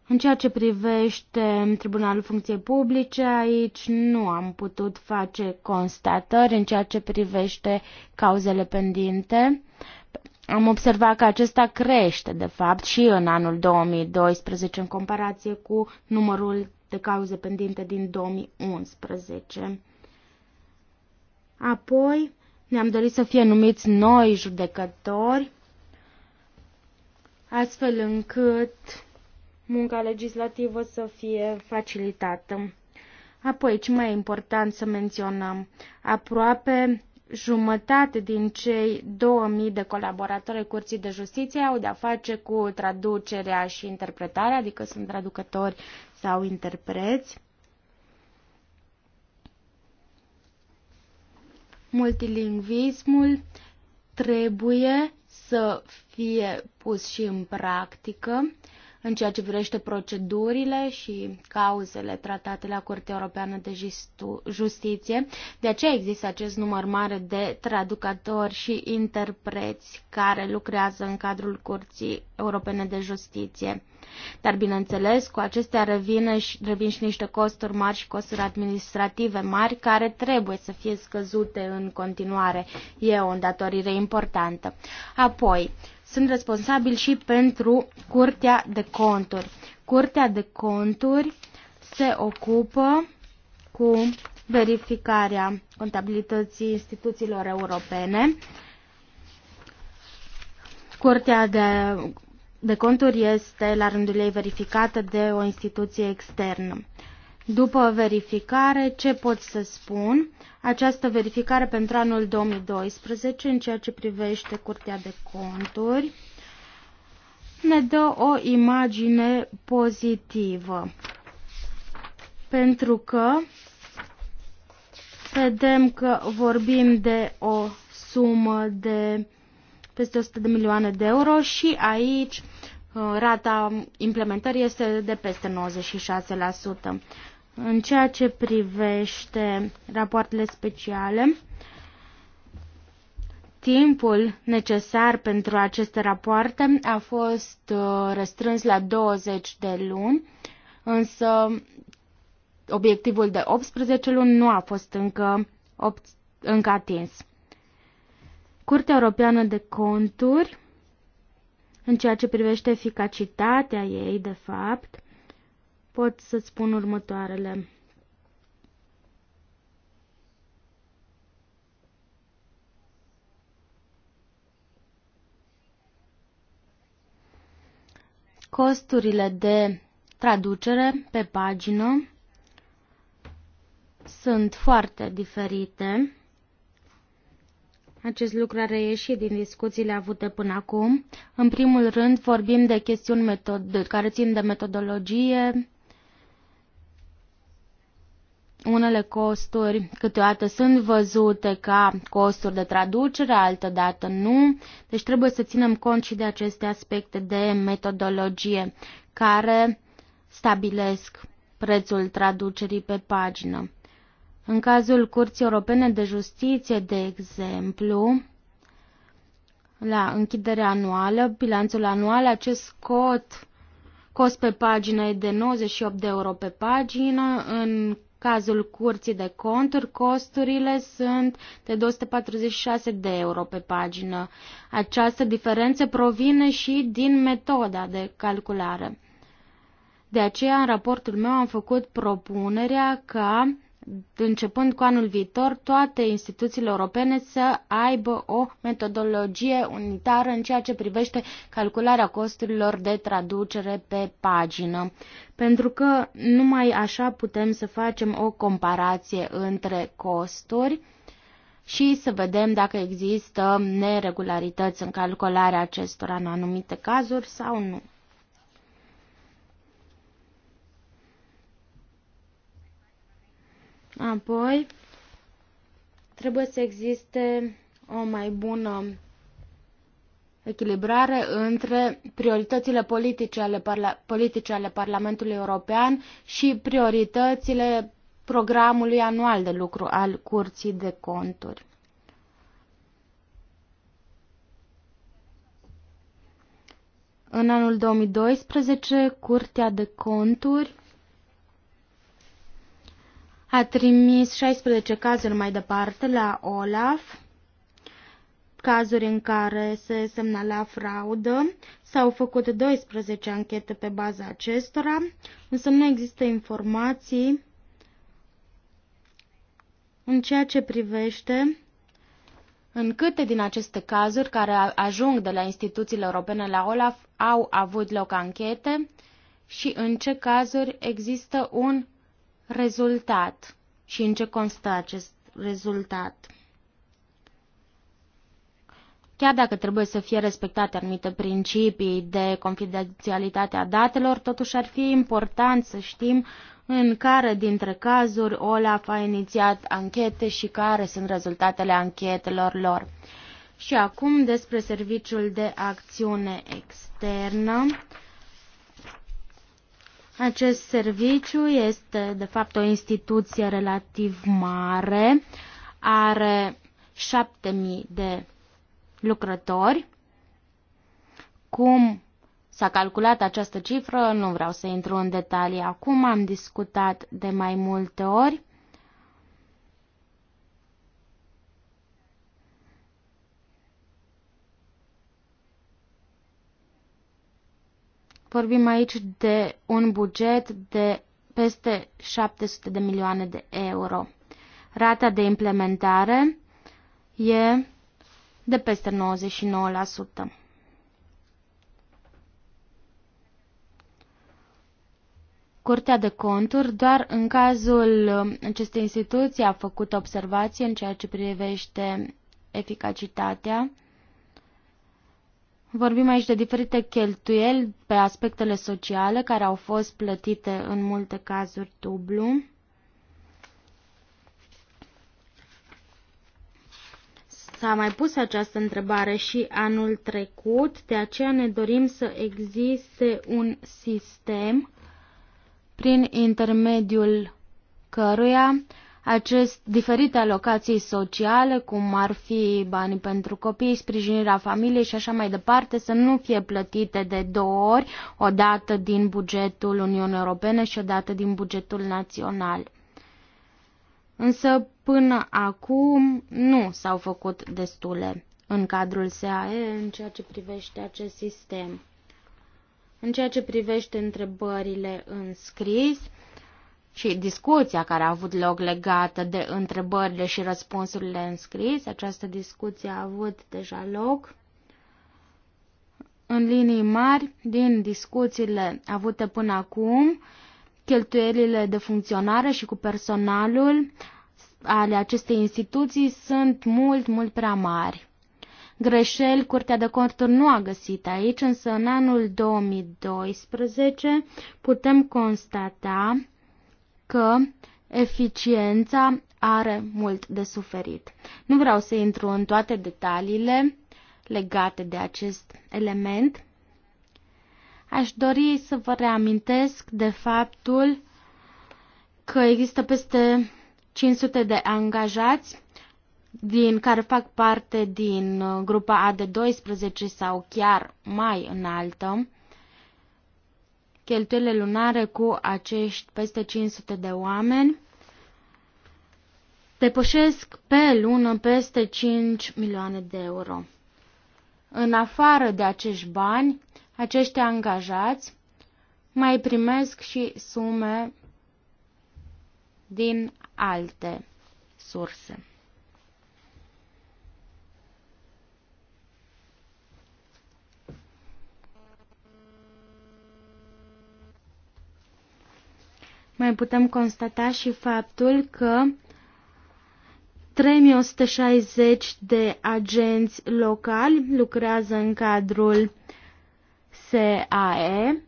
În ceea ce privește Tribunalul Funcției Publice, aici nu am putut face constatări în ceea ce privește cauzele pendinte. Am observat că acesta crește, de fapt, și în anul 2012 în comparație cu numărul de cauze pendinte din 2011. Apoi ne-am dorit să fie numiți noi judecători, astfel încât munca legislativă să fie facilitată. Apoi, ce mai important să menționăm, aproape jumătate din cei 2000 de colaboratori ai Curții de Justiție au de-a face cu traducerea și interpretarea, adică sunt traducători sau interpreți. Multilingvismul trebuie să fie pus și în practică în ceea ce privește procedurile și cauzele tratate la Curtea Europeană de Justiție, de aceea există acest număr mare de traducători și interpreți care lucrează în cadrul Curții Europene de Justiție. Dar, bineînțeles, cu acestea revine și, revin și niște costuri mari și costuri administrative mari care trebuie să fie scăzute în continuare. E o îndatorire importantă. Apoi, sunt responsabili și pentru Curtea de Conturi. Curtea de Conturi se ocupă cu verificarea contabilității instituțiilor europene. Curtea de, de conturi este la rândul ei verificată de o instituție externă. După verificare, ce pot să spun? Această verificare pentru anul 2012 în ceea ce privește Curtea de Conturi ne dă o imagine pozitivă. Pentru că vedem că vorbim de o sumă de peste 100 de milioane de euro și aici uh, rata implementării este de peste 96%. În ceea ce privește rapoartele speciale, timpul necesar pentru aceste rapoarte a fost uh, restrâns la 20 de luni, însă obiectivul de 18 luni nu a fost încă, încă atins. Curtea Europeană de Conturi, în ceea ce privește eficacitatea ei, de fapt, pot să-ți spun următoarele. Costurile de traducere pe pagină sunt foarte diferite. Acest lucru a reieșit din discuțiile avute până acum. În primul rând vorbim de chestiuni metod- care țin de metodologie, unele costuri câteodată sunt văzute ca costuri de traducere, altădată nu. Deci trebuie să ținem cont și de aceste aspecte de metodologie care stabilesc prețul traducerii pe pagină. În cazul Curții Europene de Justiție, de exemplu, la închidere anuală, bilanțul anual, acest cot, cost pe pagină e de 98 de euro pe pagină, în cazul curții de conturi, costurile sunt de 246 de euro pe pagină. Această diferență provine și din metoda de calculare. De aceea, în raportul meu am făcut propunerea ca începând cu anul viitor, toate instituțiile europene să aibă o metodologie unitară în ceea ce privește calcularea costurilor de traducere pe pagină. Pentru că numai așa putem să facem o comparație între costuri și să vedem dacă există neregularități în calcularea acestora în anumite cazuri sau nu. Apoi, trebuie să existe o mai bună echilibrare între prioritățile politice ale, parla- politice ale Parlamentului European și prioritățile programului anual de lucru al Curții de Conturi. În anul 2012, Curtea de Conturi a trimis 16 cazuri mai departe la Olaf, cazuri în care se semnala fraudă, s-au făcut 12 anchete pe baza acestora, însă nu există informații în ceea ce privește în câte din aceste cazuri care ajung de la instituțiile europene la OLAF au avut loc anchete și în ce cazuri există un rezultat și în ce constă acest rezultat. Chiar dacă trebuie să fie respectate anumite principii de confidențialitate a datelor, totuși ar fi important să știm în care dintre cazuri Olaf a inițiat anchete și care sunt rezultatele anchetelor lor. Și acum despre serviciul de acțiune externă. Acest serviciu este, de fapt, o instituție relativ mare, are 7000 de lucrători. Cum s-a calculat această cifră, nu vreau să intru în detalii acum, am discutat de mai multe ori. Vorbim aici de un buget de peste 700 de milioane de euro. Rata de implementare e de peste 99%. Curtea de conturi doar în cazul acestei instituții a făcut observații în ceea ce privește eficacitatea Vorbim aici de diferite cheltuieli pe aspectele sociale care au fost plătite în multe cazuri dublu. S-a mai pus această întrebare și anul trecut, de aceea ne dorim să existe un sistem prin intermediul căruia uh, acest diferite alocații sociale, cum ar fi banii pentru copii, sprijinirea familiei și așa mai departe, să nu fie plătite de două ori, o dată din bugetul Uniunii Europene și o dată din bugetul național. Însă, până acum, nu s-au făcut destule în cadrul SAE în ceea ce privește acest sistem. În ceea ce privește întrebările în scris, și discuția care a avut loc legată de întrebările și răspunsurile înscrise. Această discuție a avut deja loc. În linii mari, din discuțiile avute până acum, cheltuielile de funcționare și cu personalul ale acestei instituții sunt mult, mult prea mari. Greșeli, Curtea de Conturi nu a găsit aici, însă în anul 2012 putem constata că eficiența are mult de suferit. Nu vreau să intru în toate detaliile legate de acest element. Aș dori să vă reamintesc de faptul că există peste 500 de angajați din care fac parte din uh, grupa A de 12 sau chiar mai înaltă cheltuielile lunare cu acești peste 500 de oameni depășesc pe lună peste 5 milioane de euro. În afară de acești bani, acești angajați mai primesc și sume din alte surse. Mai putem constata și faptul că 3160 de agenți locali lucrează în cadrul SAE,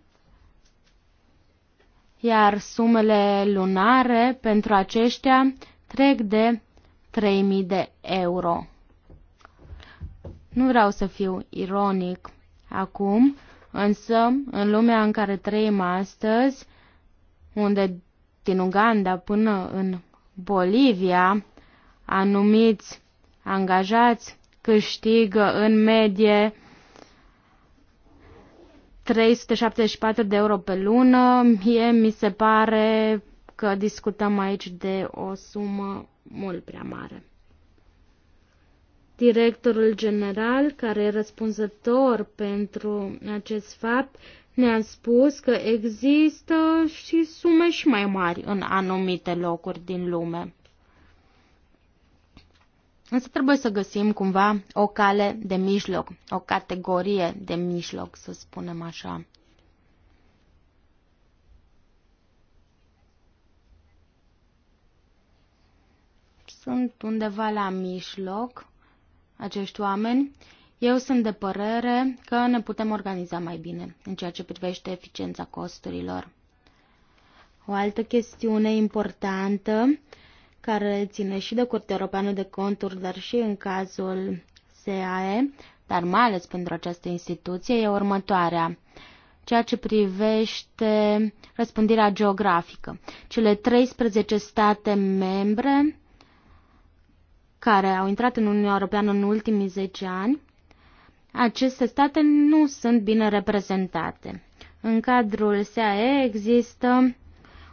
iar sumele lunare pentru aceștia trec de 3000 de euro. Nu vreau să fiu ironic acum, însă în lumea în care trăim astăzi, unde din Uganda până în Bolivia, anumiți angajați câștigă în medie 374 de euro pe lună. Mie mi se pare că discutăm aici de o sumă mult prea mare. Directorul general, care e răspunzător pentru acest fapt, ne-a spus că există și sume și mai mari în anumite locuri din lume. Însă trebuie să găsim cumva o cale de mijloc, o categorie de mijloc, să spunem așa. Sunt undeva la mijloc acești oameni eu sunt de părere că ne putem organiza mai bine în ceea ce privește eficiența costurilor. O altă chestiune importantă care ține și de Curtea Europeană de Conturi, dar și în cazul SAE, dar mai ales pentru această instituție, e următoarea ceea ce privește răspândirea geografică. Cele 13 state membre care au intrat în Uniunea Europeană în ultimii 10 ani aceste state nu sunt bine reprezentate. În cadrul SAE există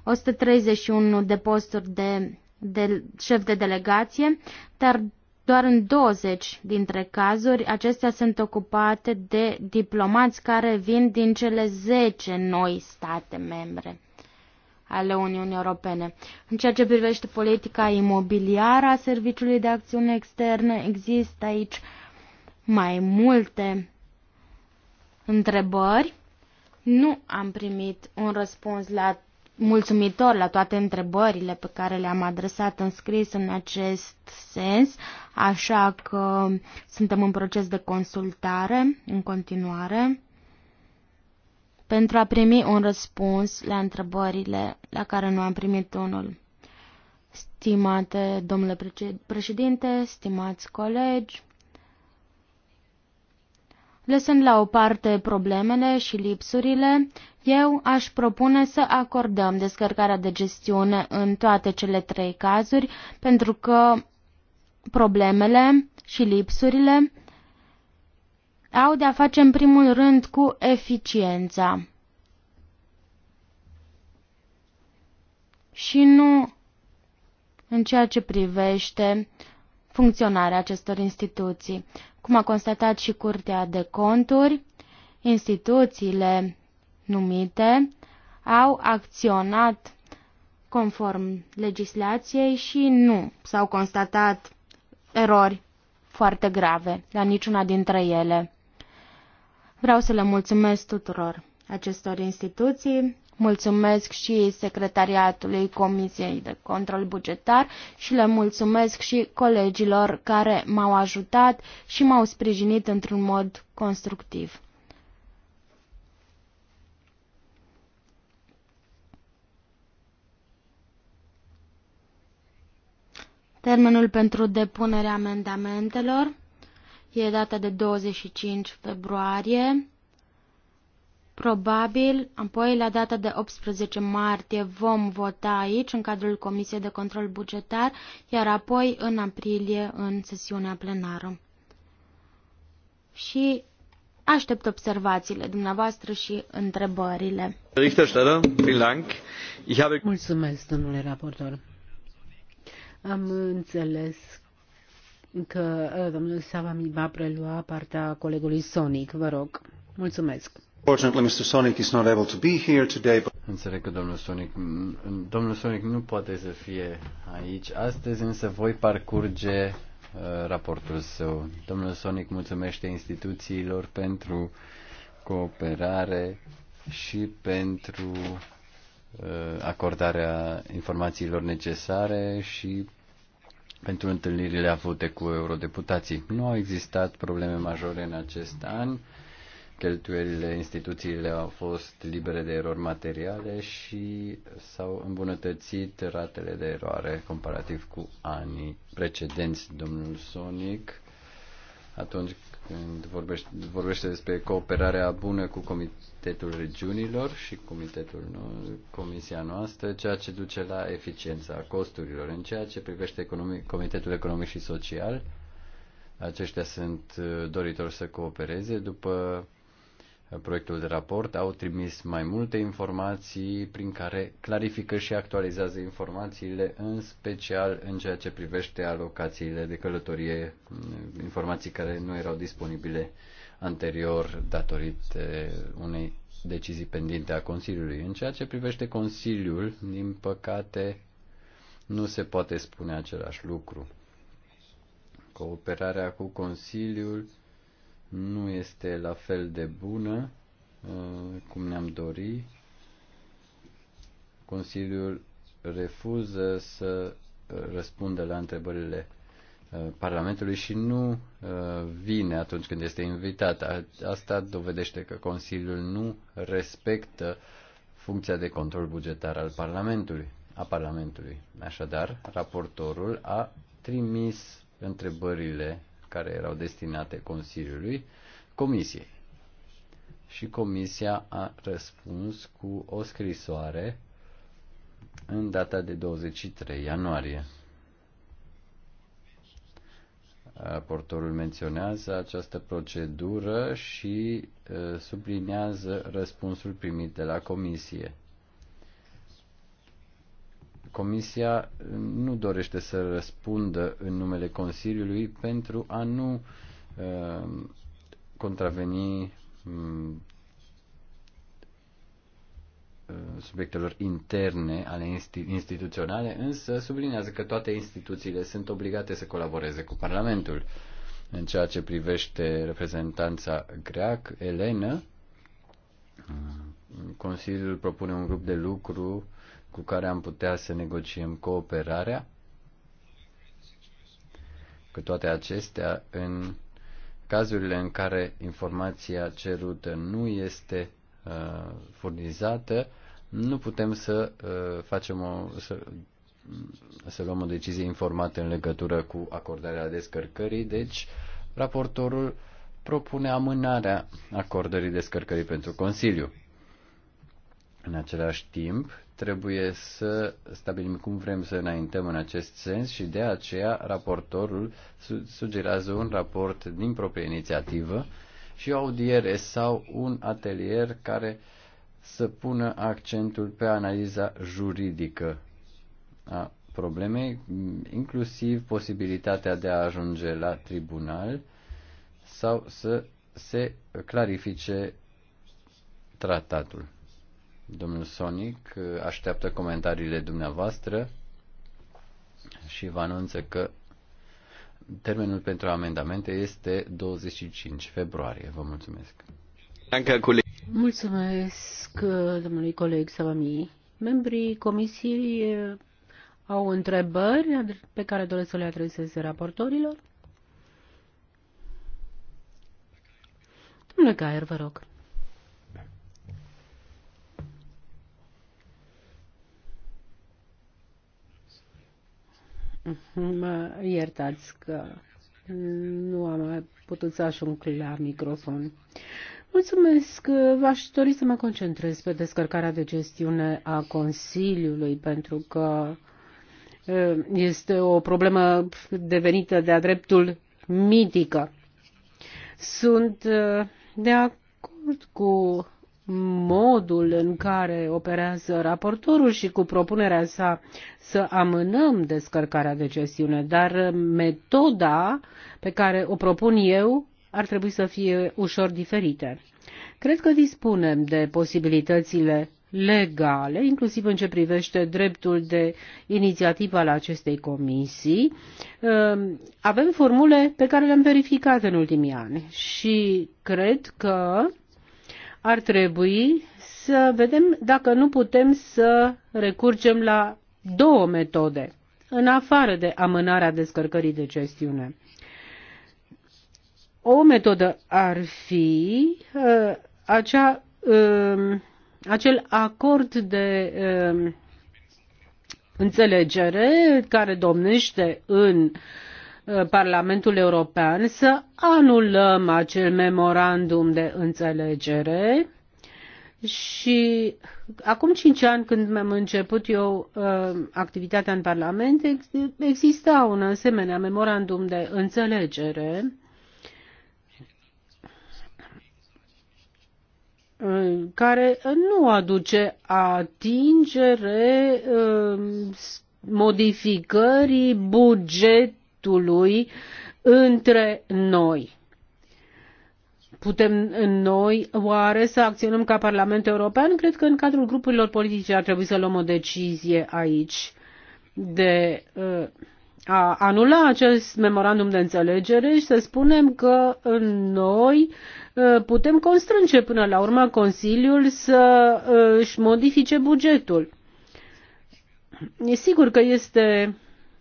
131 de posturi de, de șef de delegație, dar doar în 20 dintre cazuri acestea sunt ocupate de diplomați care vin din cele 10 noi state membre ale Uniunii Europene. În ceea ce privește politica imobiliară a Serviciului de Acțiune Externă, există aici uh, mai multe întrebări. Nu am primit un răspuns la mulțumitor la toate întrebările pe care le-am adresat în scris în acest sens, așa că suntem în proces de consultare în continuare pentru a primi un răspuns la întrebările la care nu am primit unul. Stimate domnule președinte, stimați colegi, Lăsând la o parte problemele și lipsurile, eu aș propune să acordăm descărcarea de gestiune în toate cele trei cazuri, pentru că problemele și lipsurile au de-a face în primul rând cu eficiența. Și nu în ceea ce privește funcționarea acestor instituții. Cum a constatat și Curtea de Conturi, instituțiile numite au acționat conform legislației și nu s-au constatat erori foarte grave la niciuna dintre ele. Vreau să le mulțumesc tuturor acestor instituții Mulțumesc și secretariatului Comisiei de Control Bugetar și le mulțumesc și colegilor care m-au ajutat și m-au sprijinit într-un mod constructiv. Termenul pentru depunerea amendamentelor e data de 25 februarie Probabil, apoi, la data de 18 martie, vom vota aici, în cadrul Comisiei de Control Bugetar, iar apoi, în aprilie, în sesiunea plenară. Și aștept observațiile dumneavoastră și întrebările. Mulțumesc, domnule raportor. Am înțeles că uh, domnul Savami va prelua partea colegului Sonic. Vă rog. Mulțumesc. Fortunately, Mr. Sonic is not able to be here today, but... Înțeleg că domnul Sonic, domnul Sonic nu poate să fie aici astăzi, însă voi parcurge uh, raportul său. Domnul Sonic mulțumește instituțiilor pentru cooperare și pentru uh, acordarea informațiilor necesare și pentru întâlnirile avute cu eurodeputații. Nu au existat probleme majore în acest an cheltuielile instituțiile au fost libere de erori materiale și s-au îmbunătățit ratele de eroare comparativ cu anii precedenți. Domnul Sonic, atunci când vorbește, vorbește despre cooperarea bună cu Comitetul Regiunilor și Comitetul nu, Comisia noastră, ceea ce duce la eficiența costurilor. În ceea ce privește economic, Comitetul Economic și Social, aceștia sunt uh, doritori să coopereze după proiectul de raport au trimis mai multe informații prin care clarifică și actualizează informațiile, în special în ceea ce privește alocațiile de călătorie, mm, informații care nu erau disponibile anterior datorită unei decizii pendinte a Consiliului. În ceea ce privește Consiliul, din păcate, nu se poate spune același lucru. Cooperarea cu Consiliul nu este la fel de bună uh, cum ne-am dori. Consiliul refuză să uh, răspundă la întrebările uh, Parlamentului și nu vine atunci când este invitat. Asta dovedește că Consiliul nu respectă funcția de control bugetar al Parlamentului, a Parlamentului. Așadar, raportorul a trimis întrebările care erau destinate Consiliului Comisiei. Și Comisia a răspuns cu o scrisoare în data de 23 ianuarie. Raportorul menționează această procedură și uh, sublinează răspunsul primit de la Comisie. Comisia nu dorește să răspundă în numele Consiliului pentru a nu uh, contraveni um, uh, subiectelor interne ale instituționale, însă sublinează că toate instituțiile sunt obligate să colaboreze cu Parlamentul. În ceea ce privește reprezentanța greac, Elena, uh, Consiliul propune un grup de lucru uh, cu care am putea să negociem cooperarea. Cu toate acestea, în cazurile în care informația cerută nu este uh, furnizată, nu putem să uh, facem o, să, să luăm o decizie informată în legătură cu acordarea descărcării, deci raportorul propune amânarea acordării descărcării pentru Consiliu. În același timp, Trebuie să stabilim cum vrem să înaintăm în acest sens și de aceea raportorul sugerează un raport din proprie inițiativă și o audiere sau un atelier care să pună accentul pe analiza juridică a problemei, inclusiv posibilitatea de a ajunge la tribunal sau să se clarifice tratatul. Domnul Sonic așteaptă comentariile dumneavoastră și vă anunță că termenul pentru amendamente este 25 februarie. Vă mulțumesc. Mulțumesc domnului coleg savamii. Membrii comisiei eh, au întrebări pe care doresc să le adreseze raportorilor? Domnule Gaier, vă rog. Mă iertați că nu am mai putut să ajung la microfon. Mulțumesc. V-aș dori să mă concentrez pe descărcarea de gestiune a Consiliului, pentru că este o problemă devenită de-a dreptul mitică. Sunt de acord cu modul în care operează raportorul și cu propunerea sa să amânăm descărcarea de gestiune, dar metoda pe care o propun eu ar trebui să fie ușor diferite. Cred că dispunem de posibilitățile legale, inclusiv în ce privește dreptul de inițiativă al acestei comisii. Ehm, avem formule pe care le-am verificat în ultimii ani și cred că ar trebui să vedem dacă nu putem să recurgem la două metode, în afară de amânarea descărcării de gestiune. O metodă ar fi uh, acea, uh, acel acord de uh, înțelegere care domnește în uh, Uh, Parlamentul European să anulăm acel memorandum de înțelegere și acum cinci ani când am început eu uh, activitatea în Parlament, exista un asemenea memorandum de înțelegere uh, care nu aduce atingere modificării buget pactului între noi. Putem noi oare să acționăm ca Parlament European? Cred că în cadrul grupurilor politice ar trebui să luăm o decizie aici de uh, a anula acest memorandum de înțelegere și să spunem că noi uh, putem constrânge până la urmă Consiliul să uh, își modifice bugetul. E sigur că este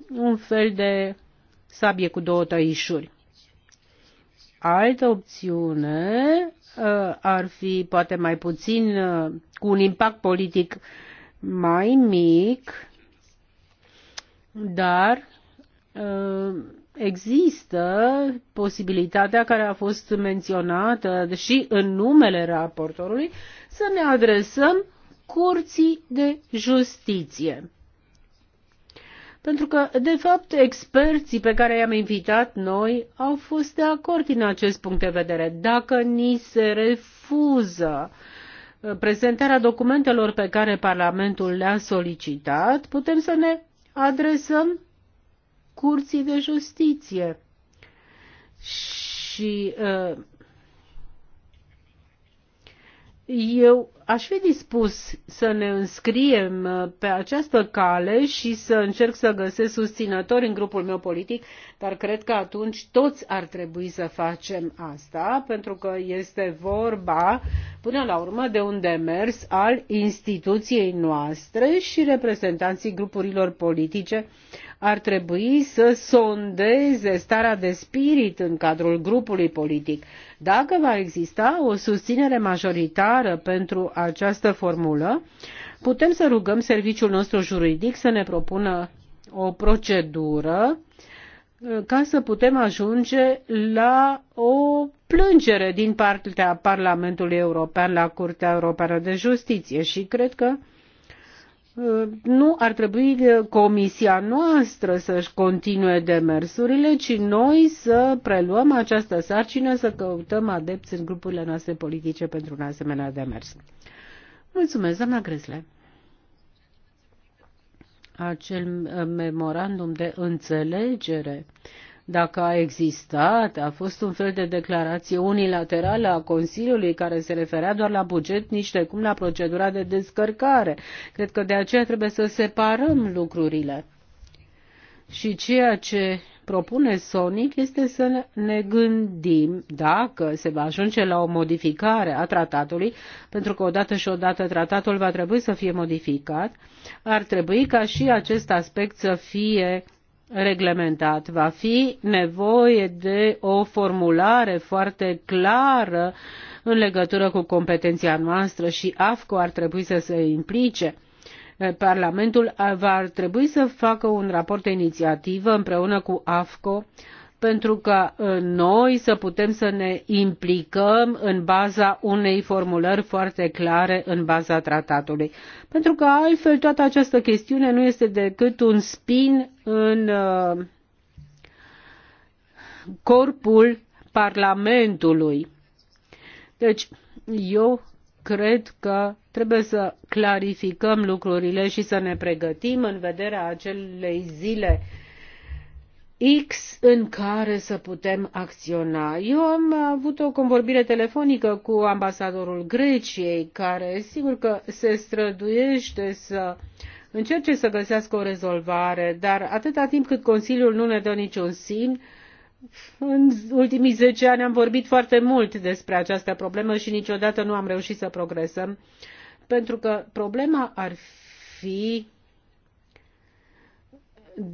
un fel de sabie cu două tăișuri. Altă opțiune uh, ar fi poate mai puțin uh, cu un impact politic mai mic, dar uh, există posibilitatea care a fost menționată și în numele raportorului să ne adresăm curții de justiție. Pentru că, de fapt, experții pe care i-am invitat noi au fost de acord din acest punct de vedere. Dacă ni se refuză uh, prezentarea documentelor pe care Parlamentul le-a solicitat, putem să ne adresăm Curții de Justiție. Și uh, eu aș fi dispus să ne înscriem uh, pe această cale și să încerc să găsesc susținători în grupul meu politic, dar cred că atunci toți ar trebui să facem asta, pentru că este vorba până la urmă de un demers al instituției noastre și reprezentanții grupurilor politice ar trebui să sondeze starea de spirit în cadrul grupului politic. Dacă va exista o susținere majoritară pentru această formulă, putem să rugăm serviciul nostru juridic să ne propună o procedură uh, ca să putem ajunge la o plângere din partea Parlamentului European la Curtea Europeană de Justiție și cred că nu ar trebui eh, comisia noastră să-și continue demersurile, ci noi să preluăm această sarcină, să căutăm adepți în grupurile noastre politice pentru un asemenea demers. Mulțumesc, doamna Gresle. Acel eh, memorandum de înțelegere uh, dacă a existat, a fost un fel de declarație unilaterală a Consiliului care se referea doar la buget, nici de cum la procedura de descărcare. Cred că de aceea trebuie să separăm lucrurile. Și ceea ce propune Sonic este să ne gândim dacă se va ajunge la o modificare a tratatului, pentru că odată și odată tratatul va trebui să fie modificat, ar trebui ca și acest aspect să fie reglementat. Va fi nevoie de o formulare foarte clară în legătură cu competenția noastră și AFCO ar trebui să se implice. Parlamentul va trebui să facă un raport de inițiativă împreună cu AFCO pentru ca uh, noi să putem să ne implicăm în baza unei formulări foarte clare în baza tratatului. Pentru că altfel toată această chestiune nu este decât un spin în uh, corpul Parlamentului. Deci, eu cred că trebuie să clarificăm lucrurile și să ne pregătim în vederea acelei zile X în care să putem acționa. Eu am avut o convorbire telefonică cu ambasadorul Greciei, care sigur că se străduiește să încerce să găsească o rezolvare, dar atâta timp cât Consiliul nu ne dă niciun sim, în ultimii 10 ani am vorbit foarte mult despre această problemă și niciodată nu am reușit să progresăm, pentru că problema ar fi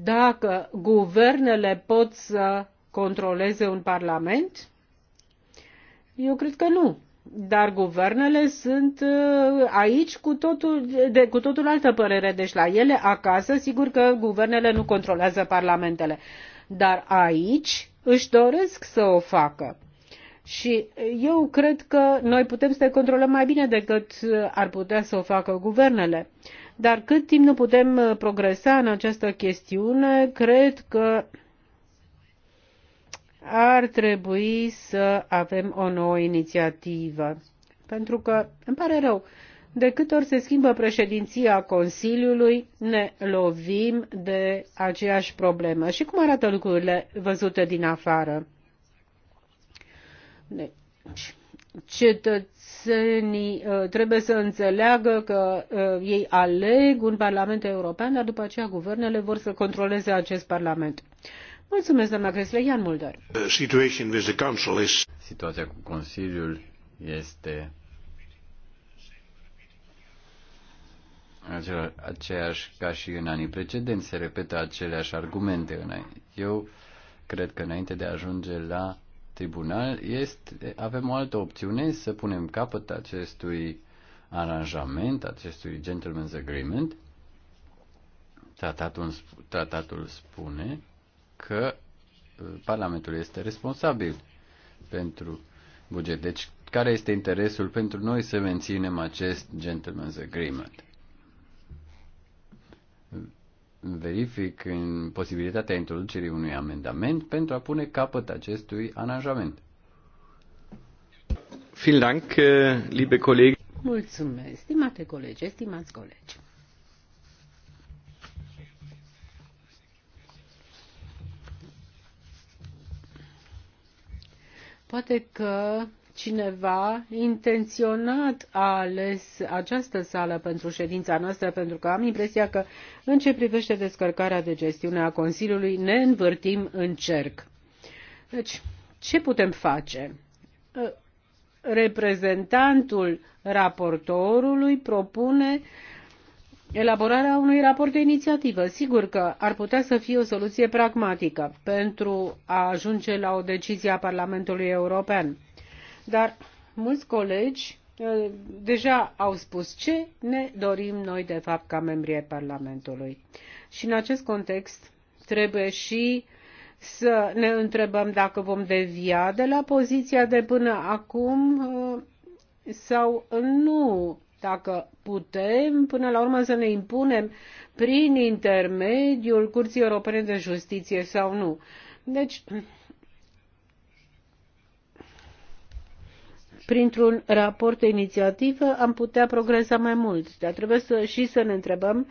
dacă guvernele pot să controleze un parlament? Eu cred că nu. Dar guvernele sunt uh, aici cu totul, de, cu totul altă părere. Deci la ele acasă, sigur că guvernele nu controlează parlamentele. Dar aici își doresc să o facă. Și eu cred că noi putem să controlăm mai bine decât uh, ar putea să o facă guvernele. Uh, dar cât timp nu putem uh, progresa în această chestiune, cred că ar trebui să avem o nouă inițiativă. Pentru că, îmi pare rău, de câte ori se schimbă președinția Consiliului, ne lovim de aceeași problemă. Și cum arată lucrurile văzute din afară? Deci, cetă cetățenii uh, trebuie să înțeleagă că uh, ei aleg un Parlament European, dar după aceea guvernele vor să controleze acest Parlament. Mulțumesc, doamna Cresle. Ian Mulder. Uh, Situația cu Consiliul este aceeași ca și în anii precedenți. Se repetă aceleași argumente. Eu cred că înainte de a ajunge la tribunal, este, avem o altă opțiune să punem capăt acestui aranjament, acestui gentleman's agreement. Tratatul, tratatul spune că uh, Parlamentul este responsabil pentru buget. Deci, care este interesul pentru noi să menținem acest gentleman's agreement? verific în posibilitatea introducerii unui amendament pentru a pune capăt acestui aranjament. Äh, Mulțumesc, stimate colegi, stimați colegi. Poate că cineva intenționat a ales această sală pentru ședința noastră, pentru că am impresia că în ce privește descărcarea de gestiune a Consiliului ne învârtim în cerc. Deci, ce putem face? Uh, reprezentantul raportorului propune elaborarea unui raport de inițiativă. Sigur că ar putea să fie o soluție pragmatică pentru a ajunge la o decizie a Parlamentului European dar mulți colegi uh, deja au spus ce ne dorim noi de fapt ca membri ai Parlamentului. Și în acest context trebuie și să ne întrebăm dacă vom devia de la poziția de până acum uh, sau nu, dacă putem până la urmă să ne impunem prin intermediul Curții Europene de Justiție sau nu. Deci, printr-un raport de inițiativă am putea progresa mai mult, dar trebuie să, și să ne întrebăm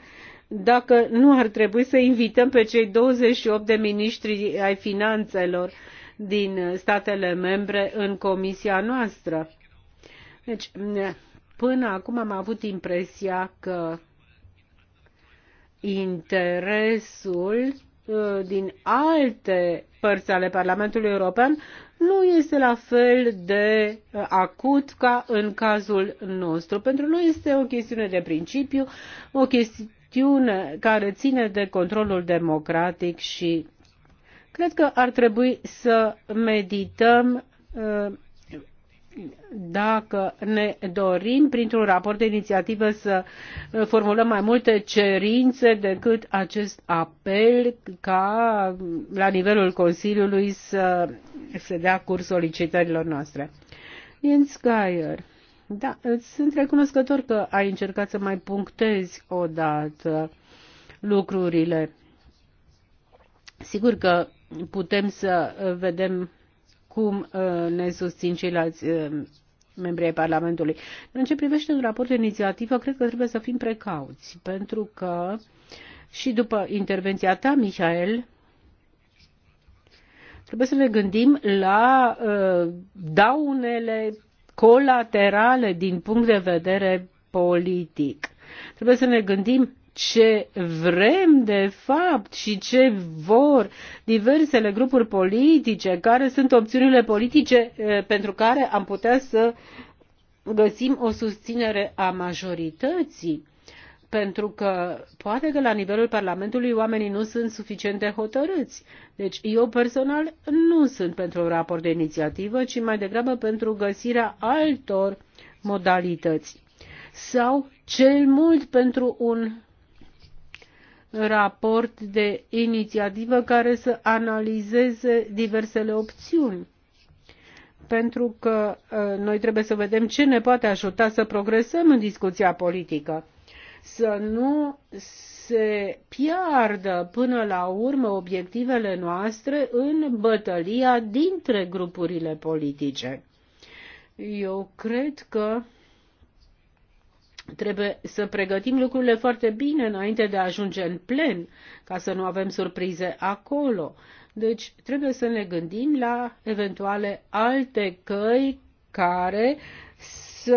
dacă nu ar trebui să invităm pe cei 28 de miniștri ai finanțelor din statele membre în comisia noastră. Deci, până acum am avut impresia că interesul uh, din alte părți ale Parlamentului European nu este la fel de uh, acut ca în cazul nostru. Pentru noi este o chestiune de principiu, o chestiune care ține de controlul democratic și cred că ar trebui să medităm uh, dacă ne dorim printr-un raport de inițiativă să uh, formulăm mai multe cerințe decât acest apel ca mm, la nivelul Consiliului să se dea curs solicitărilor noastre. Jens Skyer, Da, sunt recunoscător că ai încercat să mai punctezi odată lucrurile. Sigur că putem să vedem cum uh, ne susțin ceilalți uh, membri ai Parlamentului. În ce privește un raport de inițiativă, cred că trebuie să fim precauți, pentru că și după intervenția ta, Mihael, trebuie să ne gândim la uh, daunele colaterale din punct de vedere politic. Trebuie să ne gândim ce vrem de fapt și ce vor diversele grupuri politice, care sunt opțiunile politice eh, pentru care am putea să găsim o susținere a majorității. Pentru că poate că la nivelul Parlamentului oamenii nu sunt suficient de hotărâți. Deci eu personal nu sunt pentru un raport de inițiativă, ci mai degrabă pentru găsirea altor modalități. Sau cel mult pentru un raport de inițiativă care să analizeze diversele opțiuni. Pentru că uh, noi trebuie să vedem ce ne poate ajuta să progresăm în discuția politică. Să nu se piardă până la urmă obiectivele noastre în bătălia dintre grupurile politice. Eu cred că trebuie să pregătim lucrurile foarte bine înainte de a ajunge în plen, ca să nu avem surprize acolo. Deci trebuie să ne gândim la eventuale alte căi care să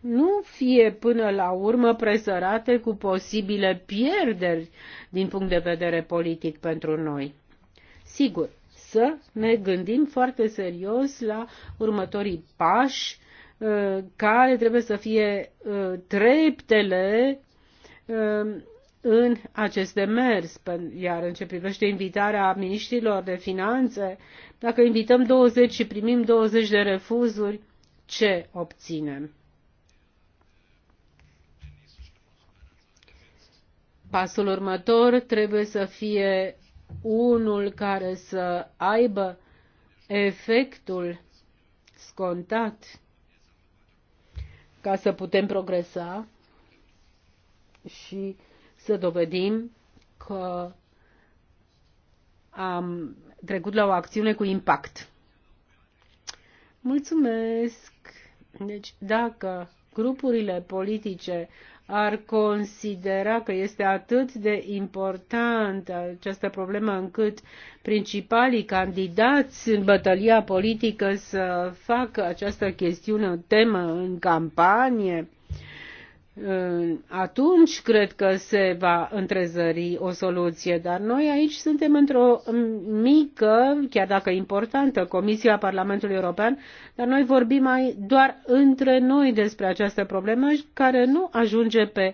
nu fie până la urmă presărate cu posibile pierderi din punct de vedere politic pentru noi. Sigur, să ne gândim foarte serios la următorii pași care trebuie să fie uh, treptele um, în acest demers. Păi, iar în ce privește invitarea miniștrilor de finanțe, dacă invităm 20 și primim 20 de refuzuri, ce obținem? Pasul următor trebuie să fie unul care să aibă efectul scontat ca să putem progresa și să dovedim că am trecut la o acțiune cu impact. Mulțumesc! Deci, dacă grupurile politice ar considera că este atât de importantă această problemă încât principalii candidați în bătălia politică să facă această chestiune o temă în campanie? atunci cred că se va întrezări o soluție, dar noi aici suntem într-o mică, chiar dacă importantă, Comisia Parlamentului European, dar noi vorbim mai doar între noi despre această problemă care nu ajunge pe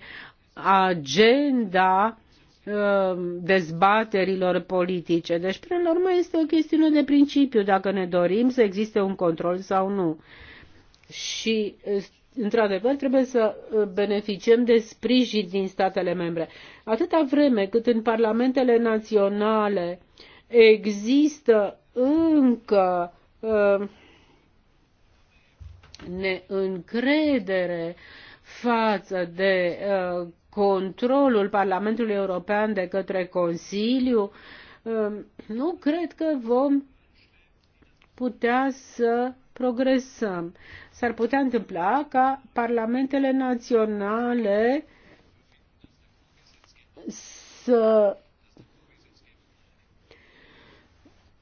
agenda uh, dezbaterilor politice. Deci, până la urmă, este o chestiune de principiu, dacă ne dorim să existe un control sau nu. Și uh, într-adevăr, trebuie să uh, beneficiem de sprijin din statele membre. Atâta vreme cât în parlamentele naționale există încă uh, neîncredere față de uh, controlul Parlamentului European de către Consiliu, uh, nu cred că vom putea să progresăm. S-ar putea întâmpla ca parlamentele naționale să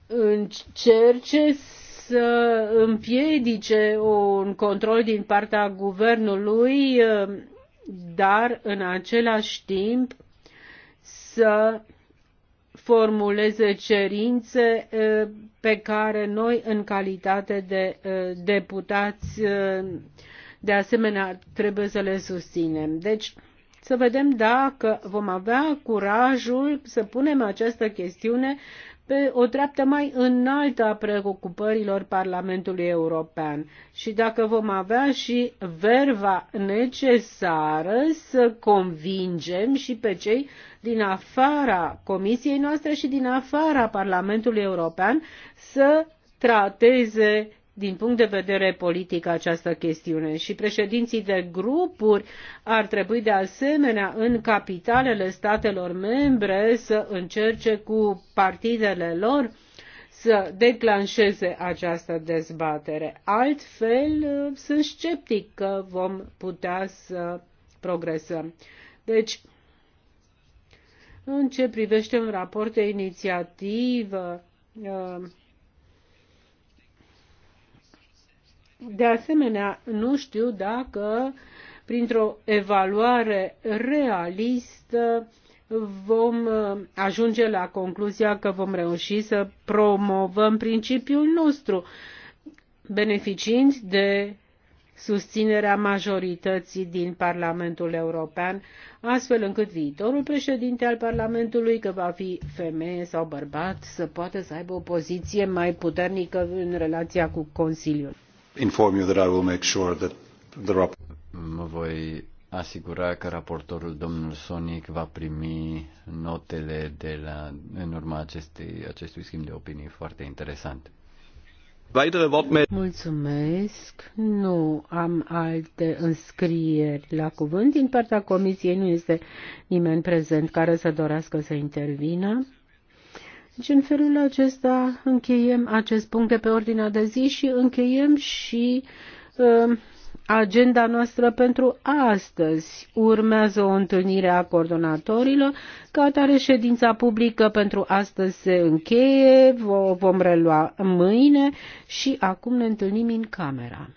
încerce să împiedice un control din partea guvernului, dar în același timp să formuleze cerințe pe care noi, în calitate de deputați, de asemenea, trebuie să le susținem. Deci, să vedem dacă vom avea curajul să punem această chestiune pe o treaptă mai înaltă a preocupărilor Parlamentului European și dacă vom avea și verva necesară să convingem și pe cei din afara Comisiei noastre și din afara Parlamentului European să trateze din punct de vedere politic această chestiune și președinții de grupuri ar trebui de asemenea în capitalele statelor membre să încerce cu partidele lor să declanșeze această dezbatere. Altfel, sunt sceptic că vom putea să progresăm. Deci, în ce privește un raport de inițiativă, uh, De asemenea, nu știu dacă printr-o evaluare realistă vom uh, ajunge la concluzia că vom reuși să promovăm principiul nostru, beneficiind de susținerea majorității din Parlamentul European, astfel încât viitorul președinte al Parlamentului, că va fi femeie sau bărbat, să poată să aibă o poziție mai puternică în relația cu Consiliul inform you that I will make sure that the Mă voi asigura că raportorul domnul Sonic va primi notele de la, în urma acestei, acestui schimb de opinii foarte interesant. Mulțumesc. Nu am alte înscrieri la cuvânt. Din partea comisiei nu este nimeni prezent care să dorească să intervină. Deci în felul acesta încheiem acest punct de pe ordinea de zi și încheiem și uh, agenda noastră pentru astăzi. Urmează o întâlnire a coordonatorilor, ca atare ședința publică pentru astăzi se încheie, o vom relua mâine și acum ne întâlnim în camera.